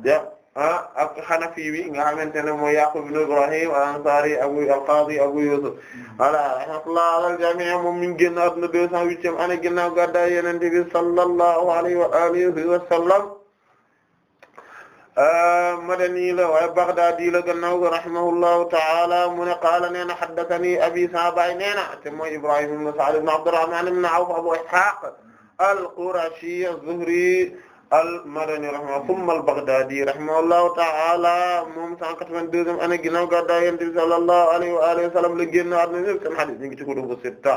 ya ah ak Hanafi bi nga xamante ne mooy Yaqub ibn Ibrahim al-Ansari Abu al-Qadi Abu Yusuf voilà rahmatullah alal jami' moom mi ngi génn àdduna deux cent huitième année ginnaaw gàddaay Yonent bi sallallahu alayhi wa alihi wa sallam Euh, madani la waaye baghdadi la gannaaw ga rahimahullahu ta'ala mu ne qaala nee na haddathani abi sabay nee na te mooy ibrahim ibn sa'd ibn abdurrahman ibn awf abu ishaq al-qurashi az-zuhri al-Madani rahimahullah thumma al-Baghdadi rahimahullahu ta'ala moom 182e année ginnaaw gàddaay Yonent bi sallallahu alayhi wa alihi wa sallam la génn àdduna ñëpp seen hadith ñu ngi ci kutubu sitta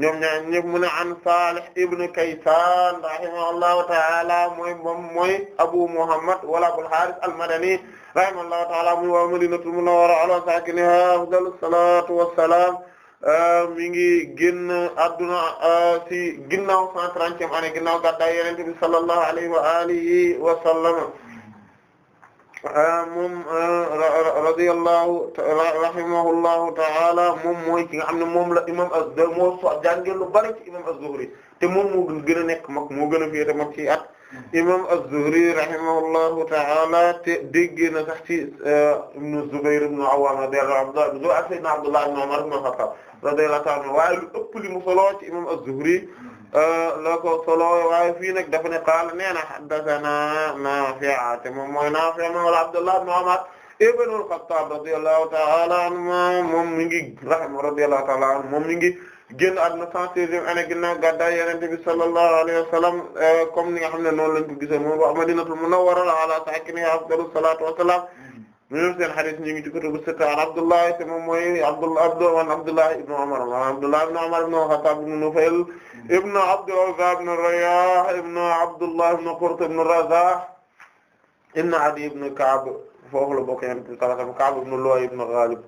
ñoom ñaar ñëpp mu ne an Salih ibn Kaysan rahimahullahu ta'ala mooy moom mooy Abu Muhammad wala Abul Harith al-Madani rahimahullahu ta'ala muy waa Madinatul Munawwara ala sakiniha afdalu salatu wassalam Euh, mi ngi génn adduna euh, ci ginnaaw cent trentième année ginnaaw gàddaay Yonent bi sallallahu alayhi wa alihi wa sallam euh, moom radiyallahu rahimahullahu ta'ala moom mooy ki nga xam ne moom la imam az moo so jàngee lu bari ci imam az-Zuhri te moom moo gën gën a nekk mag moo gën a féete mag ci at imam az-Zuhri rahimahullahu ta'ala te déggee na sax ci ibn Zubayr ibn Awwam radiyallahu anhu Abdullah ibn Umar ibn Khattab radiyallahu ta'ala anhu waaye lu ëpp mu solo ci imam az-Zuhri euh, la ko solo waaye fii nag dafa ne qaala nee na haddathana Naafi' te moom mooy Naafi' moom wala Abdullah ibn Umar ibn al-Khattab radiyallahu ta'ala anhu moom mi ngi rahma radiyallahu ta'ala anhu moom mi ngi génn àdduna 116e année ginnaaw gàddaay Yonent bi sallallahu alayhi wa euh, comme ni nga xam ne noonu lañ ko gisee moom ba Madinatul Munawwara ala saakinihaa afdalu salaatu wa salaam ñoom seen hadith ñu ngi ci kutubu sitta an Abdullah te moom mooy Abdullah Abdullah Abdullah ibn Umar Abdullah ibn Umar ibn Khattab ibn Nufayl ibn Abd al-Uzza ibn Riyah ibn Abdullah ibn Qurt ibn Razah ibn Adi ibn Ka'b foofu la bokk yéen tamit Ka'b ibn Lu'ay ibn Ghalib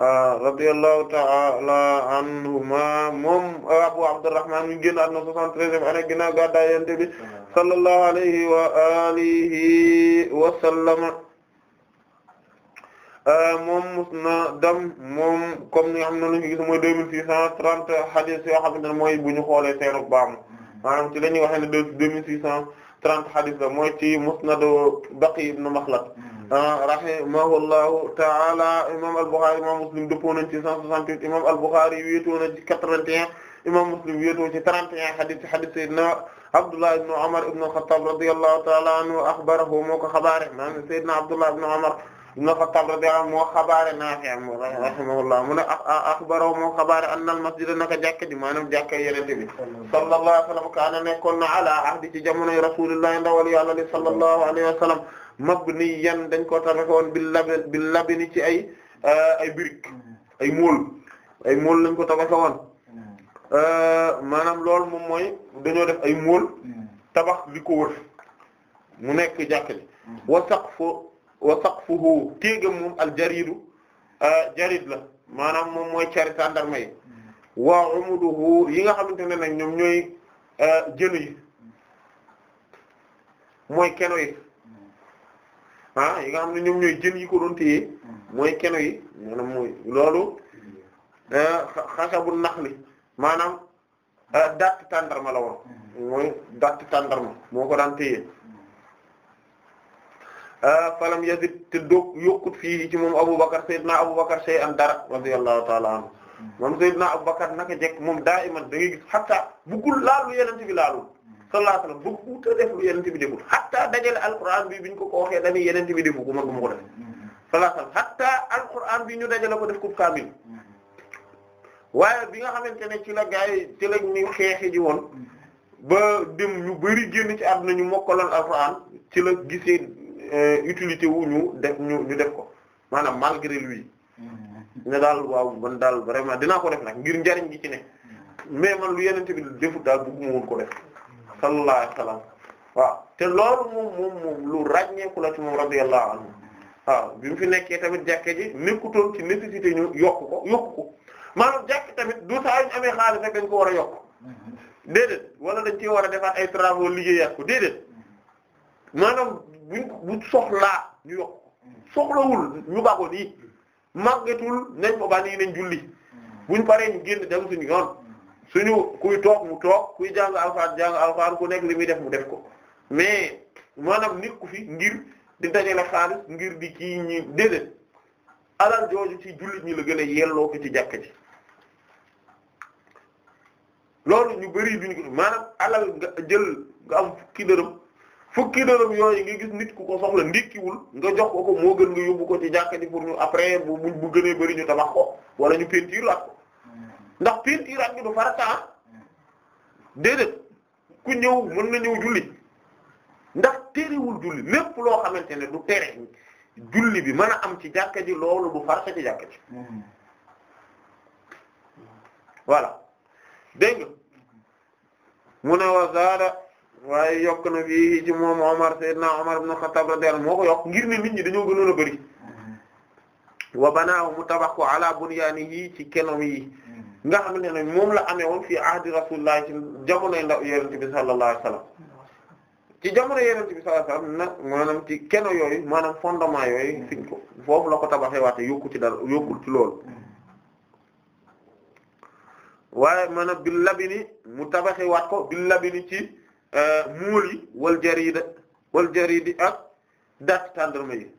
ah, radiyallahu ta'ala anhuma moom Abu Abdurrahman mi ngi génn àdduna 73e année ginnaaw gàddaay Yonent bi sallallahu alayhi wa alihi wa sallam Euh, moom musnadam moom comme ni nga xam ne noonu la gis mooy deux mille six cent trente hadith yoo xamante ne mooy bu ñu xoolee seenu baamu maanaam ci la ñuy waxee ne deux mille six cent trente hadith la mooy ci musnadu Baqi ibn Makhlad hmm. euh, rahimahullahu ta'ala imam al-Bukhari imam Muslim dëppoo nañ ci cent soixante-huit imam al-Bukhari wéetoo na ci quatre-vingt-un imam Muslim wéetoo ci trente et un hadith hadith sayyidina Abdullah ibn Umar ibn al-Khattab radiyallahu ta'ala anhu akhbarahu moo ko xabaare maanaam sayyidina Abdullah ibn Umar ibn Xattaab radiyallahu anhu moo xabaare Naafi' rahimahullah mu ne axbaro moo xabaare anna al-masjida naka jàkka ji maanaam jàkka di bi sallallahu alayhi wa sallam kaana nekkoon na ala ahdi ci jamonoy Rasuulillahi ndawal Yàlla li sallallahu alayhi wa ni mabniyan dañ ko tabax woon bil labin bil labin ci ay eh, ay briques ay mool ay mool lañ ko tabax woon lool eh, loolu moom mooy dañoo def ay mool hmm. tabax bi ko mu nekk jàkka ji hmm. wa saqfu wa saqfuhu téegam moom aljaridu jarid la maanaam moom mooy cari tàndarma yi wa umuduhu yi nga xamante ne nag ñoom ñooy jën yi mooy keno yi ah yi nga xam ne ñoom ñooy jën yi ko doon téye mooy keno yi maanaam loolu xasabu naxli maanaam datt tàndarma la woon mooy datt tàndarma moo ko daan téye Ah, falam yazid te do yokkut fii ci moom Aboubacar Seydina Aboubacar shay'an dara radiyallahu ta'ala anhu moom Seydina Aboubacar naka jekk moom daa'iman da ngay gis hatta bëggul laalu yonent bi laalu sallallahu alayhi wasallam bëggu te def lu yonent bi deful biñ ko ko waxee dañuy yonent bi defu ko man du ma ko def sallallahu alayhi bi ñu dajale ko def ko kaamil waaye bi nga xamante ne ci la gars ci la ñu xeexi ji woon ba dem ñu bari génn ci àdduna ñu mokkaloon alquran ci la gisee. Euh, utilité wu ñu def ñu ñu def ko maanaam malgré lui mm-hmm. ne daal waaw man daal vraiment dinaa ko def nag ngir njariñ gi ci ne mm-hmm. mais man lu yenente bi defut daal bëgguma woon ko def sallallahu alayhi wasallam waaw te loolu moom moom moom lu ràññeeku la ci moom radiyallahu anhu waaw bi mu fi nekkee tamit jàkke ji nekkutoon ci nécessité ñu yokk ko yokk ko maanaam jàkk tamit du saa ñu amee xaalis rek dañ ko war a yokk mm-hmm. déedéet wala dañ ci war a defaat ay travaux liggéey yàq ko déedéet maanaam buñ bu soxlaa ñu yokk soxlawul ñu baaxoon nii màggetul nañ ko bàyyi nañ julli buñ paree ñu génn dem suñu yoon suñu kuy toog mu toog kuy jàng alxuraan jàng alxuraan ku nekk li muy def mu def ko mais maanaam nit ku fi ngir di dajale xaalis ngir di kii ñi déedéet alal jooju ci jullit ñi la gën a yelloo ko ci jàkka loolu ñu bëri duñ ko maanaam alal jël nga am fukki dërëm fukki dërëm yooyu nga gis nit ku ko soxla ndikkiwul nga jox ko ko moo gën nga yóbbu ko ci jàkka ji pour ñu après bu bu bu gënee bari ñu tabax ko wala ñu peinture at ko ndax peinture at gi du farata ah déedéet ku ñëw mën na ñëw julli ndax terewul julli lépp loo xamante ne du tere julli bi mën a am ci jàkka ji loolu du farata ci jàkka ji mm-hmm. voilà dégg nga mu waaye yokk na fii ci moom Omar Seydina Omar ibn Khattab radiyallahu moo ko yokk ngir ne nit ñi dañoo gënoon a bëri mm-hmm. wa banaa mu tabax ko ala bunyaanihi ci kenom yi mm-hmm. nga xam ne moom la amee woon fii ahdi rasulullah ci jamonoy ndaw yonent bi sallallahu alayhi wasallam ci jamono yonent bi sallallahu alayhi wasallam yooyu maanaam fondement yooyu mm-hmm. fiñ ko foofu la ko tabaxee waate yokku ci dara yokkul ci loolu waaye maanaam bil labini mu tabaxee waat ko bil labini ci Euh, muul yi wal jarida wal jaridi ak dat tàndarma yi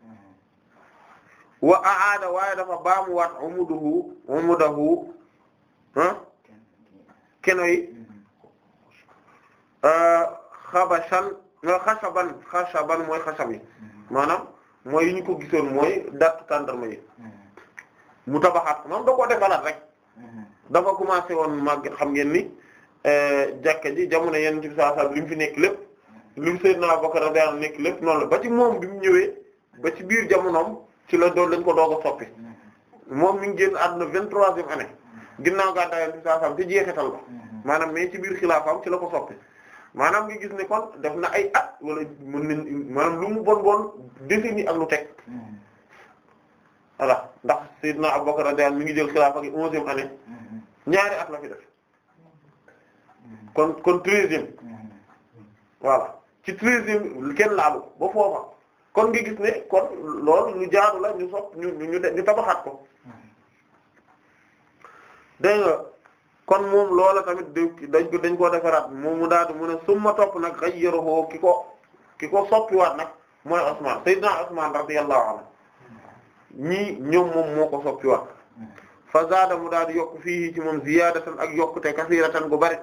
wa aada waaye dafa baamuwaat umuduhu umudahu ah keno yi mm-hmm. euh, xabasan xasaban xasaban mooy xasab mm-hmm. maanaam mooy yi ñu ko gisoon mooy dat tàndarma yi mm-hmm. mu tabaxaat moom da koo defalaat rek dafa commencé woon màgg xam ngeen ni Eh, jàkka ji jamono yenn ci saa saa li fi nekk lépp li mu Seydina Abubakar radiyallahu anhu nekk lépp noonu la ba ci moom bi mu ñëwee ba ci biir jamonoom ci la doon lañ ko doog a soppi moom mi ngi génn àdduna vingt ginnaaw gàddaay saa saa te jeexital ba mais ci biir xilaafam ci la ko soppi maanaam nga gis ne kon def na ay at wala mën nañ maanaam lu mu bon bon décennie ak lu teg voilà ndax Seydina Abubakar radiyallahu anhu mi ngi jël xilaafa gi onzième année ñaari at la fi def. kon kon treizième mm-hmm. voilà ci treizième kenn laalu ba foofa kon nga gis ni kon loolu lu jaadu la ñu sopp ñu ñu ñu tabaxaat ko mm-hmm. dégg nga kon moom loola tamit dañ ko dañ koo defaraat moom mu daal di mu ne summa topp nag xayyarahu ki ko ki ko soppiwaat nag mooy Usman sayyidina Usman radiyallahu anhu mm-hmm. ñii ñoom moom moo ko soppiwaat fa zaada mu daal di yokk fii ci moom ziyaadatan ak yokkute tan gu bari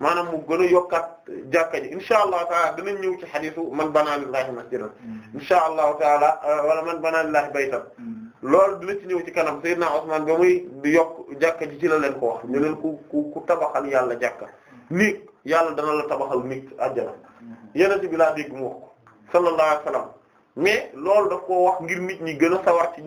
maanaam mu gën a yokkaat jàkka ji insha allahu taala dinañ ñëw ci xadisu man banaa lillahi masjidan mm. insha allah taala euh, wala man banaa lillahi baytan mm. lool dina ci ñëw ci kanam sayyidna Usman ba muy di yokk jàkka ji ci la leen ko wax ñu leen ku ku ku tabaxal yàlla jàkka néeg yàlla dana la tabaxal néeg àjjana mm. yenente bi laa dégg mu wax ko sallallahu alayhi wax ngir nit ñi gën a sawar ci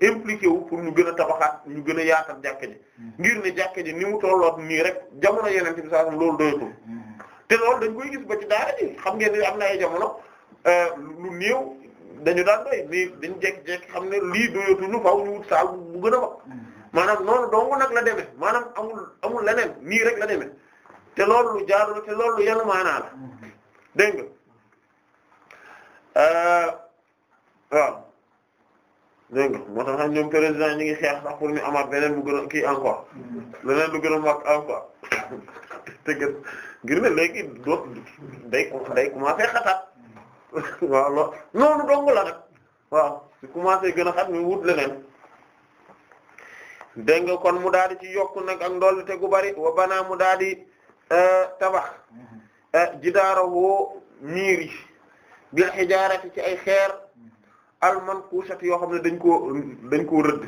impliqué wu pour ñu gën a tabaxaat ñu gën a yaatal jàkka ji mm-hmm. ngir ne jàkka ji ni mu tolloot nii rek jamono yeneen ci saa loolu doyatul mm-hmm. te loolu dañ koy gis ba ci daara ji xam ngeen am na ay jamono euh, lu néew dañu daan doy mais dañ jekk-jekk xam ne lii doyatuñu faaw ñu wut saal bu gën a wax mm-hmm. maanaam noonu dong nag la demee maanaam amul amul leneen nii rek la demee te loolu lu jaadu te loolu lu yenu maanaa la dégg nga euh, waaw dégg nga moo tax ñu ngi xeex sax pour ñu bu gën a kii encore lu gën a mag encore te gën ngir ne noonu dong la nag waaw su commencé gën a xat ñu wut leneen dégg nga kon mu daal di ci yokk nag am ndoll te gu bari wa banaa mu daal euh, tabax mm-hmm. euh, jidaara woo miir yi bil xijaarati ci ay xeer almankuushat yoo xam ne dañ koo dañ koo rëdd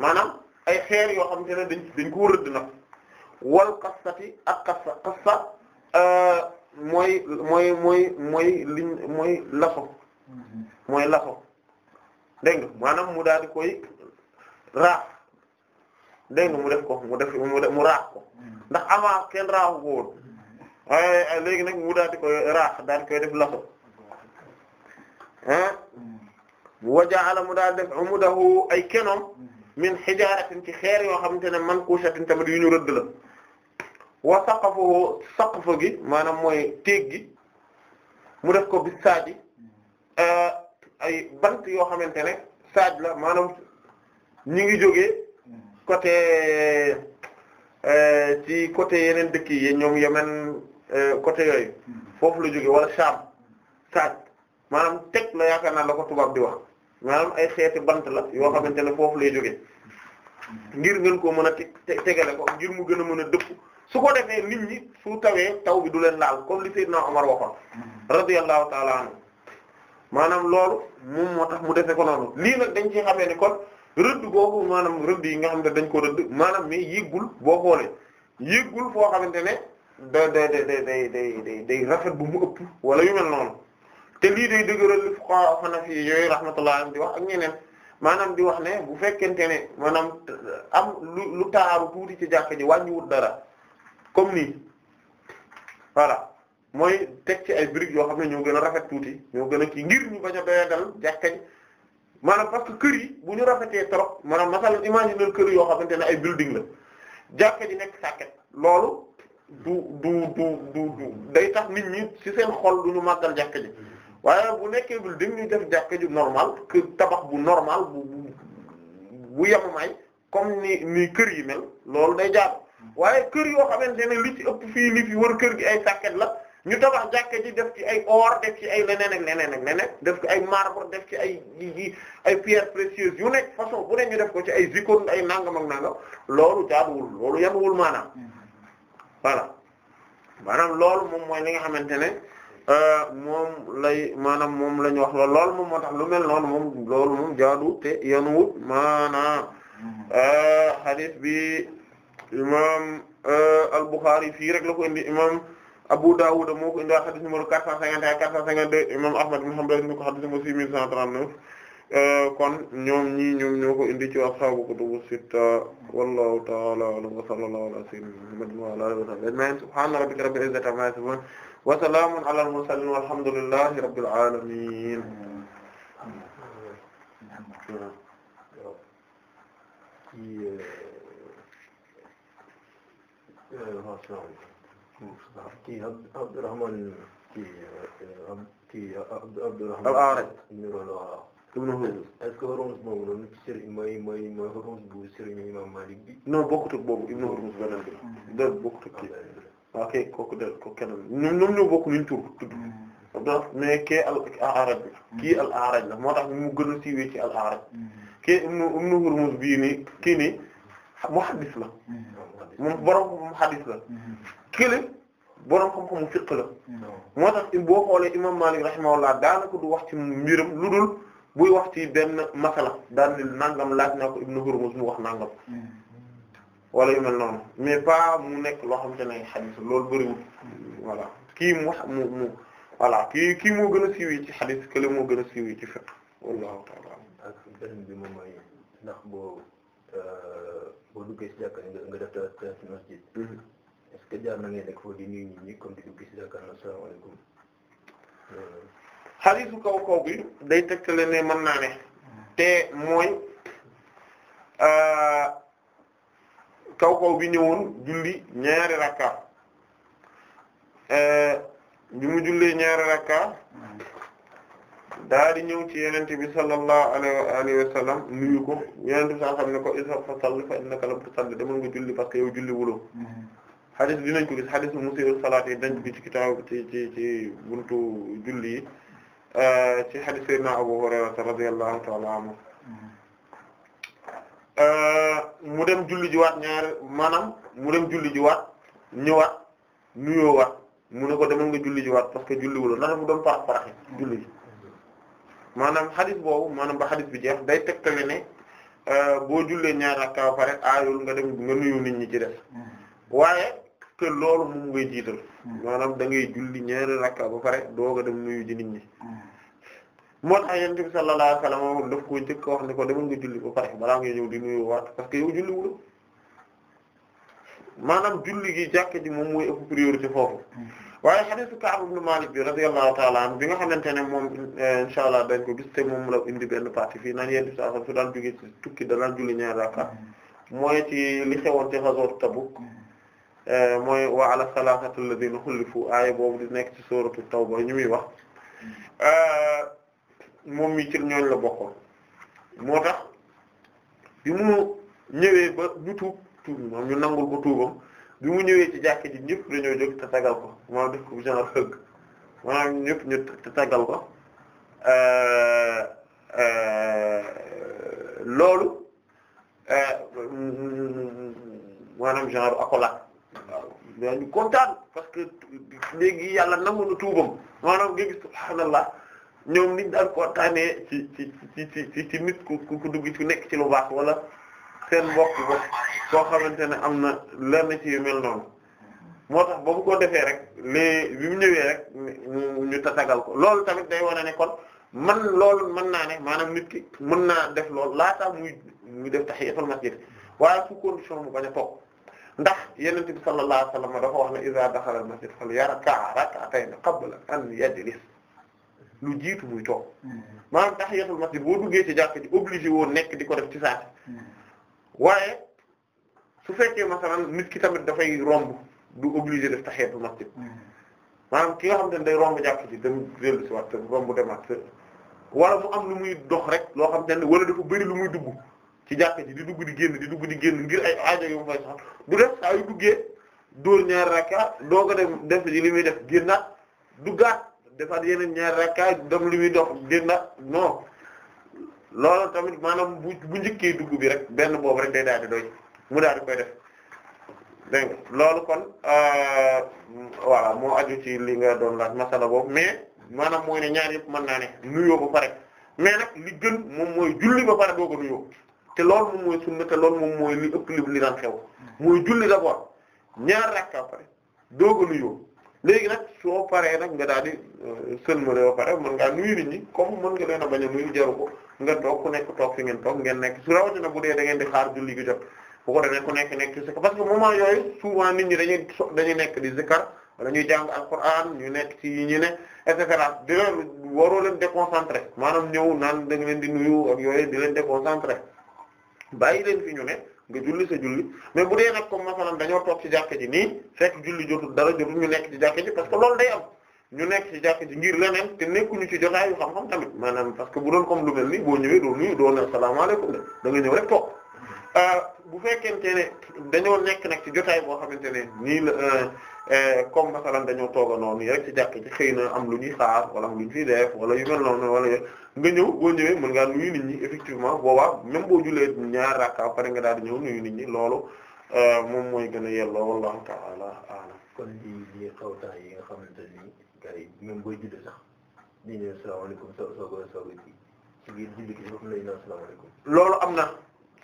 maanaam ay xeer yoo xam te ne dañ dañ koo rëdd na wal kassati ak kassa kassa euh, mooy mooy mooy mooy liñ mooy laso mooy laso dégg nga maanaam mu daal di koy raax dégg nga mu def ko mu def mu raax ko ndax avant kenn raaxu ko woon waaye léegi nag mu daal di koy raax daal koy def laso ah wajaala mu daal def amudahu ay kenoom min xijaaratin ci xeer yoo xamante ne mankushatin tamit yu ñu rëdd la wa saqafahu saqfa gi maanaam mooy téeg gi mu def ko bi saaj eh, ay bant yoo xamante ne saaj la maanaam ñi ngi jóge côté eh, ci côté yeneen dëkk yi ñoom Yemen eh, côté yooyu hmm. foofu la jógee wala Sham saaj maanaam teg la yaakaar naa la ko tubaab di wax maanaam ay xeeti bant la yoo xamante ne foofu lay jógee ngir ngeen ko mën a tegale ko ngir mu gën a mën a dëpp su ko defee nit ñi su tawee taw bi du leen laal comme li naa amar waxoon mm-hmm. radiyallahu ta'ala anhu maanaam loolu moom moo tax mu defee ko noonu lii nag dañ ci xamee ne kon rëdd googu maanaam rëdd yi nga xam ne dañ ko rëdd maanaam mais yëggul boo xoolee yëggul foo xamante ne day day day day day rafet bu mu ëpp wala yu mel noonu te lii day dëgëral li fuqaha hanafi yooyu rahmatullah di wax ak ñeneen maanaam di wax ne bu fekkente ne maanaam am lu lu taaru tuuti ci jàkk ji wàññiwul dara comme nii voilà mooy teg ci ay briques yoo xam ne ñoo gën a rafet tuuti ñoo gën a kii ngir ñu bañ a doyadal jàkka ji maanaam parce que kër yi bu ñu rafetee trop maanaam masalan imaginer kër yoo xamante ne ay building la jàkka ji nekk sàkket loolu du du du day tax nit ñi ci seen xool du ñu màggal jàkka ji waaye bu nekkee dul ñu def jàkka ju normal tabax bu normal bu bu bu comme ni ni kër yi mel loolu day jaar waaye kër yoo xamante ne li ci ëpp fii li fi war kër gi ay sàkket la ñu tabax jàkka ji def ci ay or def ci ay leneen ak leneen ak leneen def ci ay marbre def ci ay ay pierres précieuses yu nekk façon bu ne ñu def ko ci ay zikkoon ay nangam ak nangam loolu jaaduwul loolu yanuwul maanaam mm-hmm. voilà maanaam loolu moom mooy li nga xamante ne. Euh, moom lay maanaam moom la wax lool lool moom moo tax lu mel noonu moom loolu moom jaadu te yanuwut maanaam euh, hadith bi imam euh, al-Bukhari fii rek la ko indi imam Abu Dawud moo ko indi hadith numéro 451 452 imam Ahmad ibn Hanbal ni ko hadith numéro 6139 kon ñoom ñi ñoom ñoo ko indi ci ashaabu kutubu sitta wallahu ta'ala a'lam wa sallallahu ala sayyidina Muhammadin wa ala alihi wa sahbihi ajma'in wa salaamun alal mursaliin walhamdulillahi rabbil aalamiin kii Abdurrahmaan kii Abdurrahmaan al-A'raj ibn Hurmuz est-ce que Hurmuz boobu noonu sëriñ mooy mooy mooy Hurmuz bu sëriñ Imaam Maalik bi non bokkut ak boobu ibn Hurmuz beneen bi bokkut ak kii ok kooku de ko keneen ñoom ñoom tudd hmm. donc mais kee al aaraj la kii al aaraj hmm. la moo tax mu gën a siiwee ci al aaraj hmm. kee ibnu ibnu Hurmuz bii nii kii nii muhaddis la moom borom xam muhaddis la kële borom xam-xamu fiqh la moo tax boo xoolee imam Malik rahimahullah daanaka du wax ci mbiram lu dul buy wax ci benn masala daan nangam laaj naa ko ibnu Hurmuz mu wax nangam wala yu mel noonu mais pas mu nekk loo xamante ne xadis loolu bëriwul voilà kii mu mu mu voilà kii kii moo gën a siiwee ci xadis kële moo gën a siiwee ci fiqh wallahu ta'ala ak bi moom mooy ndax boo euh, boo duggee ci jàkka nga masjid mhm. est-ce que jaar na ngay nekk foofu di nuyu nit ñi comme di dugg ci jàkka asalaamaaleykum euh. xadisu kaw kaw bi day tegtale ne mën naa ne hmm. te mooy euh, kaw kaw bi ñëwoon julli ñaare rakka eh, bi mu jullee ñëw ci yenente bi sallallahu alayhi wa sallam nuyu ko yenente bi sallallahu ne ko isa fa julli parce que yow julli wulo xadis dinañ ko gis xadis musiiru salaat yi dañ ko ci kitaab ci ci ci buntu julli yi eh, ci xadis sayyidina Abu Hurayra radiyallahu ta'ala anhu Euh, mu dem julli ji waat ñaari maanaam mu dem julli ji waat ñëwaat nuyoo waat mu ne ko demal nga julli ji waat parce que julli wula ndax mu doon parax paraxi maanaam xadis boobu maanaam ba xadis bi jeex day teg tegtale ne euh, boo jullee ñaari rakka ba pare aayul nga dem nga nuyu nit ñi ci def waaye que loolu moom ngay jiital hmm. maanaam da ngay julli ñaari rakka ba pare doo dooga dem nuyu ci nit ñi hmm. moo tax yonent bi sallallahu alayhi wasallam moom daf ko njëkk wax ne ko demal nga julli ba pare balaa ngay ñëw di parce que yow julli wul maanaam julli gi jàkka ji moom mooy ëpp priorité foofu mm-hmm. waaye hadiisu Ka'b ibn Maalik bi radiyallahu ta'ala anhu bi nga xamante ne moom eh, insha Allah dañ ko gis te moom la indi benn partie fii naan yonent bi sallallahu alayhi wasallam su daan jógee ci tukki danaan julli ñaar rakka mm-hmm. mooy ci li xewoon ci ghazwat Tabuk mm-hmm. eh, mooy wa ala salaasati alladhiina xullifu aaya boobu di nekk ci sooratu Tawba ñu muy wax. Eh, moom mi ci ñooñ la bokkoon moo tax bi mu ñëwee ba ñu tuub tuub moom ñu nangul ko tuubam bi mu ñëwee ci jàkk ji ñëpp dañoo jóg te tagal ko maanaam def ko genre xëgg maanaam ñëpp ñu te tagal ko euh, euh, loolu euh, maanaam genre dañu kontaan parce que léegi yàlla nangu na tuubam maanaam nga gis subhaanallah ñoom niñ daan kontaanee ci ci ci ci ci nit ku ku dugg ci nekk ci lu baax wala seen mbokk ba soo xamante ne am na lenn ci yu mel noonu moo tax ba ko defee rek les bi mu ñëwee rek ñu tatagal ko loolu tamit day wane ne kon man loolu mën naa ne maanaam nit ki mën naa def lool laata muy muy def tahiyatul masjid waaye su condition mu bañ a toog ndax yonent bi sallallahu alayhi wasallam dafa wax ne iza daxala al masjid falyarka rak'atayn qabla an yajlis lu jiitu muy toog mm-hmm. maanaam tahiyatul masjid boo duggee ci jàkk ji obligé woo nekk di ko def ci saati mm-hmm. waaye su fekkee masalan nit ki tamit dafay romb du obligé def tahiyatul masjid mm-hmm. maanaam ki nga xam te ne day romb jàkk ji dem dellu si waat romb demaat mu am lu muy dox rek loo xam te ne wala dafa bëri lu muy dugg ci jàkk ji di dugg di génn di dugg di génn ngir ay aajo yu mu fay sax du def saa duggee dóor ñaar rakka doog a dem def li muy def génnaat duggaat defaat yeneen ñaar rakkaay dem li muy dox na non loolu tamit maanaam bu bu njëkkee dugg bi rek benn boobu rek day daal di doy mu daal koy def dégg loolu kon euh, voilà moo aju ci lii nga doon laaj masala boobu mais maanaam mooy ne ñaar yëpp mën naa ne nuyoo ba pare mais nag li gën moom mooy julli ba pare doo ko nuyoo te loolu moom mooy sunna te loolu moom mooy li ëpp li li daan xew mooy julli d'abord ñaar rakka pare doo ko nuyoo léegi nag soo paree rek nga daal di euh, sëlmale ba pare mën ngaa nuyu nit ñi comme mën nga leen a bañ a nuyu jaru ko nga toog ku nekk toog fi ngeen toog ngeen nekk su rawatina bu dee da ngeen di xaar julli gi jot bu nekk nekk ci parce que moment yooyu souvent nit ñi dañuy dañuy nekk di zikkar wala ñuy jàng alquran ñu nekk ci yi ñu ne et cetera di leen waroo leen déconcentré maanaam ñëw naan da nga leen di nuyu ak yooyu di leen déconcentré bàyyi leen fi ñu ne. nga julli sa julli mais bu dee nag comme masalan dañoo toog ci jàkka ji nii fekk julli jotul dara jotul ñu nekk ci jàkka ji parce que loolu day am ñu nekk ci jàkka ji ngir leneen te nekkuñu ci jotaayu xam-xam tamit maanaam parce que bu doon comme lu mel ni boo ñëwee doo nuyu doo ne salaamaaleykum de da nga ñëw rek toog euh, bu fekkente ne dañoo nekk nag ci jotaay boo xam xamante ne nii la euh, Eh, comme masalan dañoo tooga noonu rek ci jàkk ci xëy na am lu ñuy xaar wala am lu ñu fiy def wala yu mel noonu wala nga ñëw boo ñëwee mën ngaa nuyu nit ñi effectivement boobaa même boo julee ñaar rakka pare nga daal di ñëw nuyu nit ñi loolu eh, moom mooy gën a yelloo wallahu ta'ala a'lam kon lii lii xaw tax yi nga xamante ni gars yi même booy judd sax di ñëw salaamaaleykum soo soo ko soo ko ci ci biir judd gi foofu lay ñëw salaamaaleykum loolu am na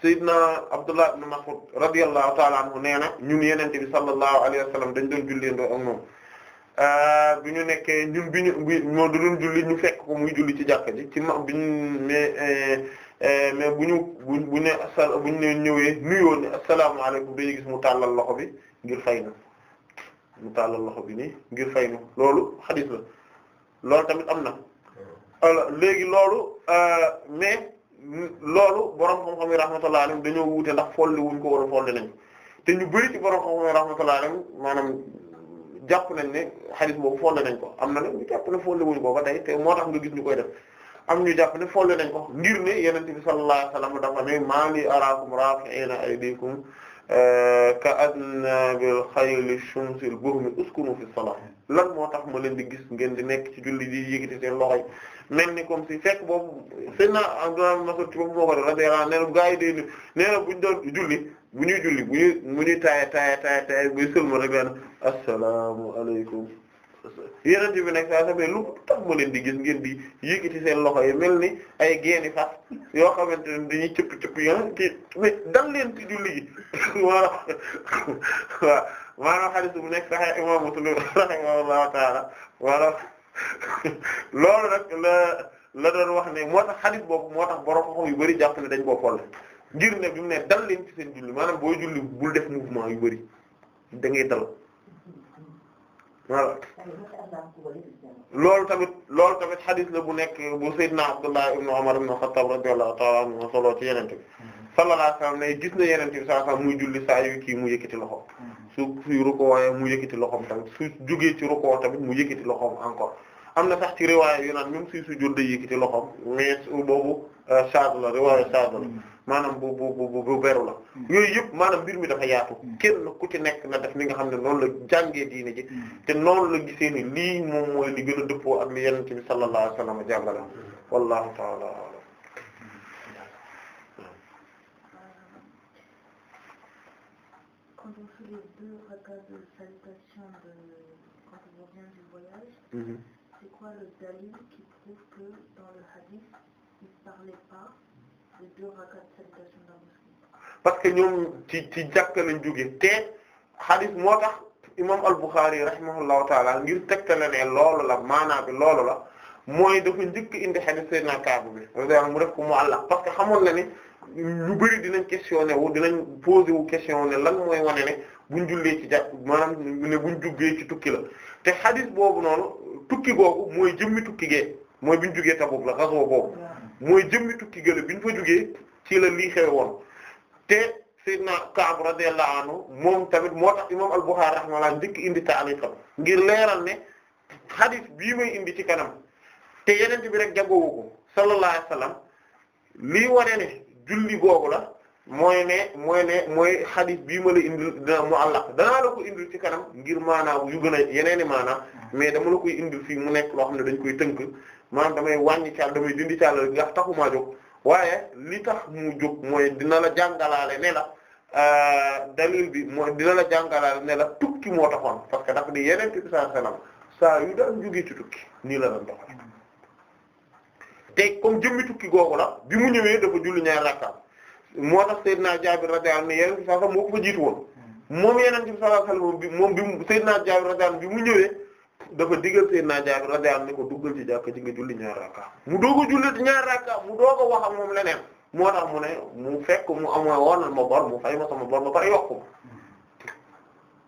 Seydina Abdullah ibn Mas'ud radiyallahu ta'ala anhu nee na ñun Yonent bi sallallahu alayhi wa sallam dañ doon julleendoo ak moom euh, bi ñu nekkee ñun bi ñu moo doon fekk ko muy julli ci jàkka ji ci ma bi ñu mais euh, euh, mais bu ñu bu bu ne asa bu ñu ñëwee nuyoo gis mu tàllal loxo bi ngir fay nu mu tàllal loxo bi nii ngir fay nu loolu xadiis la loolu tamit am na. Hmm. léegi loolu mais. loolu borom xam-xam yi rahmatullah alayhim dañoo wuute ndax folli wuñ ko wala folli nañ te ñu bëri ci borom xam-xam yi rahmatullah alayhim maanaam jàpp nañ ne hadith boobu folli nañ ko am na nag ñu jàpp ne folli wuñ ko ba tey te moo tax nga gis ñu koy def am ñu jàpp ne folli nañ ko ngir ne yonent bi sallallahu alayhi wasallam dafa ne maa li araakum rafi'ina aydikum ka adna bil xayli shumsi al buhmi uskunu fi salah lan moo tax ma leen di gis ngeen di nekk ci julli di yëkkati seen loxo yi mel ni comme si fekk boobu seen na Abdullah Mas'ud ci boobu moo ko def radiyallahu anhu gaa yi dee nee na buñ julli bu ñuy julli bu ñuy mu ñuy taaya taaya taaya taaya buy sëlma rek leen assalaamu yeneen bi nag saa sabee lu tax ma leen di gis ngeen di yëkkati seen loxo yi mel ni ay geeni fas yoo xamante ne dañuy cëpp cëpp yoon ci mais dal leen ci julli gi nag la la doon wax ne moo tax hadith boobu moo tax borom xam yu bari jàpp ne dañ koo folle ngir ne bi mu ne dal leen ci seen julli maanaam booy julli bul def mouvement yu bari da dal. voilà tamit loolu tamit xadis la bu nekk bu Seydina Abdullah ibn Umar ibn Khattab radiyallahu ta'ala anhu solo ci yenente mm-hmm. bi sallallahu alayhi gis na yenente bi sallallahu muy julli saa yu kii mu yëkkati loxo mm-hmm. su suy rukkooyee mu yëkkati loxoom tamit su jógee ci rukkoo tamit mu yëkkati loxo encore am na sax ci riwaaya yu naan même suy sujjóot day yëkkati loxoom mais boobu charge euh, la riwaaya charge la mm-hmm. maanaam bu bu bu bu la hmm. yooyu yëpp maanaam mbir mi dafa yaatu hmm. kenn ku ci nekk na def li nga xam ne noonu la jàngee diine ji hmm. te noonu la gisee ni lii moom mooy li gën a dëppoo ak li Yonent bi sallallahu alayhi wa sallam jàngale wallahu ta'ala parce que ñoom ci ci jàkka lañ jóge te xadis moo tax imam al-Bukhari rahimahullahu taala ngir tegtale ne loolu la maanaa bi loolu la mooy dafa njëkk indi xadis Seydina Kaab bi radiyallahu mu def ko mu'allaq parce que xamoon na ni lu bëri dinañ questionné wu dinañ posé wu question ne lan mooy wane ne buñ jullee ci jàkk maanaam ne buñ juggee ci tukki la te xadis boobu noonu tukki googu mooy jëmmi tukki gee mooy buñ jugee Tabuk la xasoo boobu mooy jëmmi tukki gële bi ñu fa jugee ci la lii xew woon te sayyidna Ka'b radiyallahu anhu moom tamit moo tax imam al-Bukhari rahimahullah njëkk indi ta'liqam ngir leeral ne hadith bii may indi ci kanam te yeneen bi rek jagoowu ko sallallahu alayhi wasallam lii wane ne julli googu la mooy ne mooy ne mooy hadith bii ma la indil mu mu'allaq danaa la ko indil ci kanam ngir maanaa yu gën a yeneen i maanaa mais dama la koy indil fii mu nekk loo xam ne dañ koy tënk maanaam damay wàññi càll damay dindi càll nga taxumaa jóg waaye li tax mu jóg mooy dina la jàngalaale ne la euh, dalil bi mooy dina la jàngalaale ne la tukki moo taxoon parce que dafa di yeneen bi nii la doon doxal te comme jëmmi bi mu ñëwee dafa julli bi saa salaam moo fa jiitu woon moom yeneen bi saa salaam bi moom bi Seydina Jaabir radiyallahu anhu bi mu ñëwee. dafa digal Seydina Jaabir radiyallahu anhu ne ko duggal ci jàkk ci nga julli ñaar rakka mu doog a julli ñaar rakka mu doog a moom leneen moo tax mu ne mu fekk mu amoo woonal ma bor mu fay ma sama bor ba pare yokk ma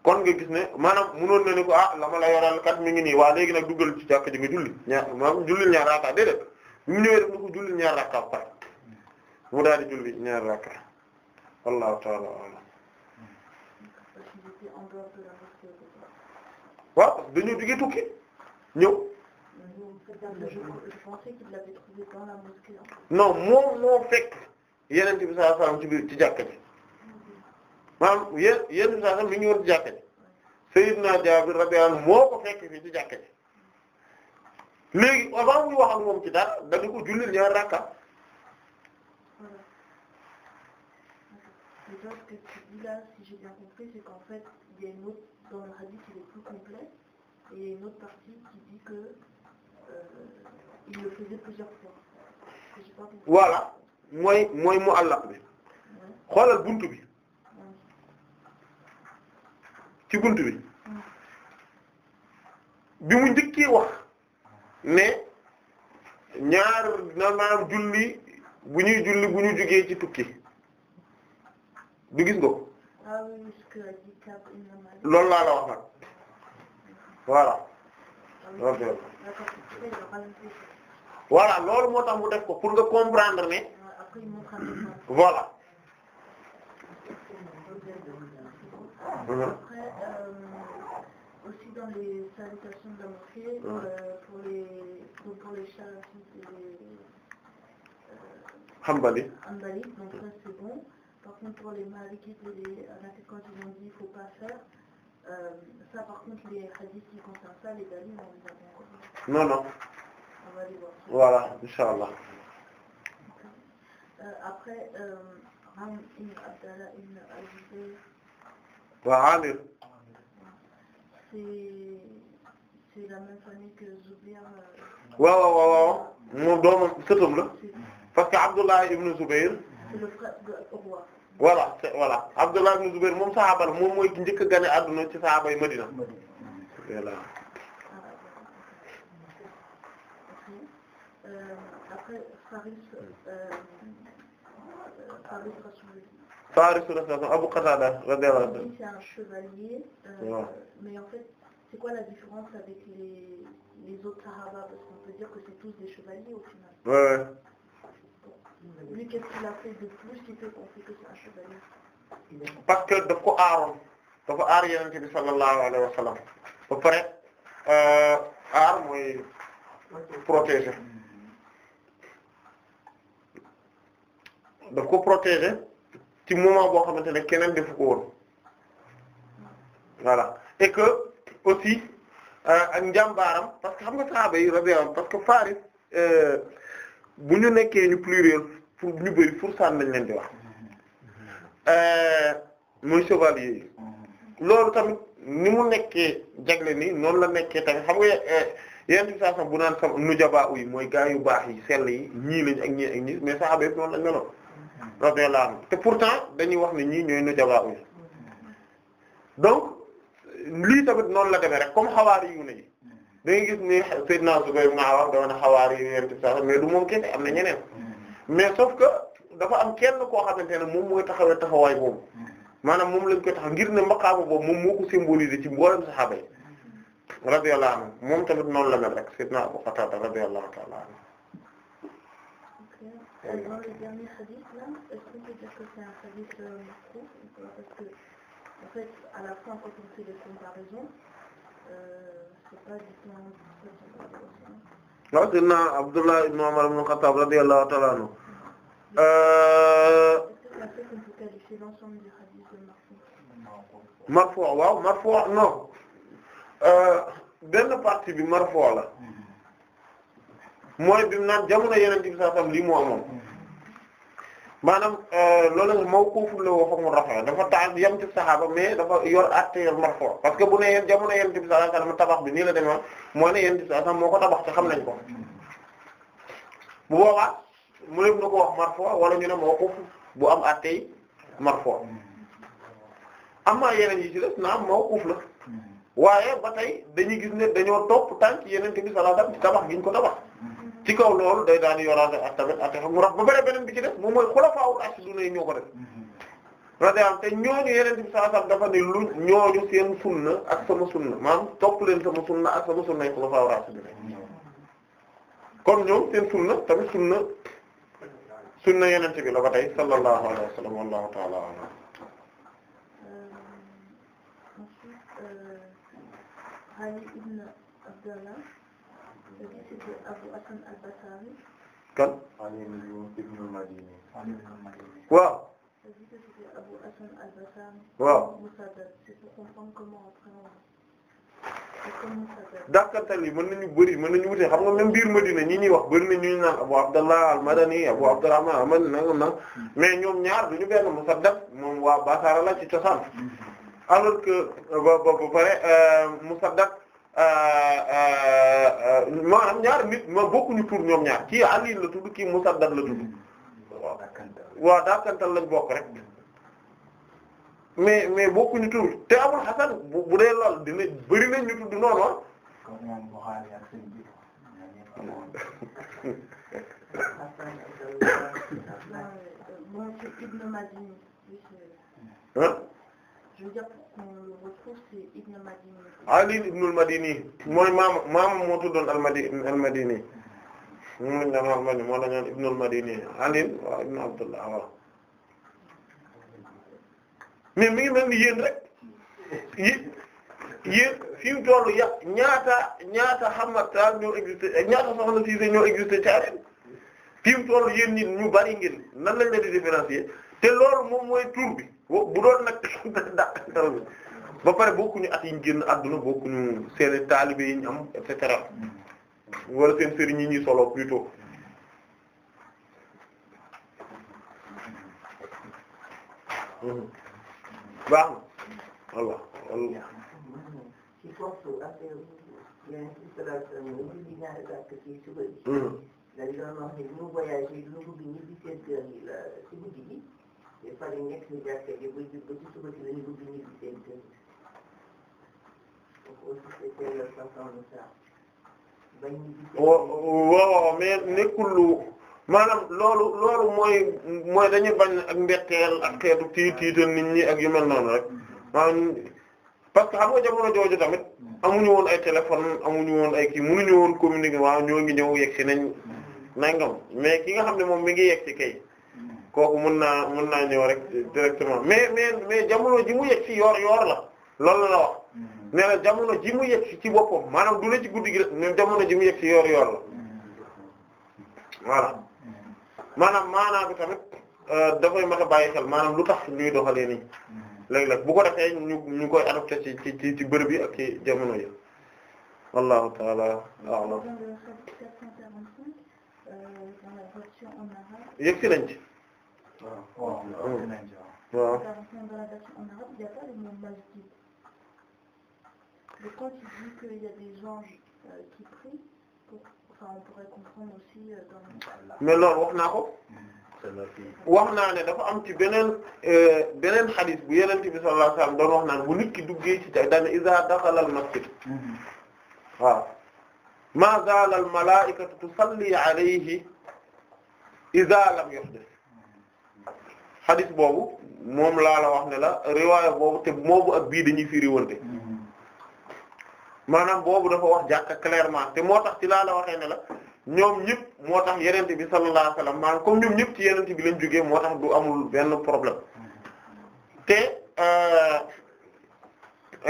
kon nga gis ne maanaam munoon na ni ko ah la ma la yoral kat mi ngi nii waa léegi nag duggal ci jàkk ji nga julli ñaar maanaam julli ñaar rakka déedéet mu ñëwee def na ko julli ñaar rakka mu daal di julli ñaar rakka wallahu ta'ala a'lam waaw dañoo jógee tukki ñëw. non moom moo fekk yeneen bi sallallahu alayhi wasallam ci biir ci jàkka ji maanaam yéen yéen bi sallallahu alayhi wasallam mi ngi woon ci jàkka ji Sayyidina Jaabir radiyallahu anhu moo ko fekk fii ci jàkka ji léegi avant muy wax ak moom ci dara dañu ko ñaar rakka. dans le hadith il est euh, mooy mooy mu àllaq bi xoolal buntu bi ci buntu bi bi mu njëkkee wax ne ñaar na maanaam julli bu ñuy julli bu ñu jógee ci tukki du gis nga loolu laa la wax nag voilà voilà loolu moo tax mu ko pour nga comprendre ne voilà euh, aussi dans les salutations d'amitié euh, Par contre, pour les malikites et les hanafites, quand ils ont dit qu'il ne faut pas faire, euh, ça par contre, les hadiths qui concernent ça, les dalils, on les a bien compris. Non, non. On va les voir. Voilà, Inch'Allah. Euh, après, euh, Ram ibn Abdallah ibn al-Zubayr. Wa Amir. C'est la même famille que Zubayr. Euh, waaw waaw waaw moom doomam sëtam la parce que Abdullah ibn Zubayr. C'est le frère de Urwa. voilà voilà Abdullah ibn Zubair moom saxaaba la moom mooy ki njëkk a gane adduna ci saxaaba yi Madina voilà. Faris Rasulullah Abu Qatada radiyallahu anhu. C'est un chevalier. Euh, mais en fait, c'est quoi la différence avec les les autres saxaaba parce qu'on peut dire que c'est tous des chevaliers au final. Ouais ouais. Lui, parce que daf ko aaroon dafa aar Yonent bi sallallahu alayhi wa ba pare euh, aar mooy protéger daf ko protéger ci moment boo xamante ne keneen defu ko woon voilà et que aussi euh, ak njàmbaaram parce que xam nga saaba yi parce que Faris euh, bu ñu nekkee ñu pluriel pour ñu bëri fursan lañ leen di wax euh, mooy chevalier yi loolu tamit ni mu nekkee jagle nii noonu la nekkee tamit xam nga euh, yenn ci bu naan sama nujabaa yi mooy gaa yu baax yi sell yi ñii lañ ak ñii ak ñii mais saxaaba yëpp noonu lañ meloon radiyallahu anhu te pourtant dañuy wax ne ñii ñooy nujabaa yi donc lii tamit noonu la demee rek comme xawaari yu ne yi da ngay gis ni Seydina Zubayr ibn Awwam da woon xawaari yu yenn ci saa mais du moom kenn am na ñeneen. mais sauf que dafa am kenn koo xamante ne moom mooy taxawee taxawaay boobu maanaam moom lañ koy taxaw ngir ne maqaamu boobu moom moo ko symbolisé ci mboolem saxaaba yi radiyallahu anhu moom tamit noonu la mel rek sayyidna Abu Qatada radiyallahu ta'ala anhu dans le dernier hadith là, est-ce qu'on peut dire que c'est un hadith mawquf euh, parce que en fait à la fin quand on fait des comparaisons euh, c'est pas du tout waaw sayyidina Abdullah ibn Umar ibn Khattab radiyallahu ta'ala anhu euh, marfu waaw marfu non euh, benn partie bi marfu la mm-hmm. mooy bi mu naan jamono yeneen bi saa sam lii moo maanaam euh, loolu mawqufun la woo mu rafa dafa taal yem ci saxaaba mais dafa yor atteel marfu parce que bu ne yéen jamono yéen tamit sallallahu alayhi wasallam tabax bi nii la demee moo ne yéen moo ko tabax ko bu boobaa mu ne na ko wax marfu wala ñu ne bu am attey marfu amaa yeneen yi ci des na am mawquf la hmm. waaye ba tey dañu gis ne dañoo topp tànk yeneen tamit sallallahu alayhi wasallam ci tabax gi ñu ko tabax. ci kaw loolu day daal di yoraate ak tamit ak mu rax ba bëre beneen bi ci def moom mooy xulafaa rashidun yi ñoo ko def radiyallahu te ñooñu yeneen bi saa dafa ne lu ñooñu seen sunna ak sama sunna maanaam topp leen sama sunna ak sama sunna yi xulafaa kon ñoom seen sunna tamit sunna sunna bi la ba tey sallallahu alayhi wa sallam wallahu ta'ala kan waaw waaw dàkkantal yi mën nañu bëri mën nañu wutee xam nga même biir Madina ñi ñuy wax bëri na ñu naan Abu Abdallah al Abu mm. Abdurrahman al-Madani nangam mm. nag mais ñoom ñaar duñu benn Musaddad moom waa Basara la ci cosaan mm. alors que ba ba euh, maanaam ñaar nit ma bokkuñu tur ñoom ñaar kii Ali la tudd kii Musaddad la tudd waaw daakantal lañ bokk rek mais mais bokkuñu tur te Abul Hasan bu dee lool dina bëri nañ ñu tudd noonu ah. je veux dire qu'on retrouve c'est Ibn al-Madini. Ali ibn al-Madini mooy maam maam al-Madini ma moo la ñaan Ibn al-Madini Ali waaw Ibn Abdullah waaw mais mi ngi mel ni yéen rek yéen yéen fi ya ñaata ñaata xamata ñoo existé eh, ñaata soxna Cissé ñoo existé ci arène fi mu toll yéen ñi ñu bari ngeen nan lañ leen di différencier te loolu moom mooy tur bi. bu doon nag dàqantal bi ba pare bokkuñu at yi ñu génn àdduna bokkuñu seen taalibe yi ñu am et cetera wala seen sëriñ yi ñuy solo plutôt mhm. baax na des fois dañu nekk si jàkka ji la ñu bëgg loolu loolu mooy mooy dañuy bañ ak mbetteel ak xeetu tii tiital nit ñi ak yu noonu rek maanaam parce que xam nga jamono jooju tamit amuñu woon ay téléphone amuñu woon ay kii mënuñu woon communiquer waaw ñoo ngi ñëw yegg si nañ nangam mais ki nga xam ne moom mi ngi yegg si kay. kooku mun naa mun naa ñëw rek directement mais mais mais jamono ji mu yegg si yoor yoor la lool la wax mm-hmm. ne la jamono ji mu yegg si ci boppam maanaam du la ci guddi gi rek mais jamono ji mu yegg si yoor yoor la mm-hmm. voilà mm-hmm. maanaam maanaam bi tamit euh, dafay mat a bàyyi xel maanaam lu tax luy doxalee nii léeg-léeg bu ko defee ñu ñu koy adopté ci ci bërëb bi ak ci jamono yi wallahu taala a'lam euh, euh, yegg si nañ ci waaw waaw. il n'y a pas le mot masjid. Mais quand tu dis qu'il y a des anges qui prient, enfin on pourrait comprendre aussi dans wax naa ne dafa am ci beneen euh, beneen xadis bu Yonent bi ki duggee ci tey daan iza ma zaala al malaa'ikatu tusalli alayhi iza lam yuhdith xadis boobu moom laa la wax ne la riwaaya boobu te moobu ak bii dañuy firi wante maanaam boobu dafa wax jàkka clairement te moo tax ci laa la waxee ne la ñoom ñëpp moo tax yenente bi sallallahu alayhi wasallam comme ñoom ñëpp ci yenente bi lañ jógee moo tax du amul benn problème te euh,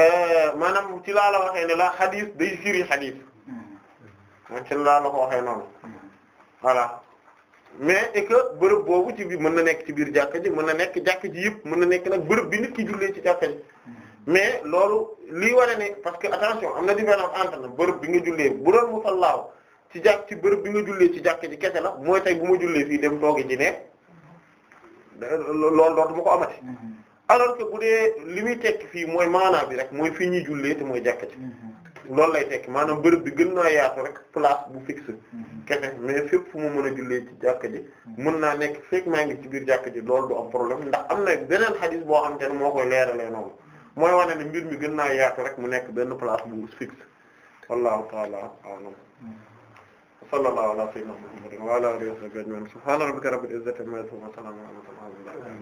euh, maanaam ci laa la waxee ne la xadis day firi xadis man mm-hmm. laa la ko waxee noonu voilà mais et que bërëb boobu ci biir mën na nekk ci biir jàkka ji mën na nekk jàkka ji yëpp mën na nekk nag bërëb bi nit ki jullee ci jàkka ji mais loolu lii wane ne parce que attention am na différence entre na bërëb bi nga jullee bu doon mu sallaaw ci jàkk ci bërëb bi nga jullee ci jàkka ji kete la mooy tey bu ma jullee fii dem tooge ji ne loolu dootuma ko amati mhm. alors que bu dee li muy tekk fii mooy maanaa bi rek mooy fii ñuy jullee te mooy jàkka ji mhm. loolu lay tekki maanaam bërëb bi gën naa yaatu rek place bu fixe mhm. kese mais fépp fu mu mën a jullee ci jàkka ji mhm. mën naa nekk fekk maa ngi ci biir jàkka ji lool du am problème ndax am na beneen xadis boo xam te ne moo koy leeralee noonu mooy wane ne mbir mi gën naa yaatu rek mu nekk benn place bu fixe wallahu ta'ala a'lam mhm. sallallahu ala sayyidina muhammadin wa ala alihi wa sahbihi ajma'in subhana rabbika rabbil izzati amma yasifun wa salamun ala al mursalin